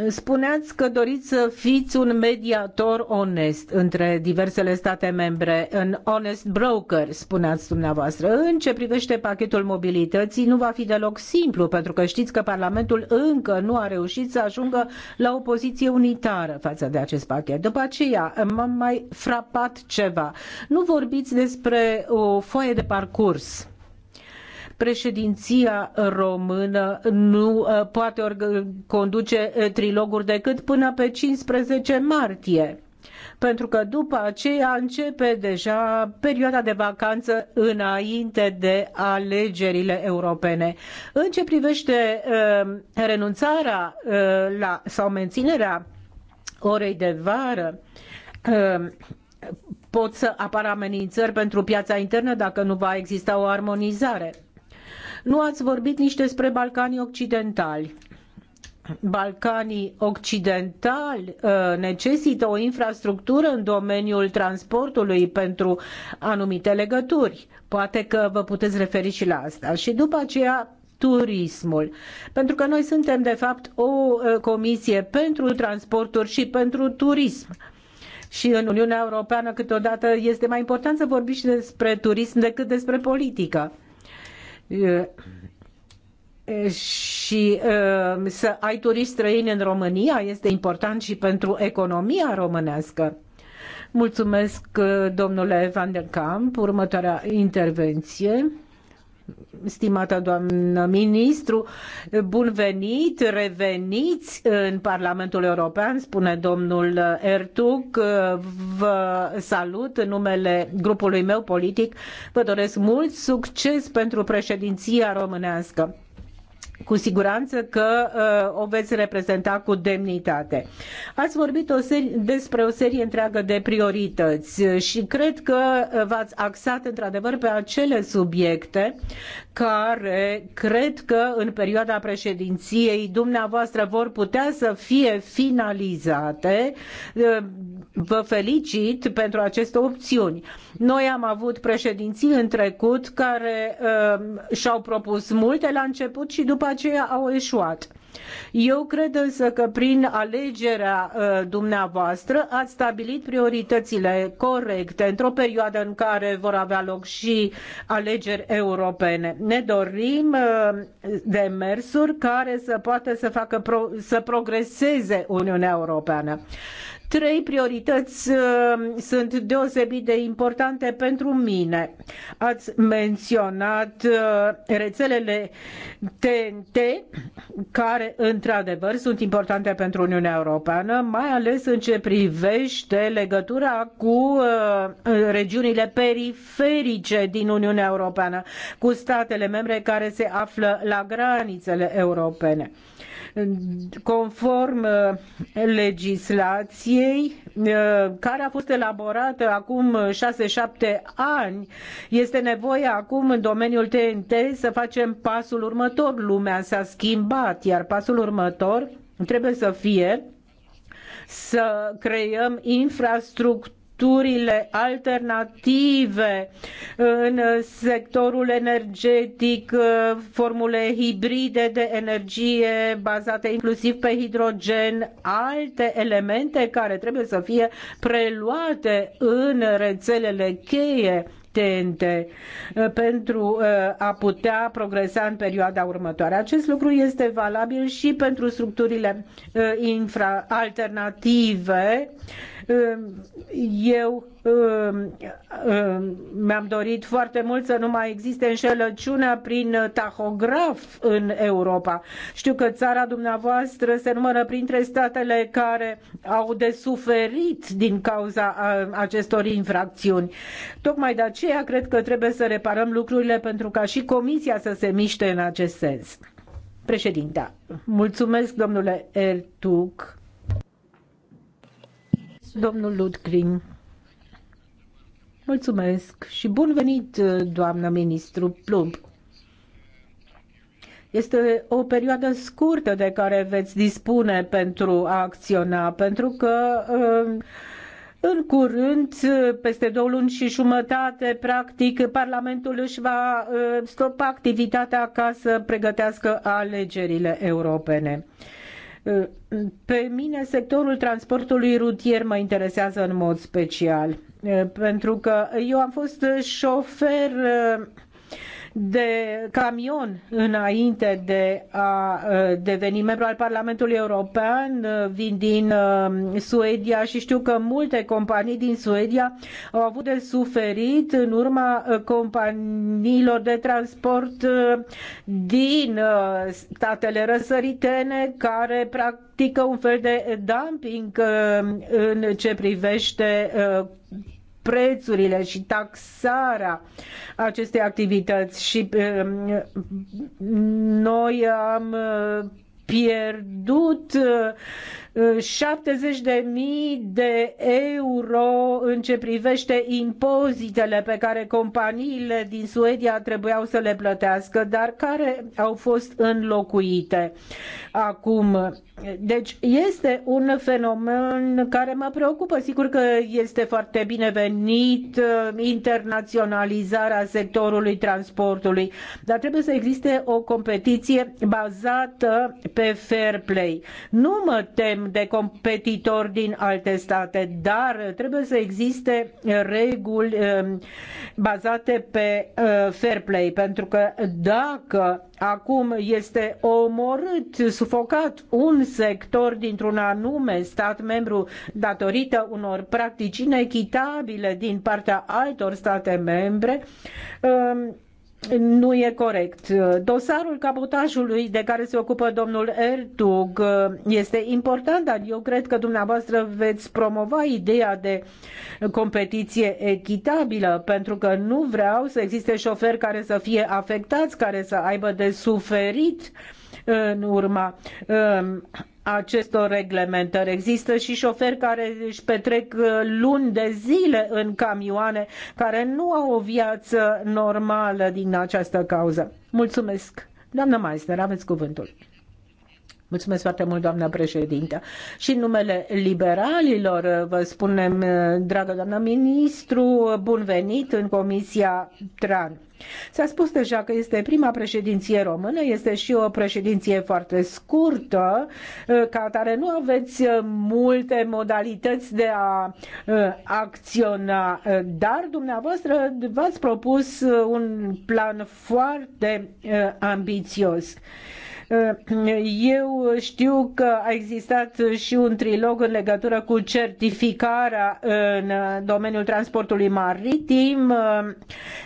Spuneați că doriți să fiți un mediator onest între diversele state membre, un honest broker, spuneați dumneavoastră. În ce privește pachetul mobilității, nu va fi deloc simplu, pentru că știți că Parlamentul încă nu a reușit să ajungă la o poziție unitară față de acest pachet. După aceea, m-am mai frapat ceva. Nu vorbiți despre o foaie de parcurs președinția română nu uh, poate conduce uh, triloguri decât până pe 15 martie. Pentru că după aceea începe deja perioada de vacanță înainte de alegerile europene. În ce privește uh, renunțarea la, sau menținerea orei de vară, pot să apară amenințări pentru piața internă dacă nu va exista o armonizare. Nu ați vorbit nici despre Balcanii Occidentali. Balcanii Occidentali uh, necesită o infrastructură în domeniul transportului pentru anumite legături. Poate că vă puteți referi și la asta. Și după aceea turismul. Pentru că noi suntem, de fapt, o uh, comisie pentru transporturi și pentru turism. Și în Uniunea Europeană, câteodată, este mai important să vorbim și despre turism decât despre politică și să ai turiști străini în România este important și pentru economia românească. Mulțumesc, domnule Van der Camp. Următoarea intervenție. Stimată doamnă ministru, bun venit, reveniți în Parlamentul European, spune domnul Ertug. Vă salut în numele grupului meu politic. Vă doresc mult succes pentru președinția românească cu siguranță că uh, o veți reprezenta cu demnitate. Ați vorbit o seri, despre o serie întreagă de priorități și cred că v-ați axat într-adevăr pe acele subiecte care cred că în perioada președinției dumneavoastră vor putea să fie finalizate. Vă felicit pentru aceste opțiuni. Noi am avut președinții în trecut care uh, și-au propus multe la început și după aceea au eșuat. Eu cred însă că prin alegerea uh, dumneavoastră ați stabilit prioritățile corecte într-o perioadă în care vor avea loc și alegeri europene. Ne dorim uh, demersuri care să poată să facă să progreseze Uniunea Europeană. Trei priorități uh, sunt deosebit de importante pentru mine. Ați menționat uh, rețelele TNT, care într-adevăr sunt importante pentru Uniunea Europeană, mai ales în ce privește legătura cu uh, regiunile periferice din Uniunea Europeană, cu statele membre care se află la granițele europene conform uh, legislației uh, care a fost elaborată acum 6-7 ani, este nevoie acum în domeniul TNT să facem pasul următor. Lumea s-a schimbat, iar pasul următor trebuie să fie să creăm infrastructuri structurile alternative în sectorul energetic, formule hibride de energie bazate inclusiv pe hidrogen, alte elemente care trebuie să fie preluate în rețelele cheie tente uh, pentru uh, a putea progresa în perioada următoare. Acest lucru este valabil și pentru structurile uh, infra alternative Ehm, eu ehm, ehm, mi-am dorit foarte mult să nu mai existe înșelăciunea prin tahograf în Europa. Știu că țara dumneavoastră se numără printre statele care au de suferit din cauza acestor infracțiuni. Tocmai de aceea cred că trebuie să reparăm lucrurile pentru ca și Comisia să se miște în acest sens. Președinta, mulțumesc domnule Ertuc. Domnul Ludgrin. Mulțumesc și bun venit, doamnă ministru Plumb. Este o perioadă scurtă de care veți dispune pentru a acționa, pentru că uh, în curând, peste două luni și jumătate, practic, Parlamentul își va uh, stopa activitatea ca să pregătească alegerile europene. Pe mine sectorul transportului rutier mă interesează în mod special, pentru că eu am fost șofer de camion înainte de a uh, deveni membru al Parlamentului European. Uh, vin din uh, Suedia și știu că multe companii din Suedia au avut de suferit în urma companiilor de transport din statele răsăritene care practică un fel de dumping în ce privește prețurile și taxarea acestei activități și um, noi am uh, pierdut 70.000 uh, de euro în ce privește impozitele pe care companiile din Suedia trebuiau să le plătească, dar care au fost înlocuite acum. Deci este un fenomen care mă preocupă. Sigur că este foarte binevenit uh, internaționalizarea sectorului transportului, dar trebuie să existe o competiție bazată pe fair play. Nu mă tem de competitori din alte state, dar trebuie să existe reguli um, bazate pe uh, fair play, pentru că dacă Acum este omorât, sufocat un sector dintr-un anume stat membru datorită unor practici inechitabile din partea altor state membre. Um, nu e corect. Dosarul cabotajului de care se ocupă domnul Ertug este important, dar eu cred că dumneavoastră veți promova ideea de competiție echitabilă, pentru că nu vreau să existe șoferi care să fie afectați, care să aibă de suferit în urma um, acestor reglementări. Există și șoferi care își petrec uh, luni de zile în camioane care nu au o viață normală din această cauză. Mulțumesc. Doamna Meister, aveți cuvântul. Mulțumesc foarte mult, doamna președintă. Și în numele liberalilor uh, vă spunem, uh, dragă doamna ministru, bun venit în Comisia TRAN. S-a spus deja că este prima președinție română, este și o președinție foarte scurtă, uh, ca atare nu aveți uh, multe modalități de a uh, acționa, dar dumneavoastră v-ați propus un plan foarte ambițios. Eu știu că a existat și un trilog în legătură cu certificarea în domeniul transportului maritim.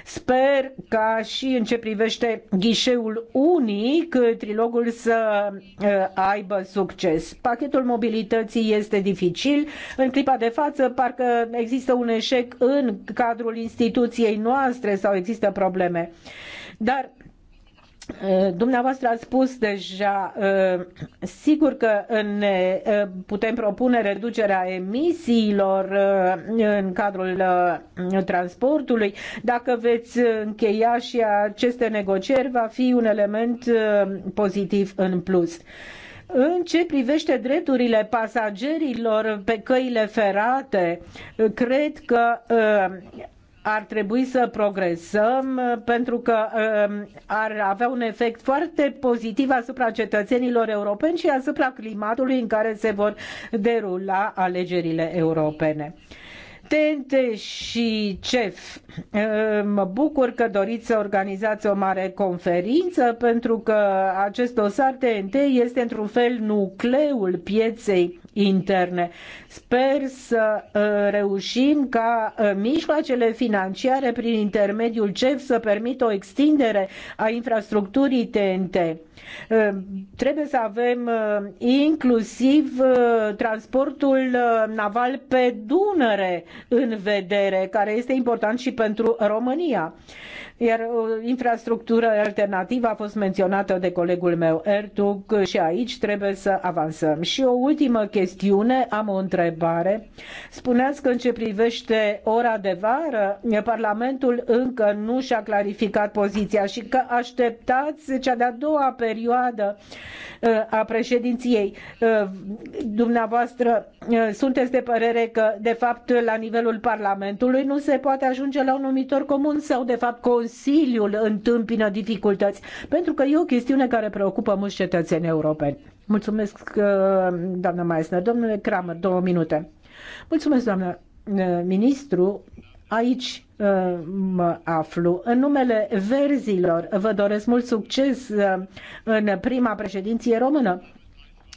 Sper ca și în ce privește ghișeul unic, trilogul să aibă succes. Pachetul mobilității este dificil. În clipa de față, parcă există un eșec în cadrul instituției noastre sau există probleme. Dar Eh, dumneavoastră ați spus deja, eh, sigur că ne eh, putem propune reducerea emisiilor în cadrul transportului. Dacă veți încheia și aceste negocieri, va fi un element pozitiv în plus. În ce privește drepturile pasagerilor pe căile ferate, cred că ar trebui să progresăm pentru că um, ar avea un efect foarte pozitiv asupra cetățenilor europeni și asupra climatului în care se vor derula alegerile europene. TNT și CEF. Um, mă bucur că doriți să organizați o mare conferință pentru că acest dosar TNT este într-un fel nucleul pieței interne. Sper să uh, reușim ca uh, mijloacele financiare prin intermediul CEF să permită o extindere a infrastructurii TNT. Uh, trebuie să avem inclusiv transportul naval pe Dunăre în vedere, care este important și pentru România. Iar uh, infrastructură alternativă a fost menționată de colegul meu Ertug și aici trebuie să avansăm. Și o ultimă chestiune, am o întrebare. Spuneați că în ce privește ora de vară, Parlamentul încă nu și-a clarificat poziția și că așteptați cea de-a doua perioadă uh, a președinției. Uh, dumneavoastră sunteți de părere că, de fapt, la nivelul Parlamentului nu se poate ajunge la un numitor comun sau, de fapt, Consiliul întâmpină dificultăți, pentru că e o chestiune care preocupă mulți cetățeni europeni. Mulțumesc, uh, doamna Maesner. Domnule Kramer, două minute. Mulțumesc, doamna uh, ministru. Aici uh, mă aflu. În numele verzilor vă doresc mult succes în prima președinție română.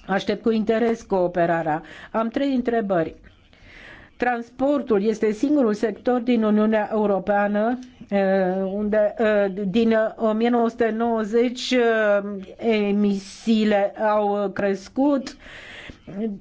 Aștept cu interes cooperarea. Am trei întrebări. Transportul este singurul sector din Uniunea Europeană Uh, unde uh, din 1990 uh, emisiile au crescut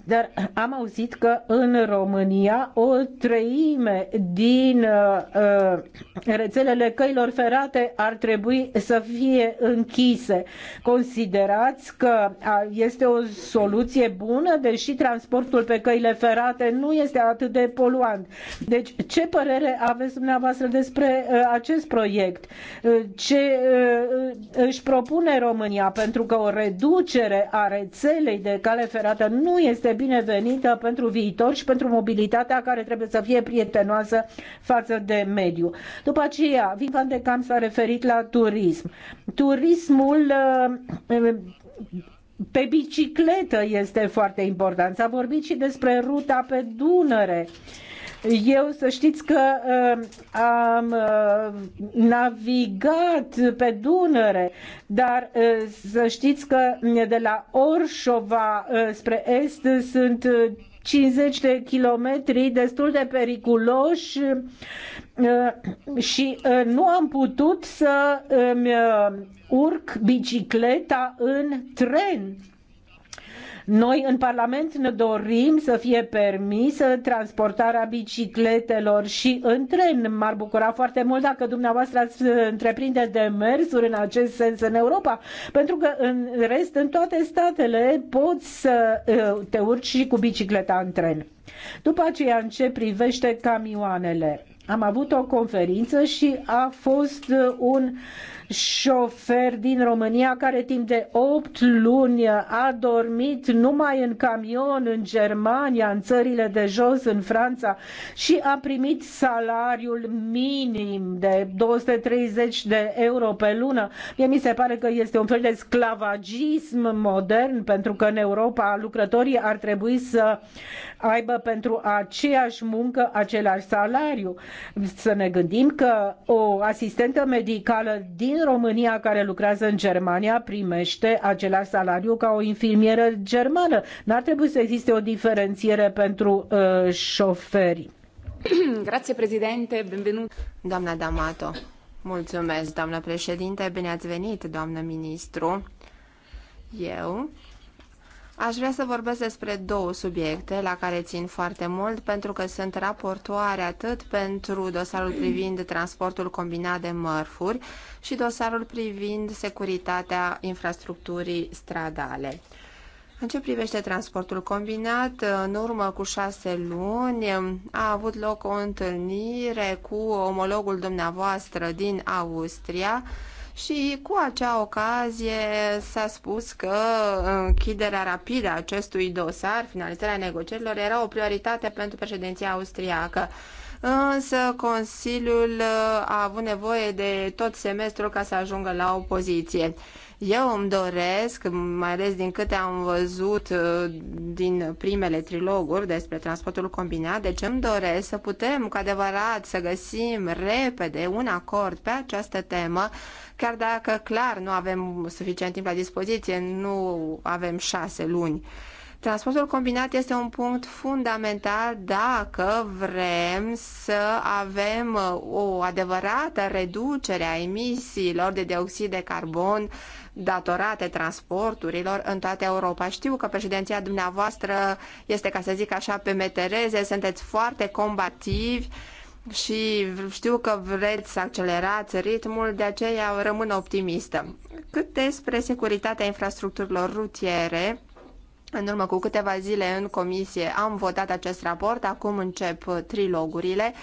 dar am auzit că în România o treime din uh, uh, rețelele căilor ferate ar trebui să fie închise. Considerați că este o soluție bună, deși transportul pe căile ferate nu este atât de poluant. Deci, ce părere aveți dumneavoastră despre uh, acest proiect? Uh, ce uh, își propune România? Pentru că o reducere a rețelei de cale ferată nu nu este binevenită pentru viitor și pentru mobilitatea care trebuie să fie prietenoasă față de mediu. După aceea, Vin Van de Cam s-a referit la turism. Turismul uh, uh, pe bicicletă este foarte important. S-a vorbit și despre ruta pe Dunăre eu să știți că um, am uh, navigat pe Dunăre, dar uh, să știți că de la Orșova uh, spre est sunt 50 de kilometri destul de periculoși și nu am putut să îmi um, urc bicicleta în tren noi în Parlament ne dorim să fie permisă transportarea bicicletelor și în tren. M-ar bucura foarte mult dacă dumneavoastră ați întreprinde demersuri în acest sens în Europa, pentru că în rest, în toate statele, poți să te urci și cu bicicleta în tren. După aceea, în ce privește camioanele, am avut o conferință și a fost un uh, șofer din România care timp de 8 luni a dormit numai în camion în Germania, în țările de jos, în Franța și a primit salariul minim de 230 de euro pe lună. Mie mi se pare că este un fel de sclavagism modern pentru că în Europa lucrătorii ar trebui să aibă pentru aceeași muncă același salariu. Să ne gândim că o asistentă medicală din din România care lucrează în Germania primește același salariu ca o infirmieră germană. N-ar trebui să existe o diferențiere pentru uh, șoferi. *clears throat* Grazie, președinte, benvenut. Doamna D'Amato, mulțumesc, doamnă președinte, bine ați venit, doamnă ministru. Eu Aș vrea să vorbesc despre două subiecte la care țin foarte mult, pentru că sunt raportoare atât pentru dosarul privind transportul combinat de mărfuri și dosarul privind securitatea infrastructurii stradale. În ce privește transportul combinat, în urmă cu șase luni a avut loc o întâlnire cu omologul dumneavoastră din Austria, și cu acea ocazie s-a spus că închiderea rapidă a acestui dosar, finalizarea negocierilor, era o prioritate pentru președinția austriacă. Însă Consiliul uh, a avut nevoie de tot semestrul ca să ajungă la o poziție. Eu îmi doresc, mai ales din câte am văzut uh, din primele triloguri despre transportul combinat, deci îmi doresc să putem cu adevărat să găsim repede un acord pe această temă, chiar dacă clar nu avem suficient timp la dispoziție, nu avem șase luni. Transportul combinat este un punct fundamental dacă vrem să avem uh, o adevărată reducere a emisiilor de dioxid de carbon datorate transporturilor în toată Europa. Știu că președinția dumneavoastră este, ca să zic așa, pe metereze, sunteți foarte combativi și știu că vreți să accelerați ritmul, de aceea rămân optimistă. Cât despre securitatea infrastructurilor rutiere, în urmă cu câteva zile în comisie am votat acest raport, acum încep trilogurile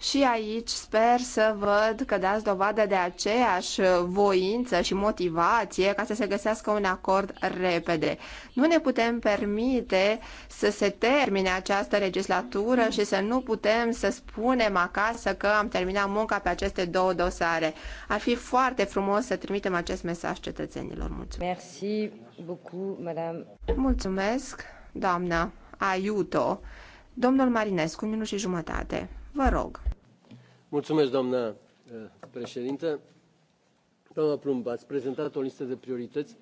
și aici sper să văd că dați dovadă de aceeași voință și motivație ca să se găsească un acord repede. Nu ne putem permite să se termine această legislatură și să nu putem să spunem acasă că am terminat munca pe aceste două dosare. Ar fi foarte frumos să trimitem acest mesaj cetățenilor. Mulțumesc! Merci beaucoup, madame. Mulțumesc, Aiuto. Domnul Marinescu, minut și jumătate. Vă rog. Mulțumesc, doamnă eh, președintă. Doamna Plumb, ați prezentat o listă de priorități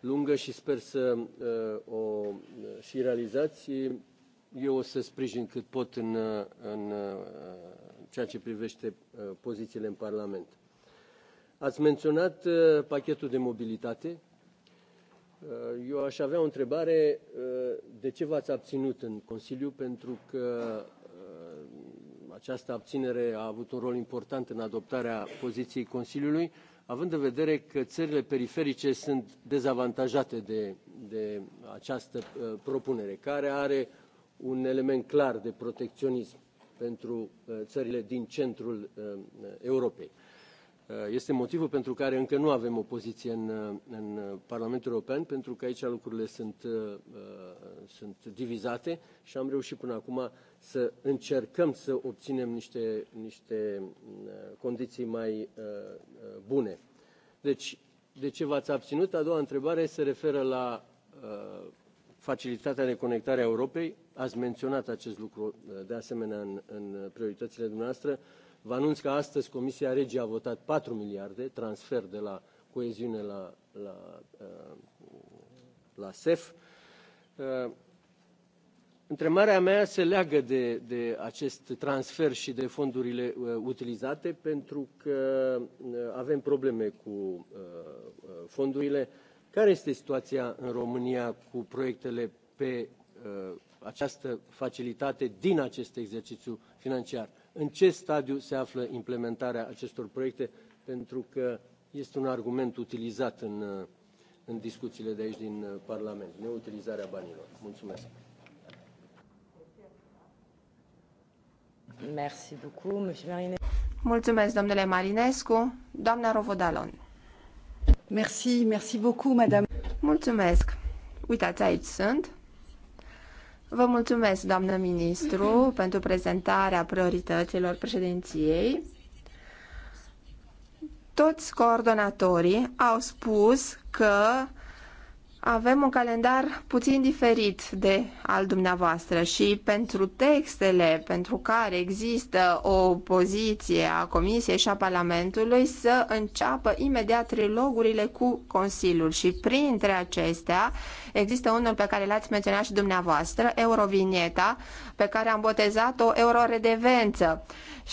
lungă și sper să uh, o eh, și realizați. Eu o să sprijin cât pot în, în uh, ceea ce privește uh, pozițiile în Parlament. Ați menționat pachetul de mobilitate. Eu aș avea o întrebare de ce v-ați abținut în Consiliu, pentru că această abținere a avut un rol important în adoptarea poziției Consiliului, având în vedere că țările periferice sunt dezavantajate de, de această uh, propunere, care are un element clar de protecționism pentru uh, țările din centrul uh, Europei. Uh, este motivul pentru care încă nu avem o poziție în, uh, în Parlamentul European, pentru că aici lucrurile sunt, uh, sunt divizate și am reușit până acum să încercăm să obținem niște, niște condiții mai bune. Deci, de ce v-ați abținut? A doua întrebare se referă la facilitatea de conectare a Europei. Ați menționat acest lucru de asemenea în, în prioritățile dumneavoastră. Vă anunț că astăzi Comisia Regi a votat 4 miliarde transfer de la coeziune la, la, uh, la SEF. Uh, întrebarea mea se leagă de, de acest transfer și de fondurile uh, utilizate, pentru că avem probleme cu fondurile. Care este situația în România cu proiectele pe această facilitate din acest exercițiu financiar? în ce stadiu se află implementarea acestor proiecte, pentru că este un argument utilizat în, în discuțiile de aici din Parlament, neutilizarea banilor. Mulțumesc. Merci beaucoup, Mulțumesc, domnule Marinescu. Doamna Rovodalon. Merci, merci beaucoup, madame. Mulțumesc. Uitați, aici sunt. Vă mulțumesc, doamnă ministru, pentru prezentarea priorităților președinției. Toți coordonatorii au spus că avem un calendar puțin diferit de al dumneavoastră și pentru textele pentru care există o poziție a Comisiei și a Parlamentului să înceapă imediat trilogurile cu Consiliul și printre acestea există unul pe care l-ați menționat și dumneavoastră, Eurovinieta, pe care am botezat-o Euroredevență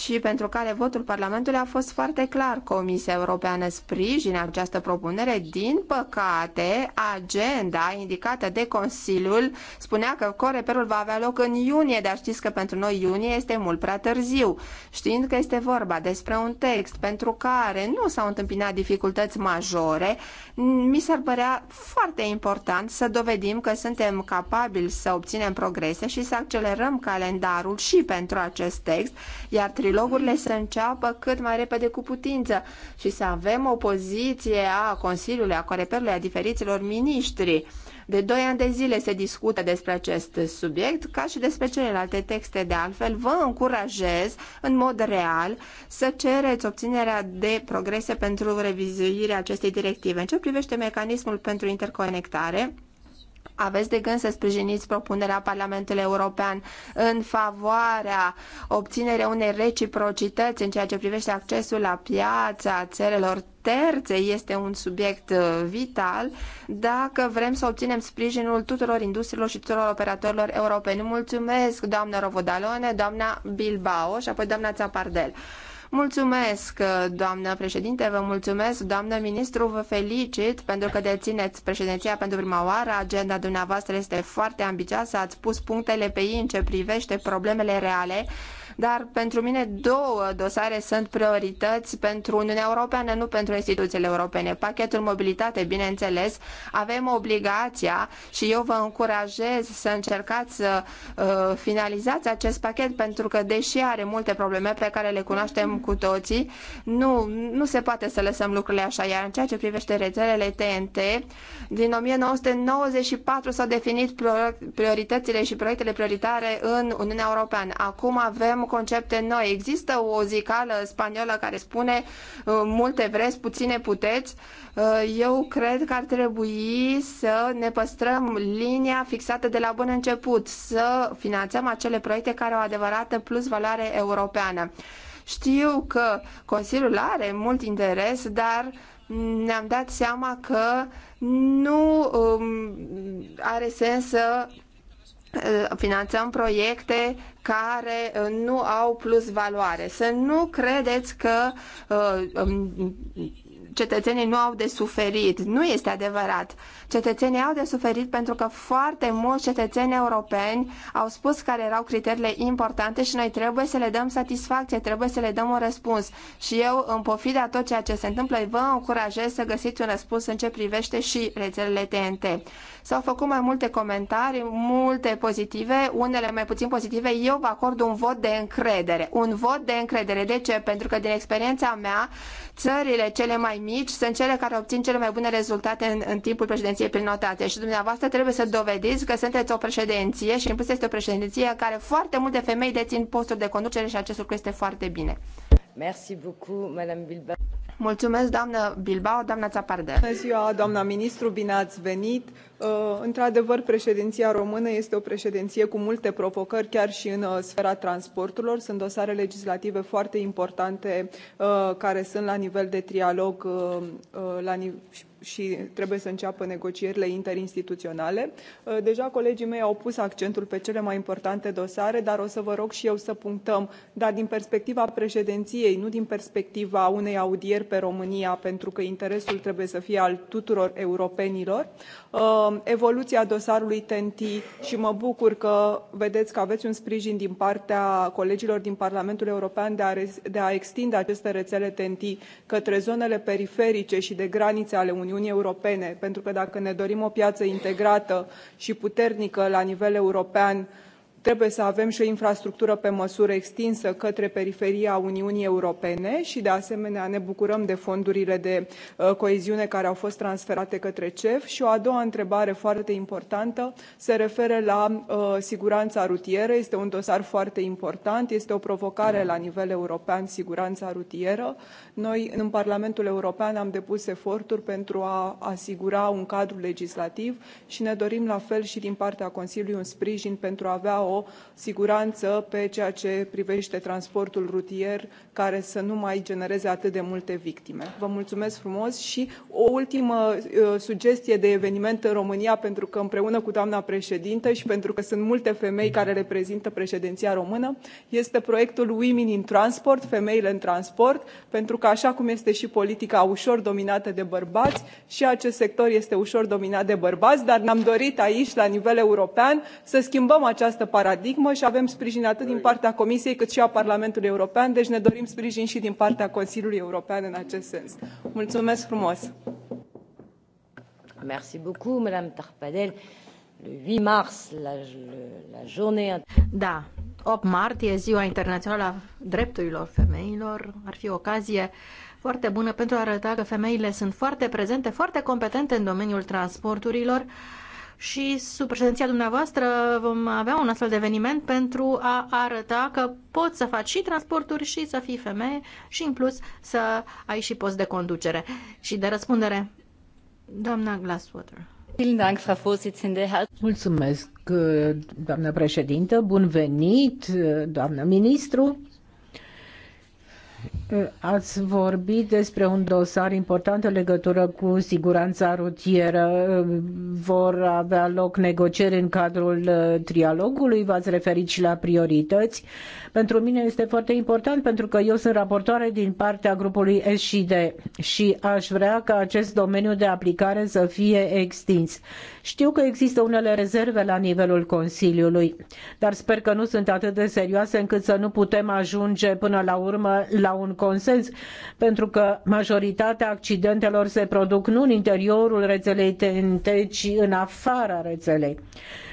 și pentru care votul Parlamentului a fost foarte clar. Comisia Europeană sprijină această propunere. Din păcate, agenda indicată de Consiliul spunea că coreperul va avea loc în iunie, dar știți că pentru noi iunie este mult prea târziu, știind că este vorba despre un text pentru care nu s-au întâmpinat dificultăți majore, mi s-ar părea foarte important să dovedim că suntem capabili să obținem progrese și să accelerăm calendarul și pentru acest text, iar trilogurile să înceapă cât mai repede cu putință și să avem o poziție a Consiliului, a Coreperului, a diferiților miniștri. De doi ani de zile se discută despre acest subiect, ca și despre celelalte texte. De altfel, vă încurajez în mod real să cereți obținerea de progrese pentru revizuirea acestei directive. În ce privește mecanismul pentru interconectare, aveți de gând să sprijiniți propunerea Parlamentului European în favoarea obținerii unei reciprocități în ceea ce privește accesul la piața țărilor terțe este un subiect uh, vital dacă vrem să obținem sprijinul tuturor industriilor și tuturor operatorilor europeni. Mulțumesc, doamna Rovodalone, doamna Bilbao și apoi doamna Țapardel. Mulțumesc, doamnă președinte, vă mulțumesc, doamnă ministru, vă felicit pentru că dețineți președinția pentru prima oară. Agenda dumneavoastră este foarte ambicioasă, ați pus punctele pe ei în ce privește problemele reale dar pentru mine două dosare sunt priorități pentru Uniunea Europeană, nu pentru instituțiile europene. Pachetul mobilitate, bineînțeles, avem obligația și eu vă încurajez să încercați să uh, finalizați acest pachet pentru că, deși are multe probleme pe care le cunoaștem cu toții, nu, nu se poate să lăsăm lucrurile așa. Iar în ceea ce privește rețelele TNT, din 1994 s-au definit prioritățile și proiectele prioritare în Uniunea Europeană. Acum avem concepte noi. Există o zicală spaniolă care spune uh, multe vreți, puține puteți. Uh, eu cred că ar trebui să ne păstrăm linia fixată de la bun început, să finanțăm acele proiecte care au adevărată plus valoare europeană. Știu că Consiliul are mult interes, dar ne-am dat seama că nu um, are sens să Eh, finanțăm proiecte care eh, nu au plus valoare. Să nu credeți că eh, cetățenii nu au de suferit. Nu este adevărat. Cetățenii au de suferit pentru că foarte mulți cetățeni europeni au spus care erau criteriile importante și noi trebuie să le dăm satisfacție, trebuie să le dăm un răspuns. Și eu, în pofida tot ceea ce se întâmplă, vă încurajez să găsiți un răspuns în ce privește și rețelele TNT. S-au făcut mai multe comentarii, multe pozitive, unele mai puțin pozitive. Eu vă acord un vot de încredere. Un vot de încredere. De ce? Pentru că din experiența mea, țările cele mai mici sunt cele care obțin cele mai bune rezultate în, în timpul președinției notate. Și dumneavoastră trebuie să dovediți că sunteți o președinție și în plus este o președinție în care foarte multe femei dețin posturi de conducere și acest lucru este foarte bine. Merci beaucoup, Madame Bilbao. Mulțumesc, doamnă Bilbao, doamna Țaparde. Bună ziua, doamna ministru, bine ați venit. Uh, într-adevăr, președinția română este o președinție cu multe provocări, chiar și în uh, sfera transporturilor. Sunt dosare legislative foarte importante uh, care sunt la nivel de trialog la nivel și trebuie să înceapă negocierile interinstituționale. Uh, deja colegii mei au pus accentul pe cele mai importante dosare, dar o să vă rog și eu să punctăm, dar din perspectiva președinției, nu din perspectiva unei audieri pe România, pentru că interesul trebuie să fie al tuturor europenilor. Um, evoluția dosarului ten t și mă bucur că vedeți că aveți un sprijin din partea colegilor din parlamentul european de a, de a extinde aceste rețele ten t către zonele periferice și de granițe ale uniunii europene pentru că dacă ne dorim o piață integrată și puternică la nivel european trebuie să avem și o infrastructură pe măsură extinsă către periferia Uniunii Europene și, de asemenea, ne bucurăm de fondurile de uh, coeziune care au fost transferate către CEF. Și o a doua întrebare foarte importantă se referă la uh, siguranța rutieră. Este un dosar foarte important, este o provocare la nivel european, siguranța rutieră. Noi, în Parlamentul European, am depus eforturi pentru a asigura un cadru legislativ și ne dorim, la fel și din partea Consiliului, un sprijin pentru a avea o siguranță pe ceea ce privește transportul rutier, care să nu mai genereze atât de multe victime. Vă mulțumesc frumos și o ultimă uh, sugestie de eveniment în România, pentru că împreună cu doamna președintă și pentru că sunt multe femei care reprezintă președinția română, este proiectul Women in Transport, Femeile în Transport, pentru că așa cum este și politica ușor dominată de bărbați, și acest sector este ușor dominat de bărbați, dar ne-am dorit aici, la nivel european, să schimbăm această paradigmă și avem sprijin atât din partea Comisiei cât și a Parlamentului European, deci ne dorim sprijin și din partea Consiliului European în acest sens. Mulțumesc frumos! Merci beaucoup, Madame Tarpadel. Le 8 mars, la, la journée... Da, 8 martie, Ziua Internațională a Drepturilor Femeilor, ar fi ocazie foarte bună pentru a arăta că femeile sunt foarte prezente, foarte competente în domeniul transporturilor. Uh, și sub președinția dumneavoastră vom avea un astfel de eveniment pentru a arăta că poți să faci și transporturi și să fii femeie și în plus să ai și post de conducere și de răspundere. Doamna Glasswater. Mulțumesc, doamnă președintă, bun venit, doamnă ministru. Ați vorbit despre un dosar important în legătură cu siguranța rutieră. Vor avea loc negocieri în cadrul uh, trialogului, v-ați referit și la priorități. Pentru mine este foarte important pentru că eu sunt raportoare din partea grupului SID și aș vrea ca acest domeniu de aplicare să fie extins. Știu că există unele rezerve la nivelul Consiliului, dar sper că nu sunt atât de serioase încât să nu putem ajunge până la urmă la un consens, pentru că majoritatea accidentelor se produc nu în interiorul rețelei TNT, ci în afara rețelei.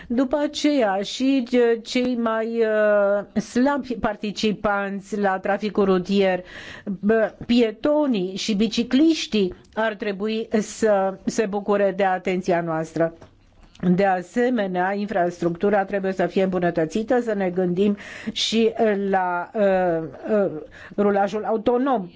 După aceea și uh, cei mai uh, slabi participanți la traficul rutier, pietonii și bicicliștii ar trebui să se bucure de atenția noastră. De asemenea, infrastructura trebuie să fie îmbunătățită, să ne gândim și la uh, uh, rulajul autonom.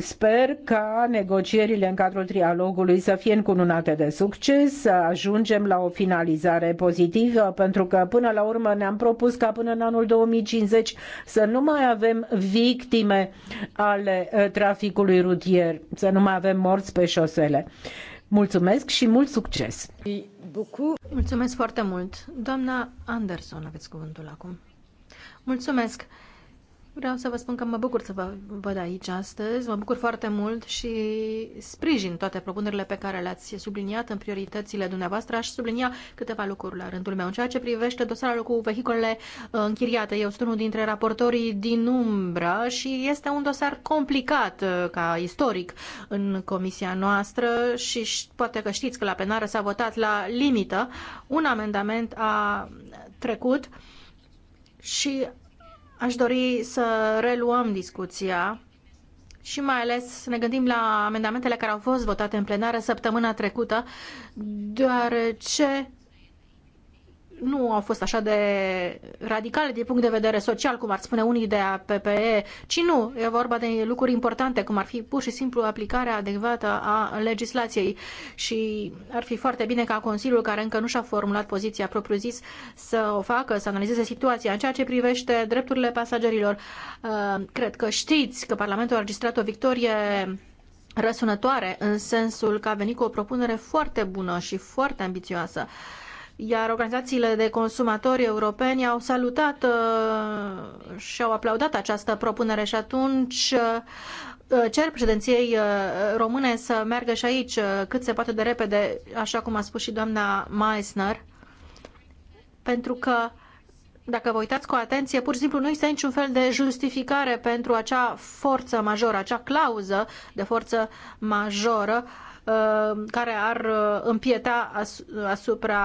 Sper ca negocierile în cadrul trialogului să fie încununate de succes, să ajungem la o finalizare pozitivă, pentru că până la urmă ne-am propus ca până în anul 2050 să nu mai avem victime ale uh, traficului rutier, să nu mai avem morți pe șosele. Mulțumesc și mult succes! Mulțumesc foarte mult! Doamna Anderson, aveți cuvântul acum. Mulțumesc! Vreau să vă spun că mă bucur să vă văd aici astăzi, mă bucur foarte mult și sprijin toate propunerile pe care le-ați subliniat în prioritățile dumneavoastră. Aș sublinia câteva lucruri la rândul meu. În ceea ce privește dosarul cu vehiculele uh, închiriate, eu sunt unul dintre raportorii din umbră și este un dosar complicat uh, ca istoric în comisia noastră și poate că știți că la plenară s-a votat la limită. Un amendament a trecut și Aș dori să reluăm discuția și mai ales să ne gândim la amendamentele care au fost votate în plenară săptămâna trecută, deoarece nu au fost așa de radicale din punct de vedere social, cum ar spune unii de a PPE, ci nu, e vorba de lucruri importante, cum ar fi pur și simplu aplicarea adecvată a legislației și ar fi foarte bine ca Consiliul, care încă nu și-a formulat poziția propriu-zis, să o facă, să analizeze situația. În ceea ce privește drepturile pasagerilor, uh, cred că știți că Parlamentul a registrat o victorie răsunătoare în sensul că a venit cu o propunere foarte bună și foarte ambițioasă iar organizațiile de consumatori europeni au salutat uh, și au aplaudat această propunere și atunci uh, cer președinției uh, române să meargă și aici cât se poate de repede, așa cum a spus și doamna Meissner, pentru că dacă vă uitați cu atenție, pur și simplu nu este niciun fel de justificare pentru acea forță majoră, acea clauză de forță majoră uh, Uh, care ar uh, împieta asupra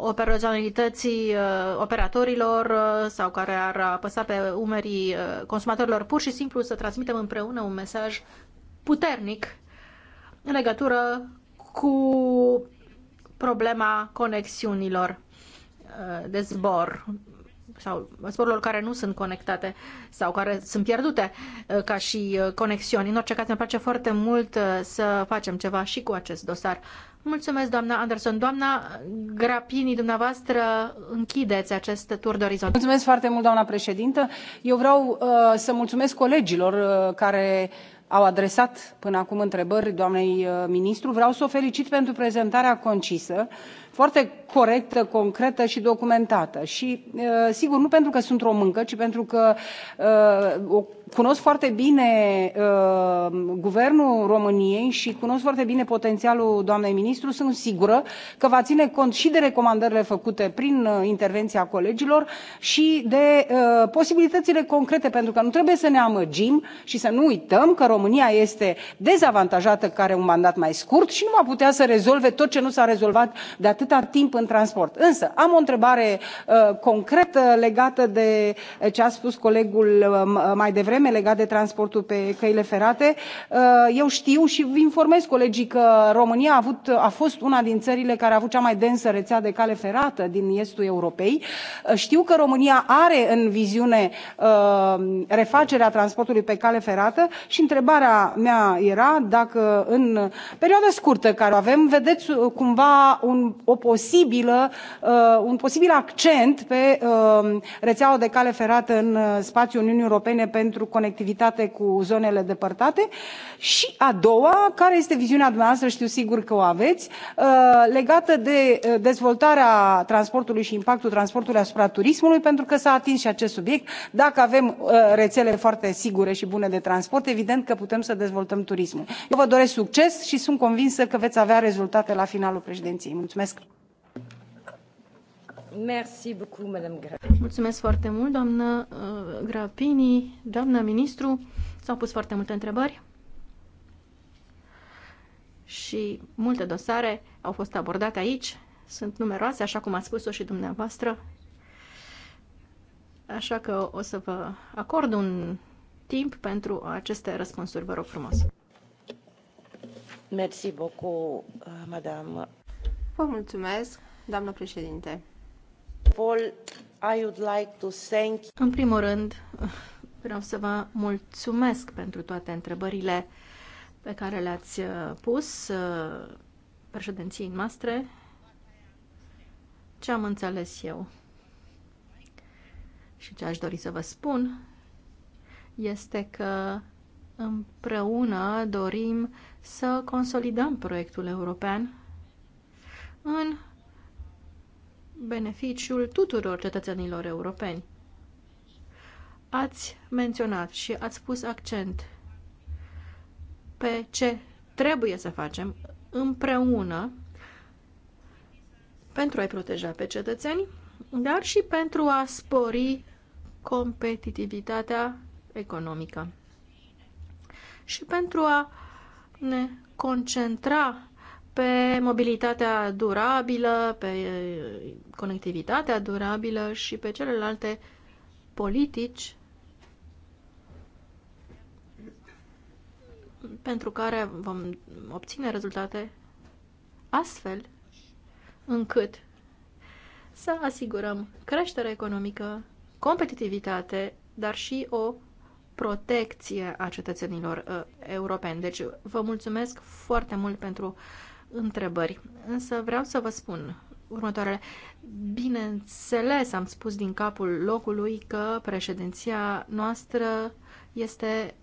operaționalității uh, operatorilor sau care ar apăsa pe umerii consumatorilor, pur și simplu să transmitem împreună un mesaj puternic în legătură cu problema conexiunilor de zbor sau zborurilor care nu sunt conectate sau care sunt pierdute uh, ca și uh, conexiuni. În orice caz, mi place foarte mult uh, să facem ceva și cu acest dosar. Mulțumesc, doamna Anderson. Doamna Grapini, dumneavoastră, închideți acest tur de orizont. Mulțumesc foarte mult, doamna președintă. Eu vreau uh, să mulțumesc colegilor uh, care au adresat până acum întrebări doamnei uh, ministru. Vreau să o felicit pentru prezentarea concisă. Uh, foarte corectă, concretă și documentată. Și, uh, sigur, nu pentru că sunt româncă, ci pentru că uh, o Cunosc foarte bine uh, guvernul României și cunosc foarte bine potențialul doamnei ministru. Sunt sigură că va ține cont și de recomandările făcute prin uh, intervenția colegilor și de uh, posibilitățile concrete, pentru că nu trebuie să ne amăgim și să nu uităm că România este dezavantajată, care are un mandat mai scurt și nu va putea să rezolve tot ce nu s-a rezolvat de atâta timp în transport. Însă am o întrebare uh, concretă legată de ce a spus colegul uh, mai devreme probleme legate de transportul pe căile ferate. Uh, eu știu și informez colegii că România a, avut, a fost una din țările care a avut cea mai densă rețea de cale ferată din estul Europei. Uh, știu că România are în viziune uh, refacerea transportului pe cale ferată și întrebarea mea era dacă în perioada scurtă care o avem vedeți cumva un, o posibilă, un posibil accent pe rețeaua de cale ferată în spațiul Uniunii Europene pentru conectivitate cu zonele depărtate și a doua care este viziunea dumneavoastră știu sigur că o aveți uh, legată de uh, dezvoltarea transportului și impactul transportului asupra turismului pentru că s a atins și acest subiect dacă avem uh, rețele foarte sigure și bune de transport evident că putem să dezvoltăm turismul. eu vă doresc succes și sunt convinsă că veți avea rezultate la finalul președinției. mulțumesc! Merci beaucoup, Madame Mulțumesc foarte mult, doamnă uh, Grapini, doamnă ministru. S-au pus foarte multe întrebări și multe dosare au fost abordate aici. Sunt numeroase, așa cum ați spus-o și dumneavoastră. Așa că o să vă acord un timp pentru aceste răspunsuri. Vă rog frumos. Merci beaucoup, uh, madame. Vă mulțumesc, doamnă președinte. În primul rând, vreau să vă mulțumesc pentru toate întrebările pe care le-ați uh, pus uh, președinției noastre. Ce am înțeles eu și ce aș dori să vă spun este că împreună dorim să consolidăm proiectul european în beneficiul tuturor cetățenilor europeni. Ați menționat și ați pus accent pe ce trebuie să facem împreună pentru a-i proteja pe cetățeni, dar și pentru a spori competitivitatea economică și pentru a ne concentra pe mobilitatea durabilă, pe eh, conectivitatea durabilă și pe celelalte politici pentru care vom obține rezultate astfel încât să asigurăm creștere economică, competitivitate, dar și o protecție a cetățenilor uh, europeni. Deci vă mulțumesc foarte mult pentru întrebări, însă vreau să vă spun următoarele. Bineînțeles, am spus din capul locului că președinția noastră este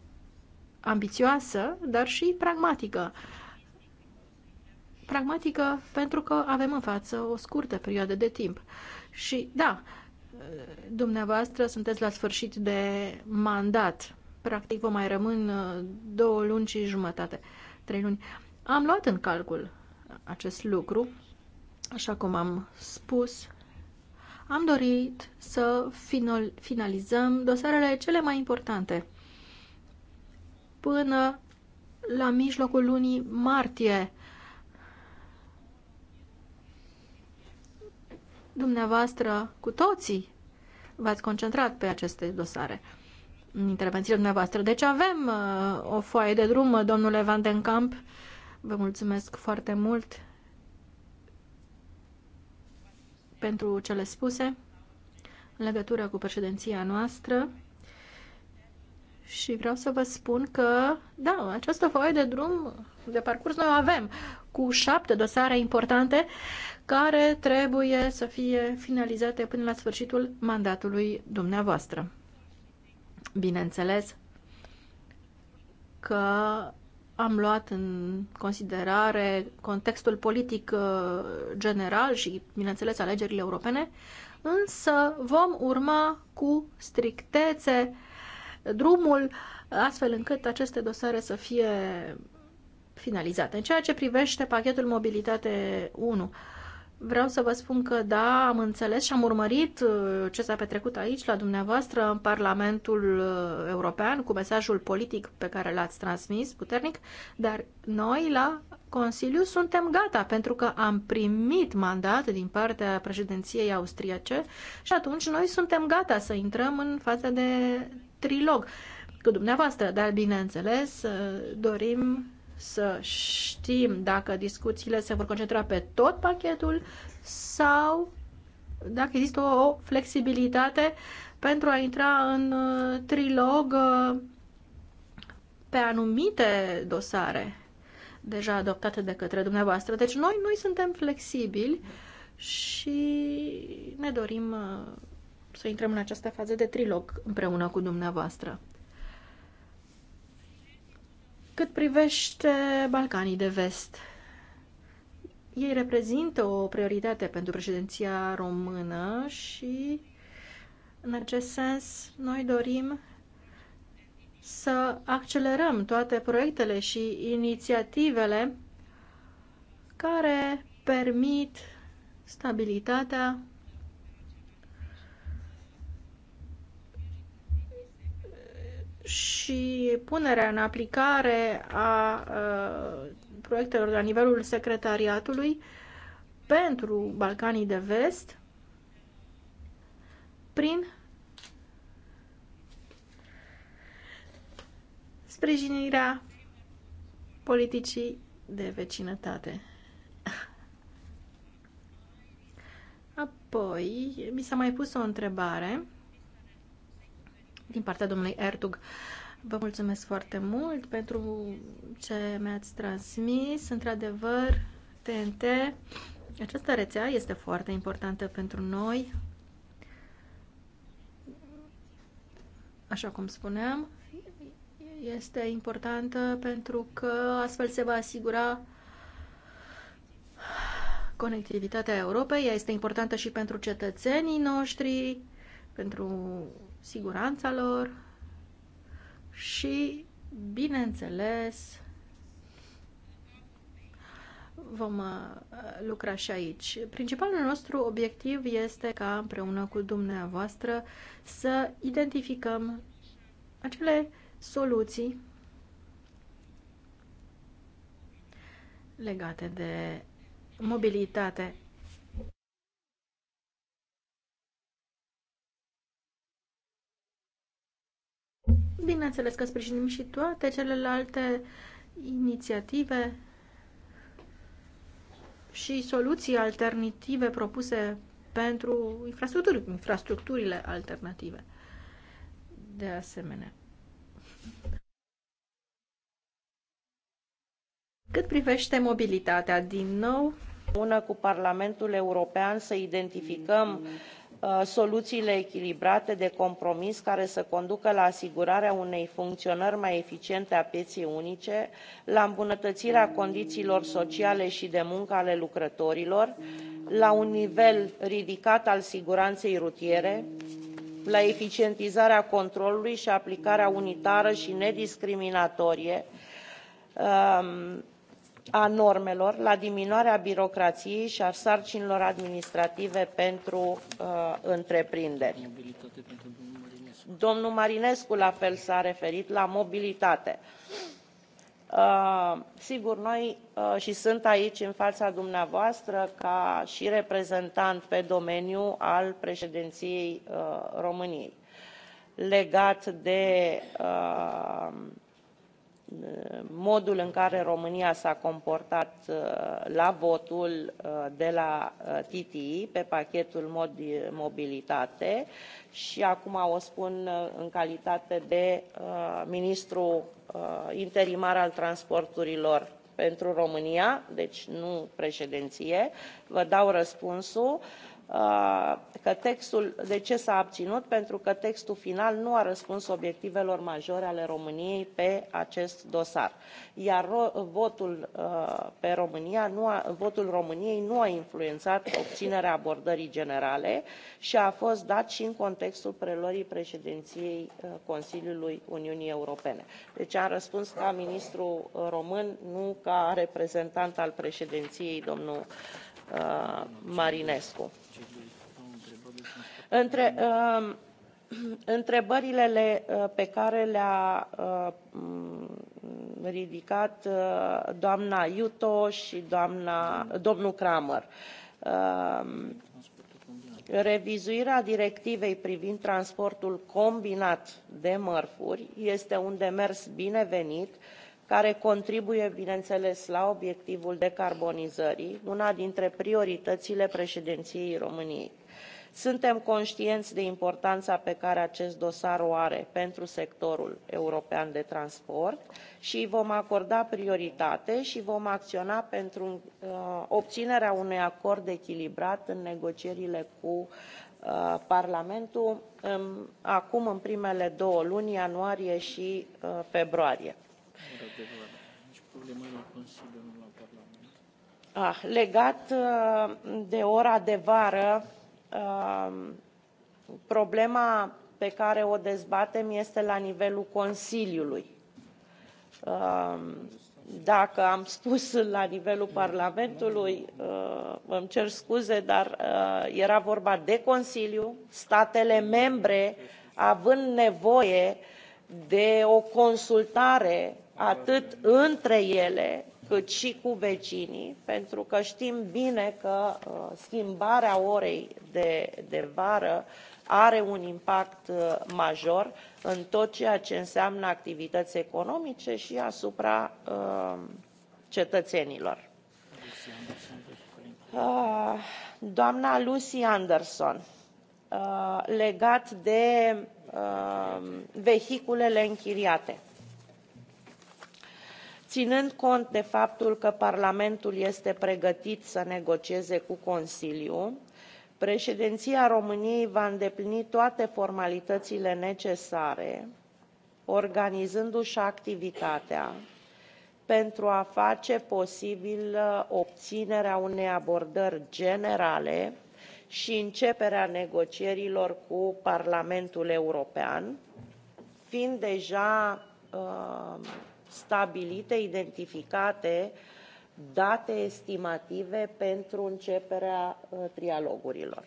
ambițioasă, dar și pragmatică. Pragmatică pentru că avem în față o scurtă perioadă de timp. Și da, dumneavoastră sunteți la sfârșit de mandat. Practic vă mai rămân uh, două luni și jumătate, trei luni. Am luat în calcul acest lucru, așa cum am spus, am dorit să finalizăm dosarele cele mai importante până la mijlocul lunii martie. Dumneavoastră, cu toții, v-ați concentrat pe aceste dosare în intervențiile dumneavoastră. Deci avem uh, o foaie de drum, domnule Van den Kamp, uh, Vă mulțumesc foarte mult pentru cele spuse în legătură cu președinția noastră și vreau să vă spun că, da, această foaie de drum, de parcurs, noi o avem cu șapte dosare importante care trebuie să fie finalizate până la sfârșitul mandatului dumneavoastră. Bineînțeles că am luat în considerare contextul politic uh, general și, bineînțeles, alegerile europene, însă vom urma cu strictețe drumul astfel încât aceste dosare să fie finalizate. În ceea ce privește pachetul Mobilitate 1, Vreau să vă spun că da, am înțeles și am urmărit uh, ce s-a petrecut aici la dumneavoastră în Parlamentul uh, European cu mesajul politic pe care l-ați transmis puternic, dar noi la Consiliu suntem gata pentru că am primit mandat din partea președinției austriece și atunci noi suntem gata să intrăm în fața de trilog cu dumneavoastră, dar bineînțeles uh, dorim să știm dacă discuțiile se vor concentra pe tot pachetul sau dacă există o flexibilitate pentru a intra în uh, trilog uh, pe anumite dosare deja adoptate de către dumneavoastră. Deci noi, noi suntem flexibili și ne dorim uh, să intrăm în această fază de trilog împreună cu dumneavoastră. Cât privește Balcanii de vest, ei reprezintă o prioritate pentru președinția română și, în acest sens, noi dorim să accelerăm toate proiectele și inițiativele care permit stabilitatea și punerea în aplicare a proiectelor la nivelul secretariatului pentru Balcanii de Vest prin sprijinirea politicii de vecinătate. Apoi, mi s-a mai pus o întrebare din partea domnului Ertug. Uh, Vă mulțumesc foarte mult pentru ce mi-ați transmis. Într-adevăr, TNT, această rețea este foarte importantă pentru noi. Așa cum spuneam, este importantă pentru că astfel se va asigura conectivitatea Europei. Ea este importantă și pentru cetățenii noștri, pentru siguranța lor, și, bineînțeles, vom uh, lucra și aici. Principalul nostru obiectiv este ca împreună cu dumneavoastră să identificăm acele soluții legate de mobilitate Bineînțeles că sprijinim și toate celelalte inițiative și soluții alternative propuse pentru infrastructuri, infrastructurile alternative. De asemenea. Cât privește mobilitatea, din nou, una cu Parlamentul European să identificăm mm Uh, soluțiile echilibrate de compromis care să conducă la asigurarea unei funcționări mai eficiente a pieței unice la îmbunătățirea condițiilor sociale și de muncă ale lucrătorilor la un nivel ridicat al siguranței rutiere la eficientizarea controlului și aplicarea unitară și nediscriminatorie um, a normelor la diminuarea birocrației și a sarcinilor administrative pentru uh, întreprinderi. domnul marinescu la fel s a referit la mobilitate. Uh, sigur noi uh, și sunt aici în fața dumneavoastră ca și reprezentant pe domeniu al președinției româniei legat de modul în care românia s a comportat uh, la votul uh, de la uh, tti pe pachetul mobilitate și acum o spun în calitate de ministru interimar al transporturilor pentru românia deci nu președinție vă dau răspunsul Uh, că textul, de ce s-a abținut? Pentru că textul final nu a răspuns obiectivelor majore ale României pe acest dosar. Iar votul, uh, pe România nu a, votul României nu a influențat obținerea abordării generale și a fost dat și în contextul preluării președinției uh, Consiliului Uniunii Europene. Deci am răspuns ca ministru român, nu ca reprezentant al președinției, domnul Marinescu. Între, um, *clears throat* întrebările uh, pe care le a uh, mm, ridicat uh, doamna iuto și doamna, domnul cramer um, revizuirea directivei privind transportul combinat de mărfuri este un demers binevenit care contribuie bineînțeles la obiectivul decarbonizării una dintre prioritățile președinției româniei suntem conștienți de importanța pe care acest dosar o are pentru sectorul european de transport și îi vom acorda prioritate și vom acționa pentru uh, obținerea unui acord echilibrat în negocierile cu uh, Parlamentul um, acum în primele două luni, ianuarie și uh, februarie. Ah, legat de ora de vară, Um, problema pe care o dezbatem este la nivelul Consiliului. Um, dacă am spus la nivelul Parlamentului, uh, îmi cer scuze, dar uh, era vorba de Consiliu, statele membre având nevoie de o consultare atât între ele, cât și cu vecinii, pentru că știm bine că uh, schimbarea orei de, de vară are un impact uh, major în tot ceea ce înseamnă activități economice și asupra uh, cetățenilor. Doamna Lucy Anderson, legat de vehiculele închiriate ținând cont de faptul că parlamentul este pregătit să negocieze cu consiliul președinția româniei va îndeplini toate formalitățile necesare organizându și activitatea pentru a face posibilă uh, obținerea unei abordări generale și începerea negocierilor cu parlamentul european fiind deja uh, stabilite, identificate date estimative pentru începerea uh, trialogurilor.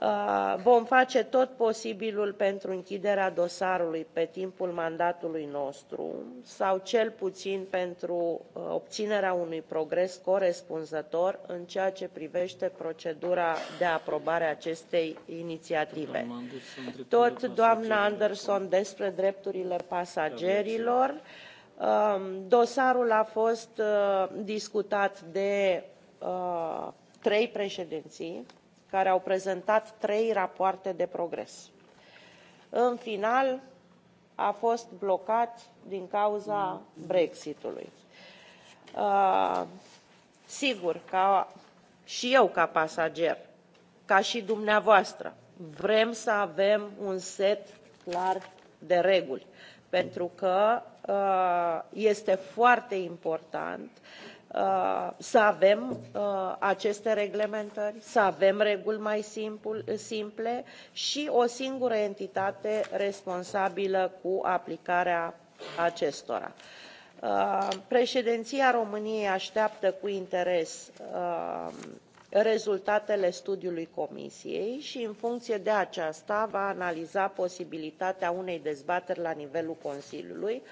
Uh, vom face tot posibilul pentru închiderea dosarului pe timpul mandatului nostru sau cel puțin pentru uh, obținerea unui progres corespunzător în ceea ce privește procedura de aprobare a acestei inițiative. Tot doamna Anderson despre drepturile pasagerilor. Um, dosarul a fost uh, discutat de trei președinții care au prezentat trei rapoarte de progres. în final a fost blocat din cauza brexitului. Uh, sigur ca și eu ca pasager ca și dumneavoastră vrem să avem un set clar de reguli pentru că uh, este foarte important Uh, să avem uh, aceste reglementări, să avem reguli mai simple și o singură entitate responsabilă cu aplicarea acestora. Uh, președinția României așteaptă cu interes rezultatele studiului Comisiei și, în funcție de aceasta, va analiza posibilitatea unei dezbateri la nivelul Consiliului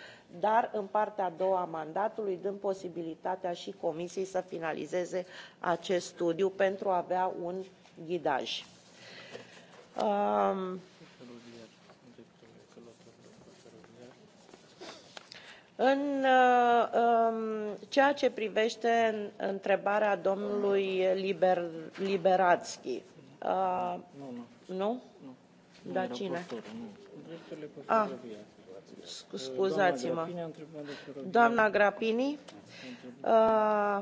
dar în partea a doua a mandatului, dând posibilitatea și Comisiei să finalizeze acest studiu pentru a avea un ghidaj. Um, În uh, um, ceea ce privește întrebarea domnului Liber, Liberatski, uh, nu, nu. nu? nu. Da, cine? Postorul, nu. Ah scuzați-mă. Doamna Grapini, uh,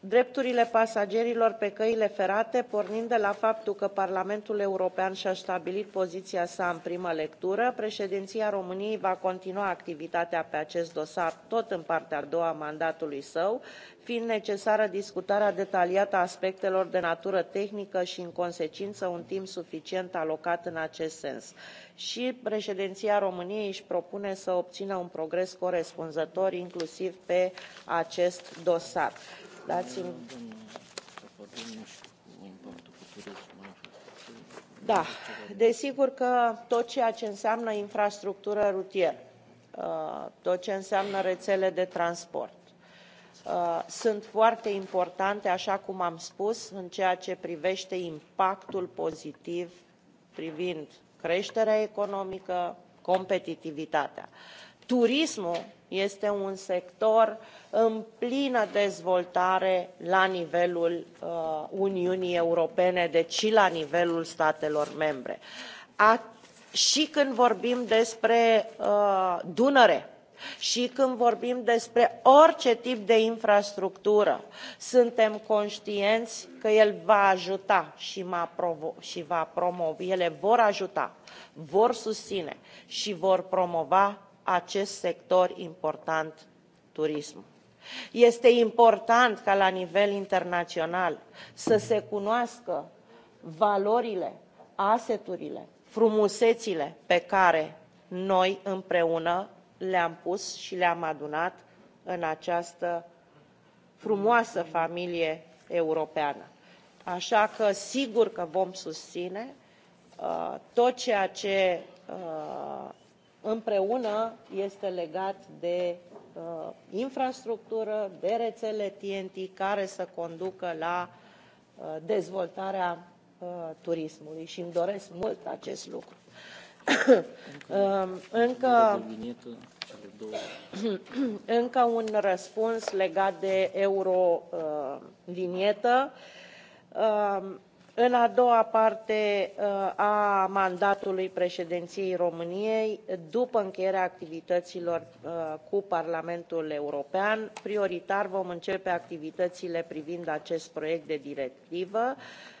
drepturile pasagerilor pe căile ferate pornind de la faptul că parlamentul european și a stabilit poziția sa în primă lectură președinția româniei va continua activitatea pe acest dosar tot în partea a doua a mandatului său fiind necesară discutarea detaliată a aspectelor de natură tehnică și în consecință un timp suficient alocat în acest sens și președinția româniei își propune să obțină un progres corespunzător inclusiv pe acest dosar. Dați-mi... Da, desigur că tot ceea ce înseamnă infrastructură rutieră, uh, tot ce înseamnă rețele de transport, uh, sunt foarte importante, așa cum am spus, în ceea ce privește impactul pozitiv privind creșterea economică, competitivitatea turismul este un sector în plină dezvoltare la nivelul uh, uniunii europene deci și la nivelul statelor membre. și când vorbim despre uh, dunăre și când vorbim despre orice tip de infrastructură suntem conștienți că el va ajuta și, și va promova ele vor ajuta vor susține și vor promova acest sector important turismul. este important ca la nivel internațional să se cunoască valorile aseturile frumusețile pe care noi împreună le am pus și le am adunat în această frumoasă familie europeană așa că sigur că vom susține uh, tot ceea ce uh, împreună este legat de uh, infrastructură, de rețele TNT care să conducă la uh, dezvoltarea uh, turismului și îmi doresc mult acest lucru. Încă, *coughs* um, încă, *coughs* încă un răspuns legat de eurovinietă. Uh, în a doua parte uh, a mandatului președinției româniei după încheierea activităților uh, cu parlamentul european prioritar vom începe activitățile privind acest proiect de directivă și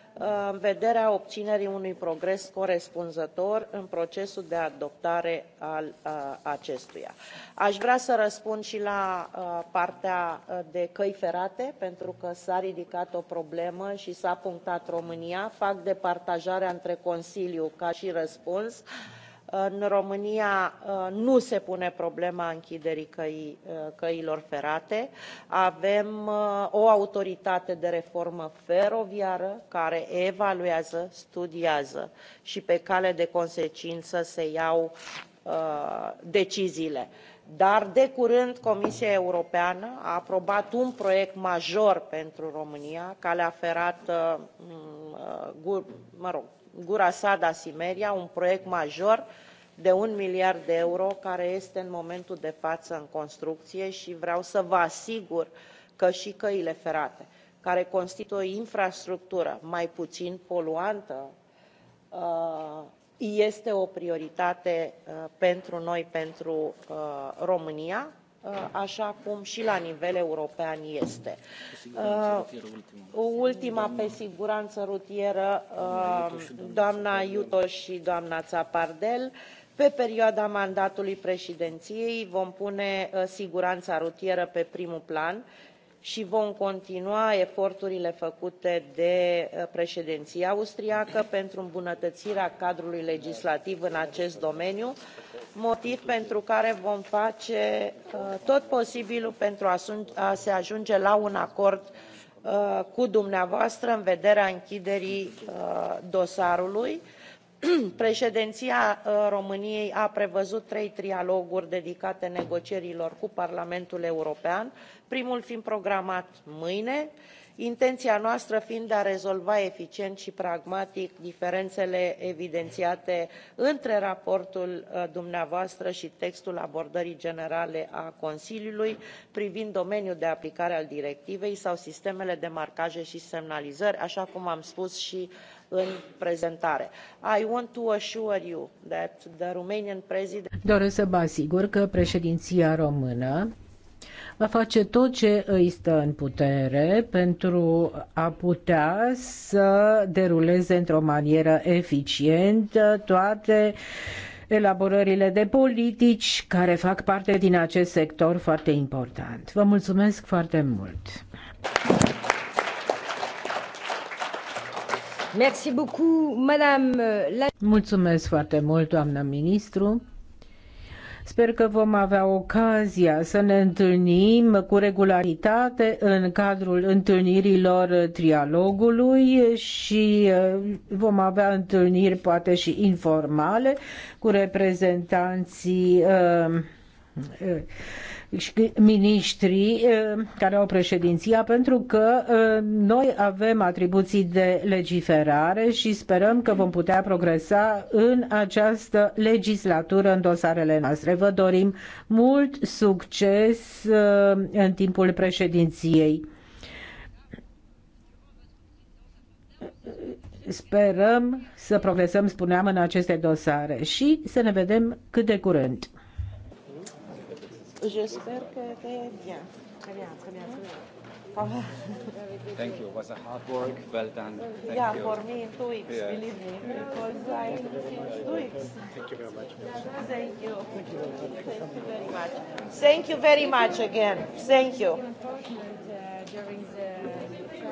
în vederea obținerii unui progres corespunzător în procesul de adoptare al acestuia. Aș vrea să răspund și la partea de căi ferate, pentru că s-a ridicat o problemă și s-a punctat România. Fac departajarea între Consiliu ca și răspuns. Uh, în românia uh, nu se pune problema închiderii căi, uh, căilor ferate avem uh, o autoritate de reformă feroviară care evaluează studiază și pe cale de consecință se iau deciziile dar de curând comisia europeană a aprobat un proiect major pentru românia calea ferată mm, mă rog gura sada simeria un proiect major de un miliard de euro care este în momentul de față în construcție și vreau să vă asigur că și căile ferate care constituie o infrastructură mai puțin poluantă uh, este o prioritate uh, pentru noi pentru uh, românia. Uh, așa cum și la nivel european este. Uh, ultima pe siguranță rutieră, uh, doamna Iuto și doamna Țapardel, pe perioada mandatului președinției vom pune siguranța rutieră pe primul plan și vom continua eforturile făcute de uh, președinția austriacă pentru îmbunătățirea cadrului legislativ în acest domeniu motiv pentru care vom face uh, tot posibilul pentru a se ajunge la un acord uh, cu dumneavoastră în vederea închiderii dosarului și *clears throat* președinția uh, româniei a prevăzut trei trialoguri dedicate negocierilor cu parlamentul european primul fiind programat mâine intenția noastră fiind de a rezolva eficient și pragmatic diferențele evidențiate între raportul uh, dumneavoastră și textul abordării generale a consiliului privind domeniul de aplicare al directivei sau sistemele de marcaje și semnalizări așa cum am spus și în prezentare. I want to assure you that the Romanian president... Doresc să vă asigur că președinția română va face tot ce îi stă în putere pentru a putea să deruleze într-o manieră eficientă toate elaborările de politici care fac parte din acest sector foarte important. Vă mulțumesc foarte mult! Merci beaucoup, Madame euh, la... Mulțumesc foarte mult, doamnă ministru. Sper că vom avea ocazia să ne întâlnim cu regularitate în cadrul întâlnirilor trialogului și uh, vom avea întâlniri poate și informale cu reprezentanții uh, uh și miniștrii eh, care au președinția pentru că eh, noi avem atribuții de legiferare și sperăm că vom putea progresa în această legislatură în dosarele noastre. Vă dorim mult succes eh, în timpul președinției. Sperăm să progresăm, spuneam, în aceste dosare și să ne vedem cât de curând. J'espère que tu es bien. Très bien, très bien, très bien. Thank you. It was a hard work. Well done. Thank yeah, you. for me in two weeks, yeah. believe me, because I since two weeks. Thank you very much. Thank you. Thank you very much. Thank you very much again. Thank you. Unfortunate uh, during the meeting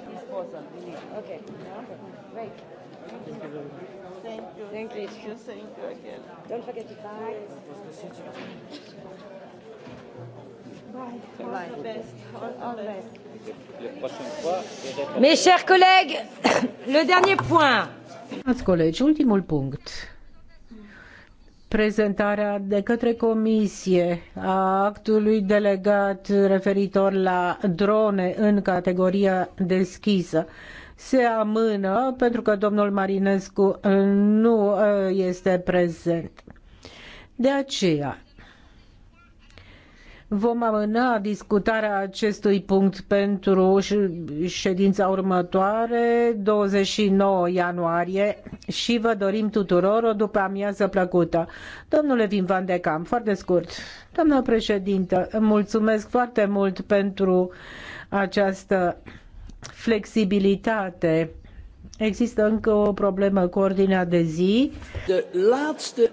at this person. Okay. Great. Thank you. Thank you. Thank you. Thank you. again. Don't forget to bye. Bye. Bye. All the best. All the best. Mes chers collègues, le dernier point. Ați colegi, ultimul punct prezentarea de către comisie a actului delegat referitor la drone în categoria deschisă se amână pentru că domnul Marinescu nu ă, este prezent. De aceea, Vom amâna discutarea acestui punct pentru ședința următoare, 29 ianuarie, și vă dorim tuturor o după amiază plăcută. Domnule Vin Van de Cam, foarte scurt. Doamna președintă, mulțumesc foarte mult pentru această flexibilitate. Există încă o problemă cu ordinea de zi. De laatste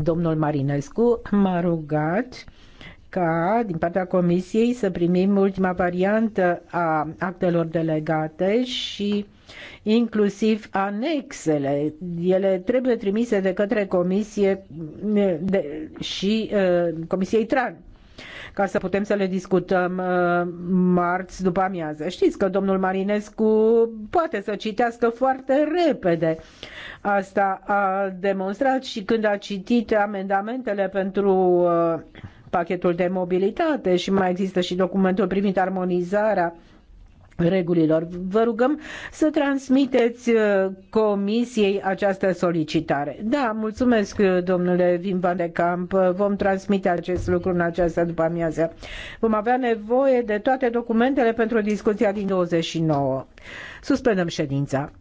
Domnul Marinescu m-a rugat ca din partea Comisiei să primim ultima variantă a actelor delegate și inclusiv anexele. Ele trebuie trimise de către Comisie de, și uh, Comisiei Tran ca să putem să le discutăm uh, marți după amiază. Știți că domnul Marinescu poate să citească foarte repede. Asta a demonstrat și când a citit amendamentele pentru uh, pachetul de mobilitate și mai există și documentul privind armonizarea uh, regulilor. Vă rugăm să transmiteți uh, comisiei această solicitare. Da, mulțumesc, uh, domnule Vim Van de Camp. Uh, vom transmite acest lucru în această după amiază. Vom avea nevoie de toate documentele pentru discuția din 29. Suspendăm ședința.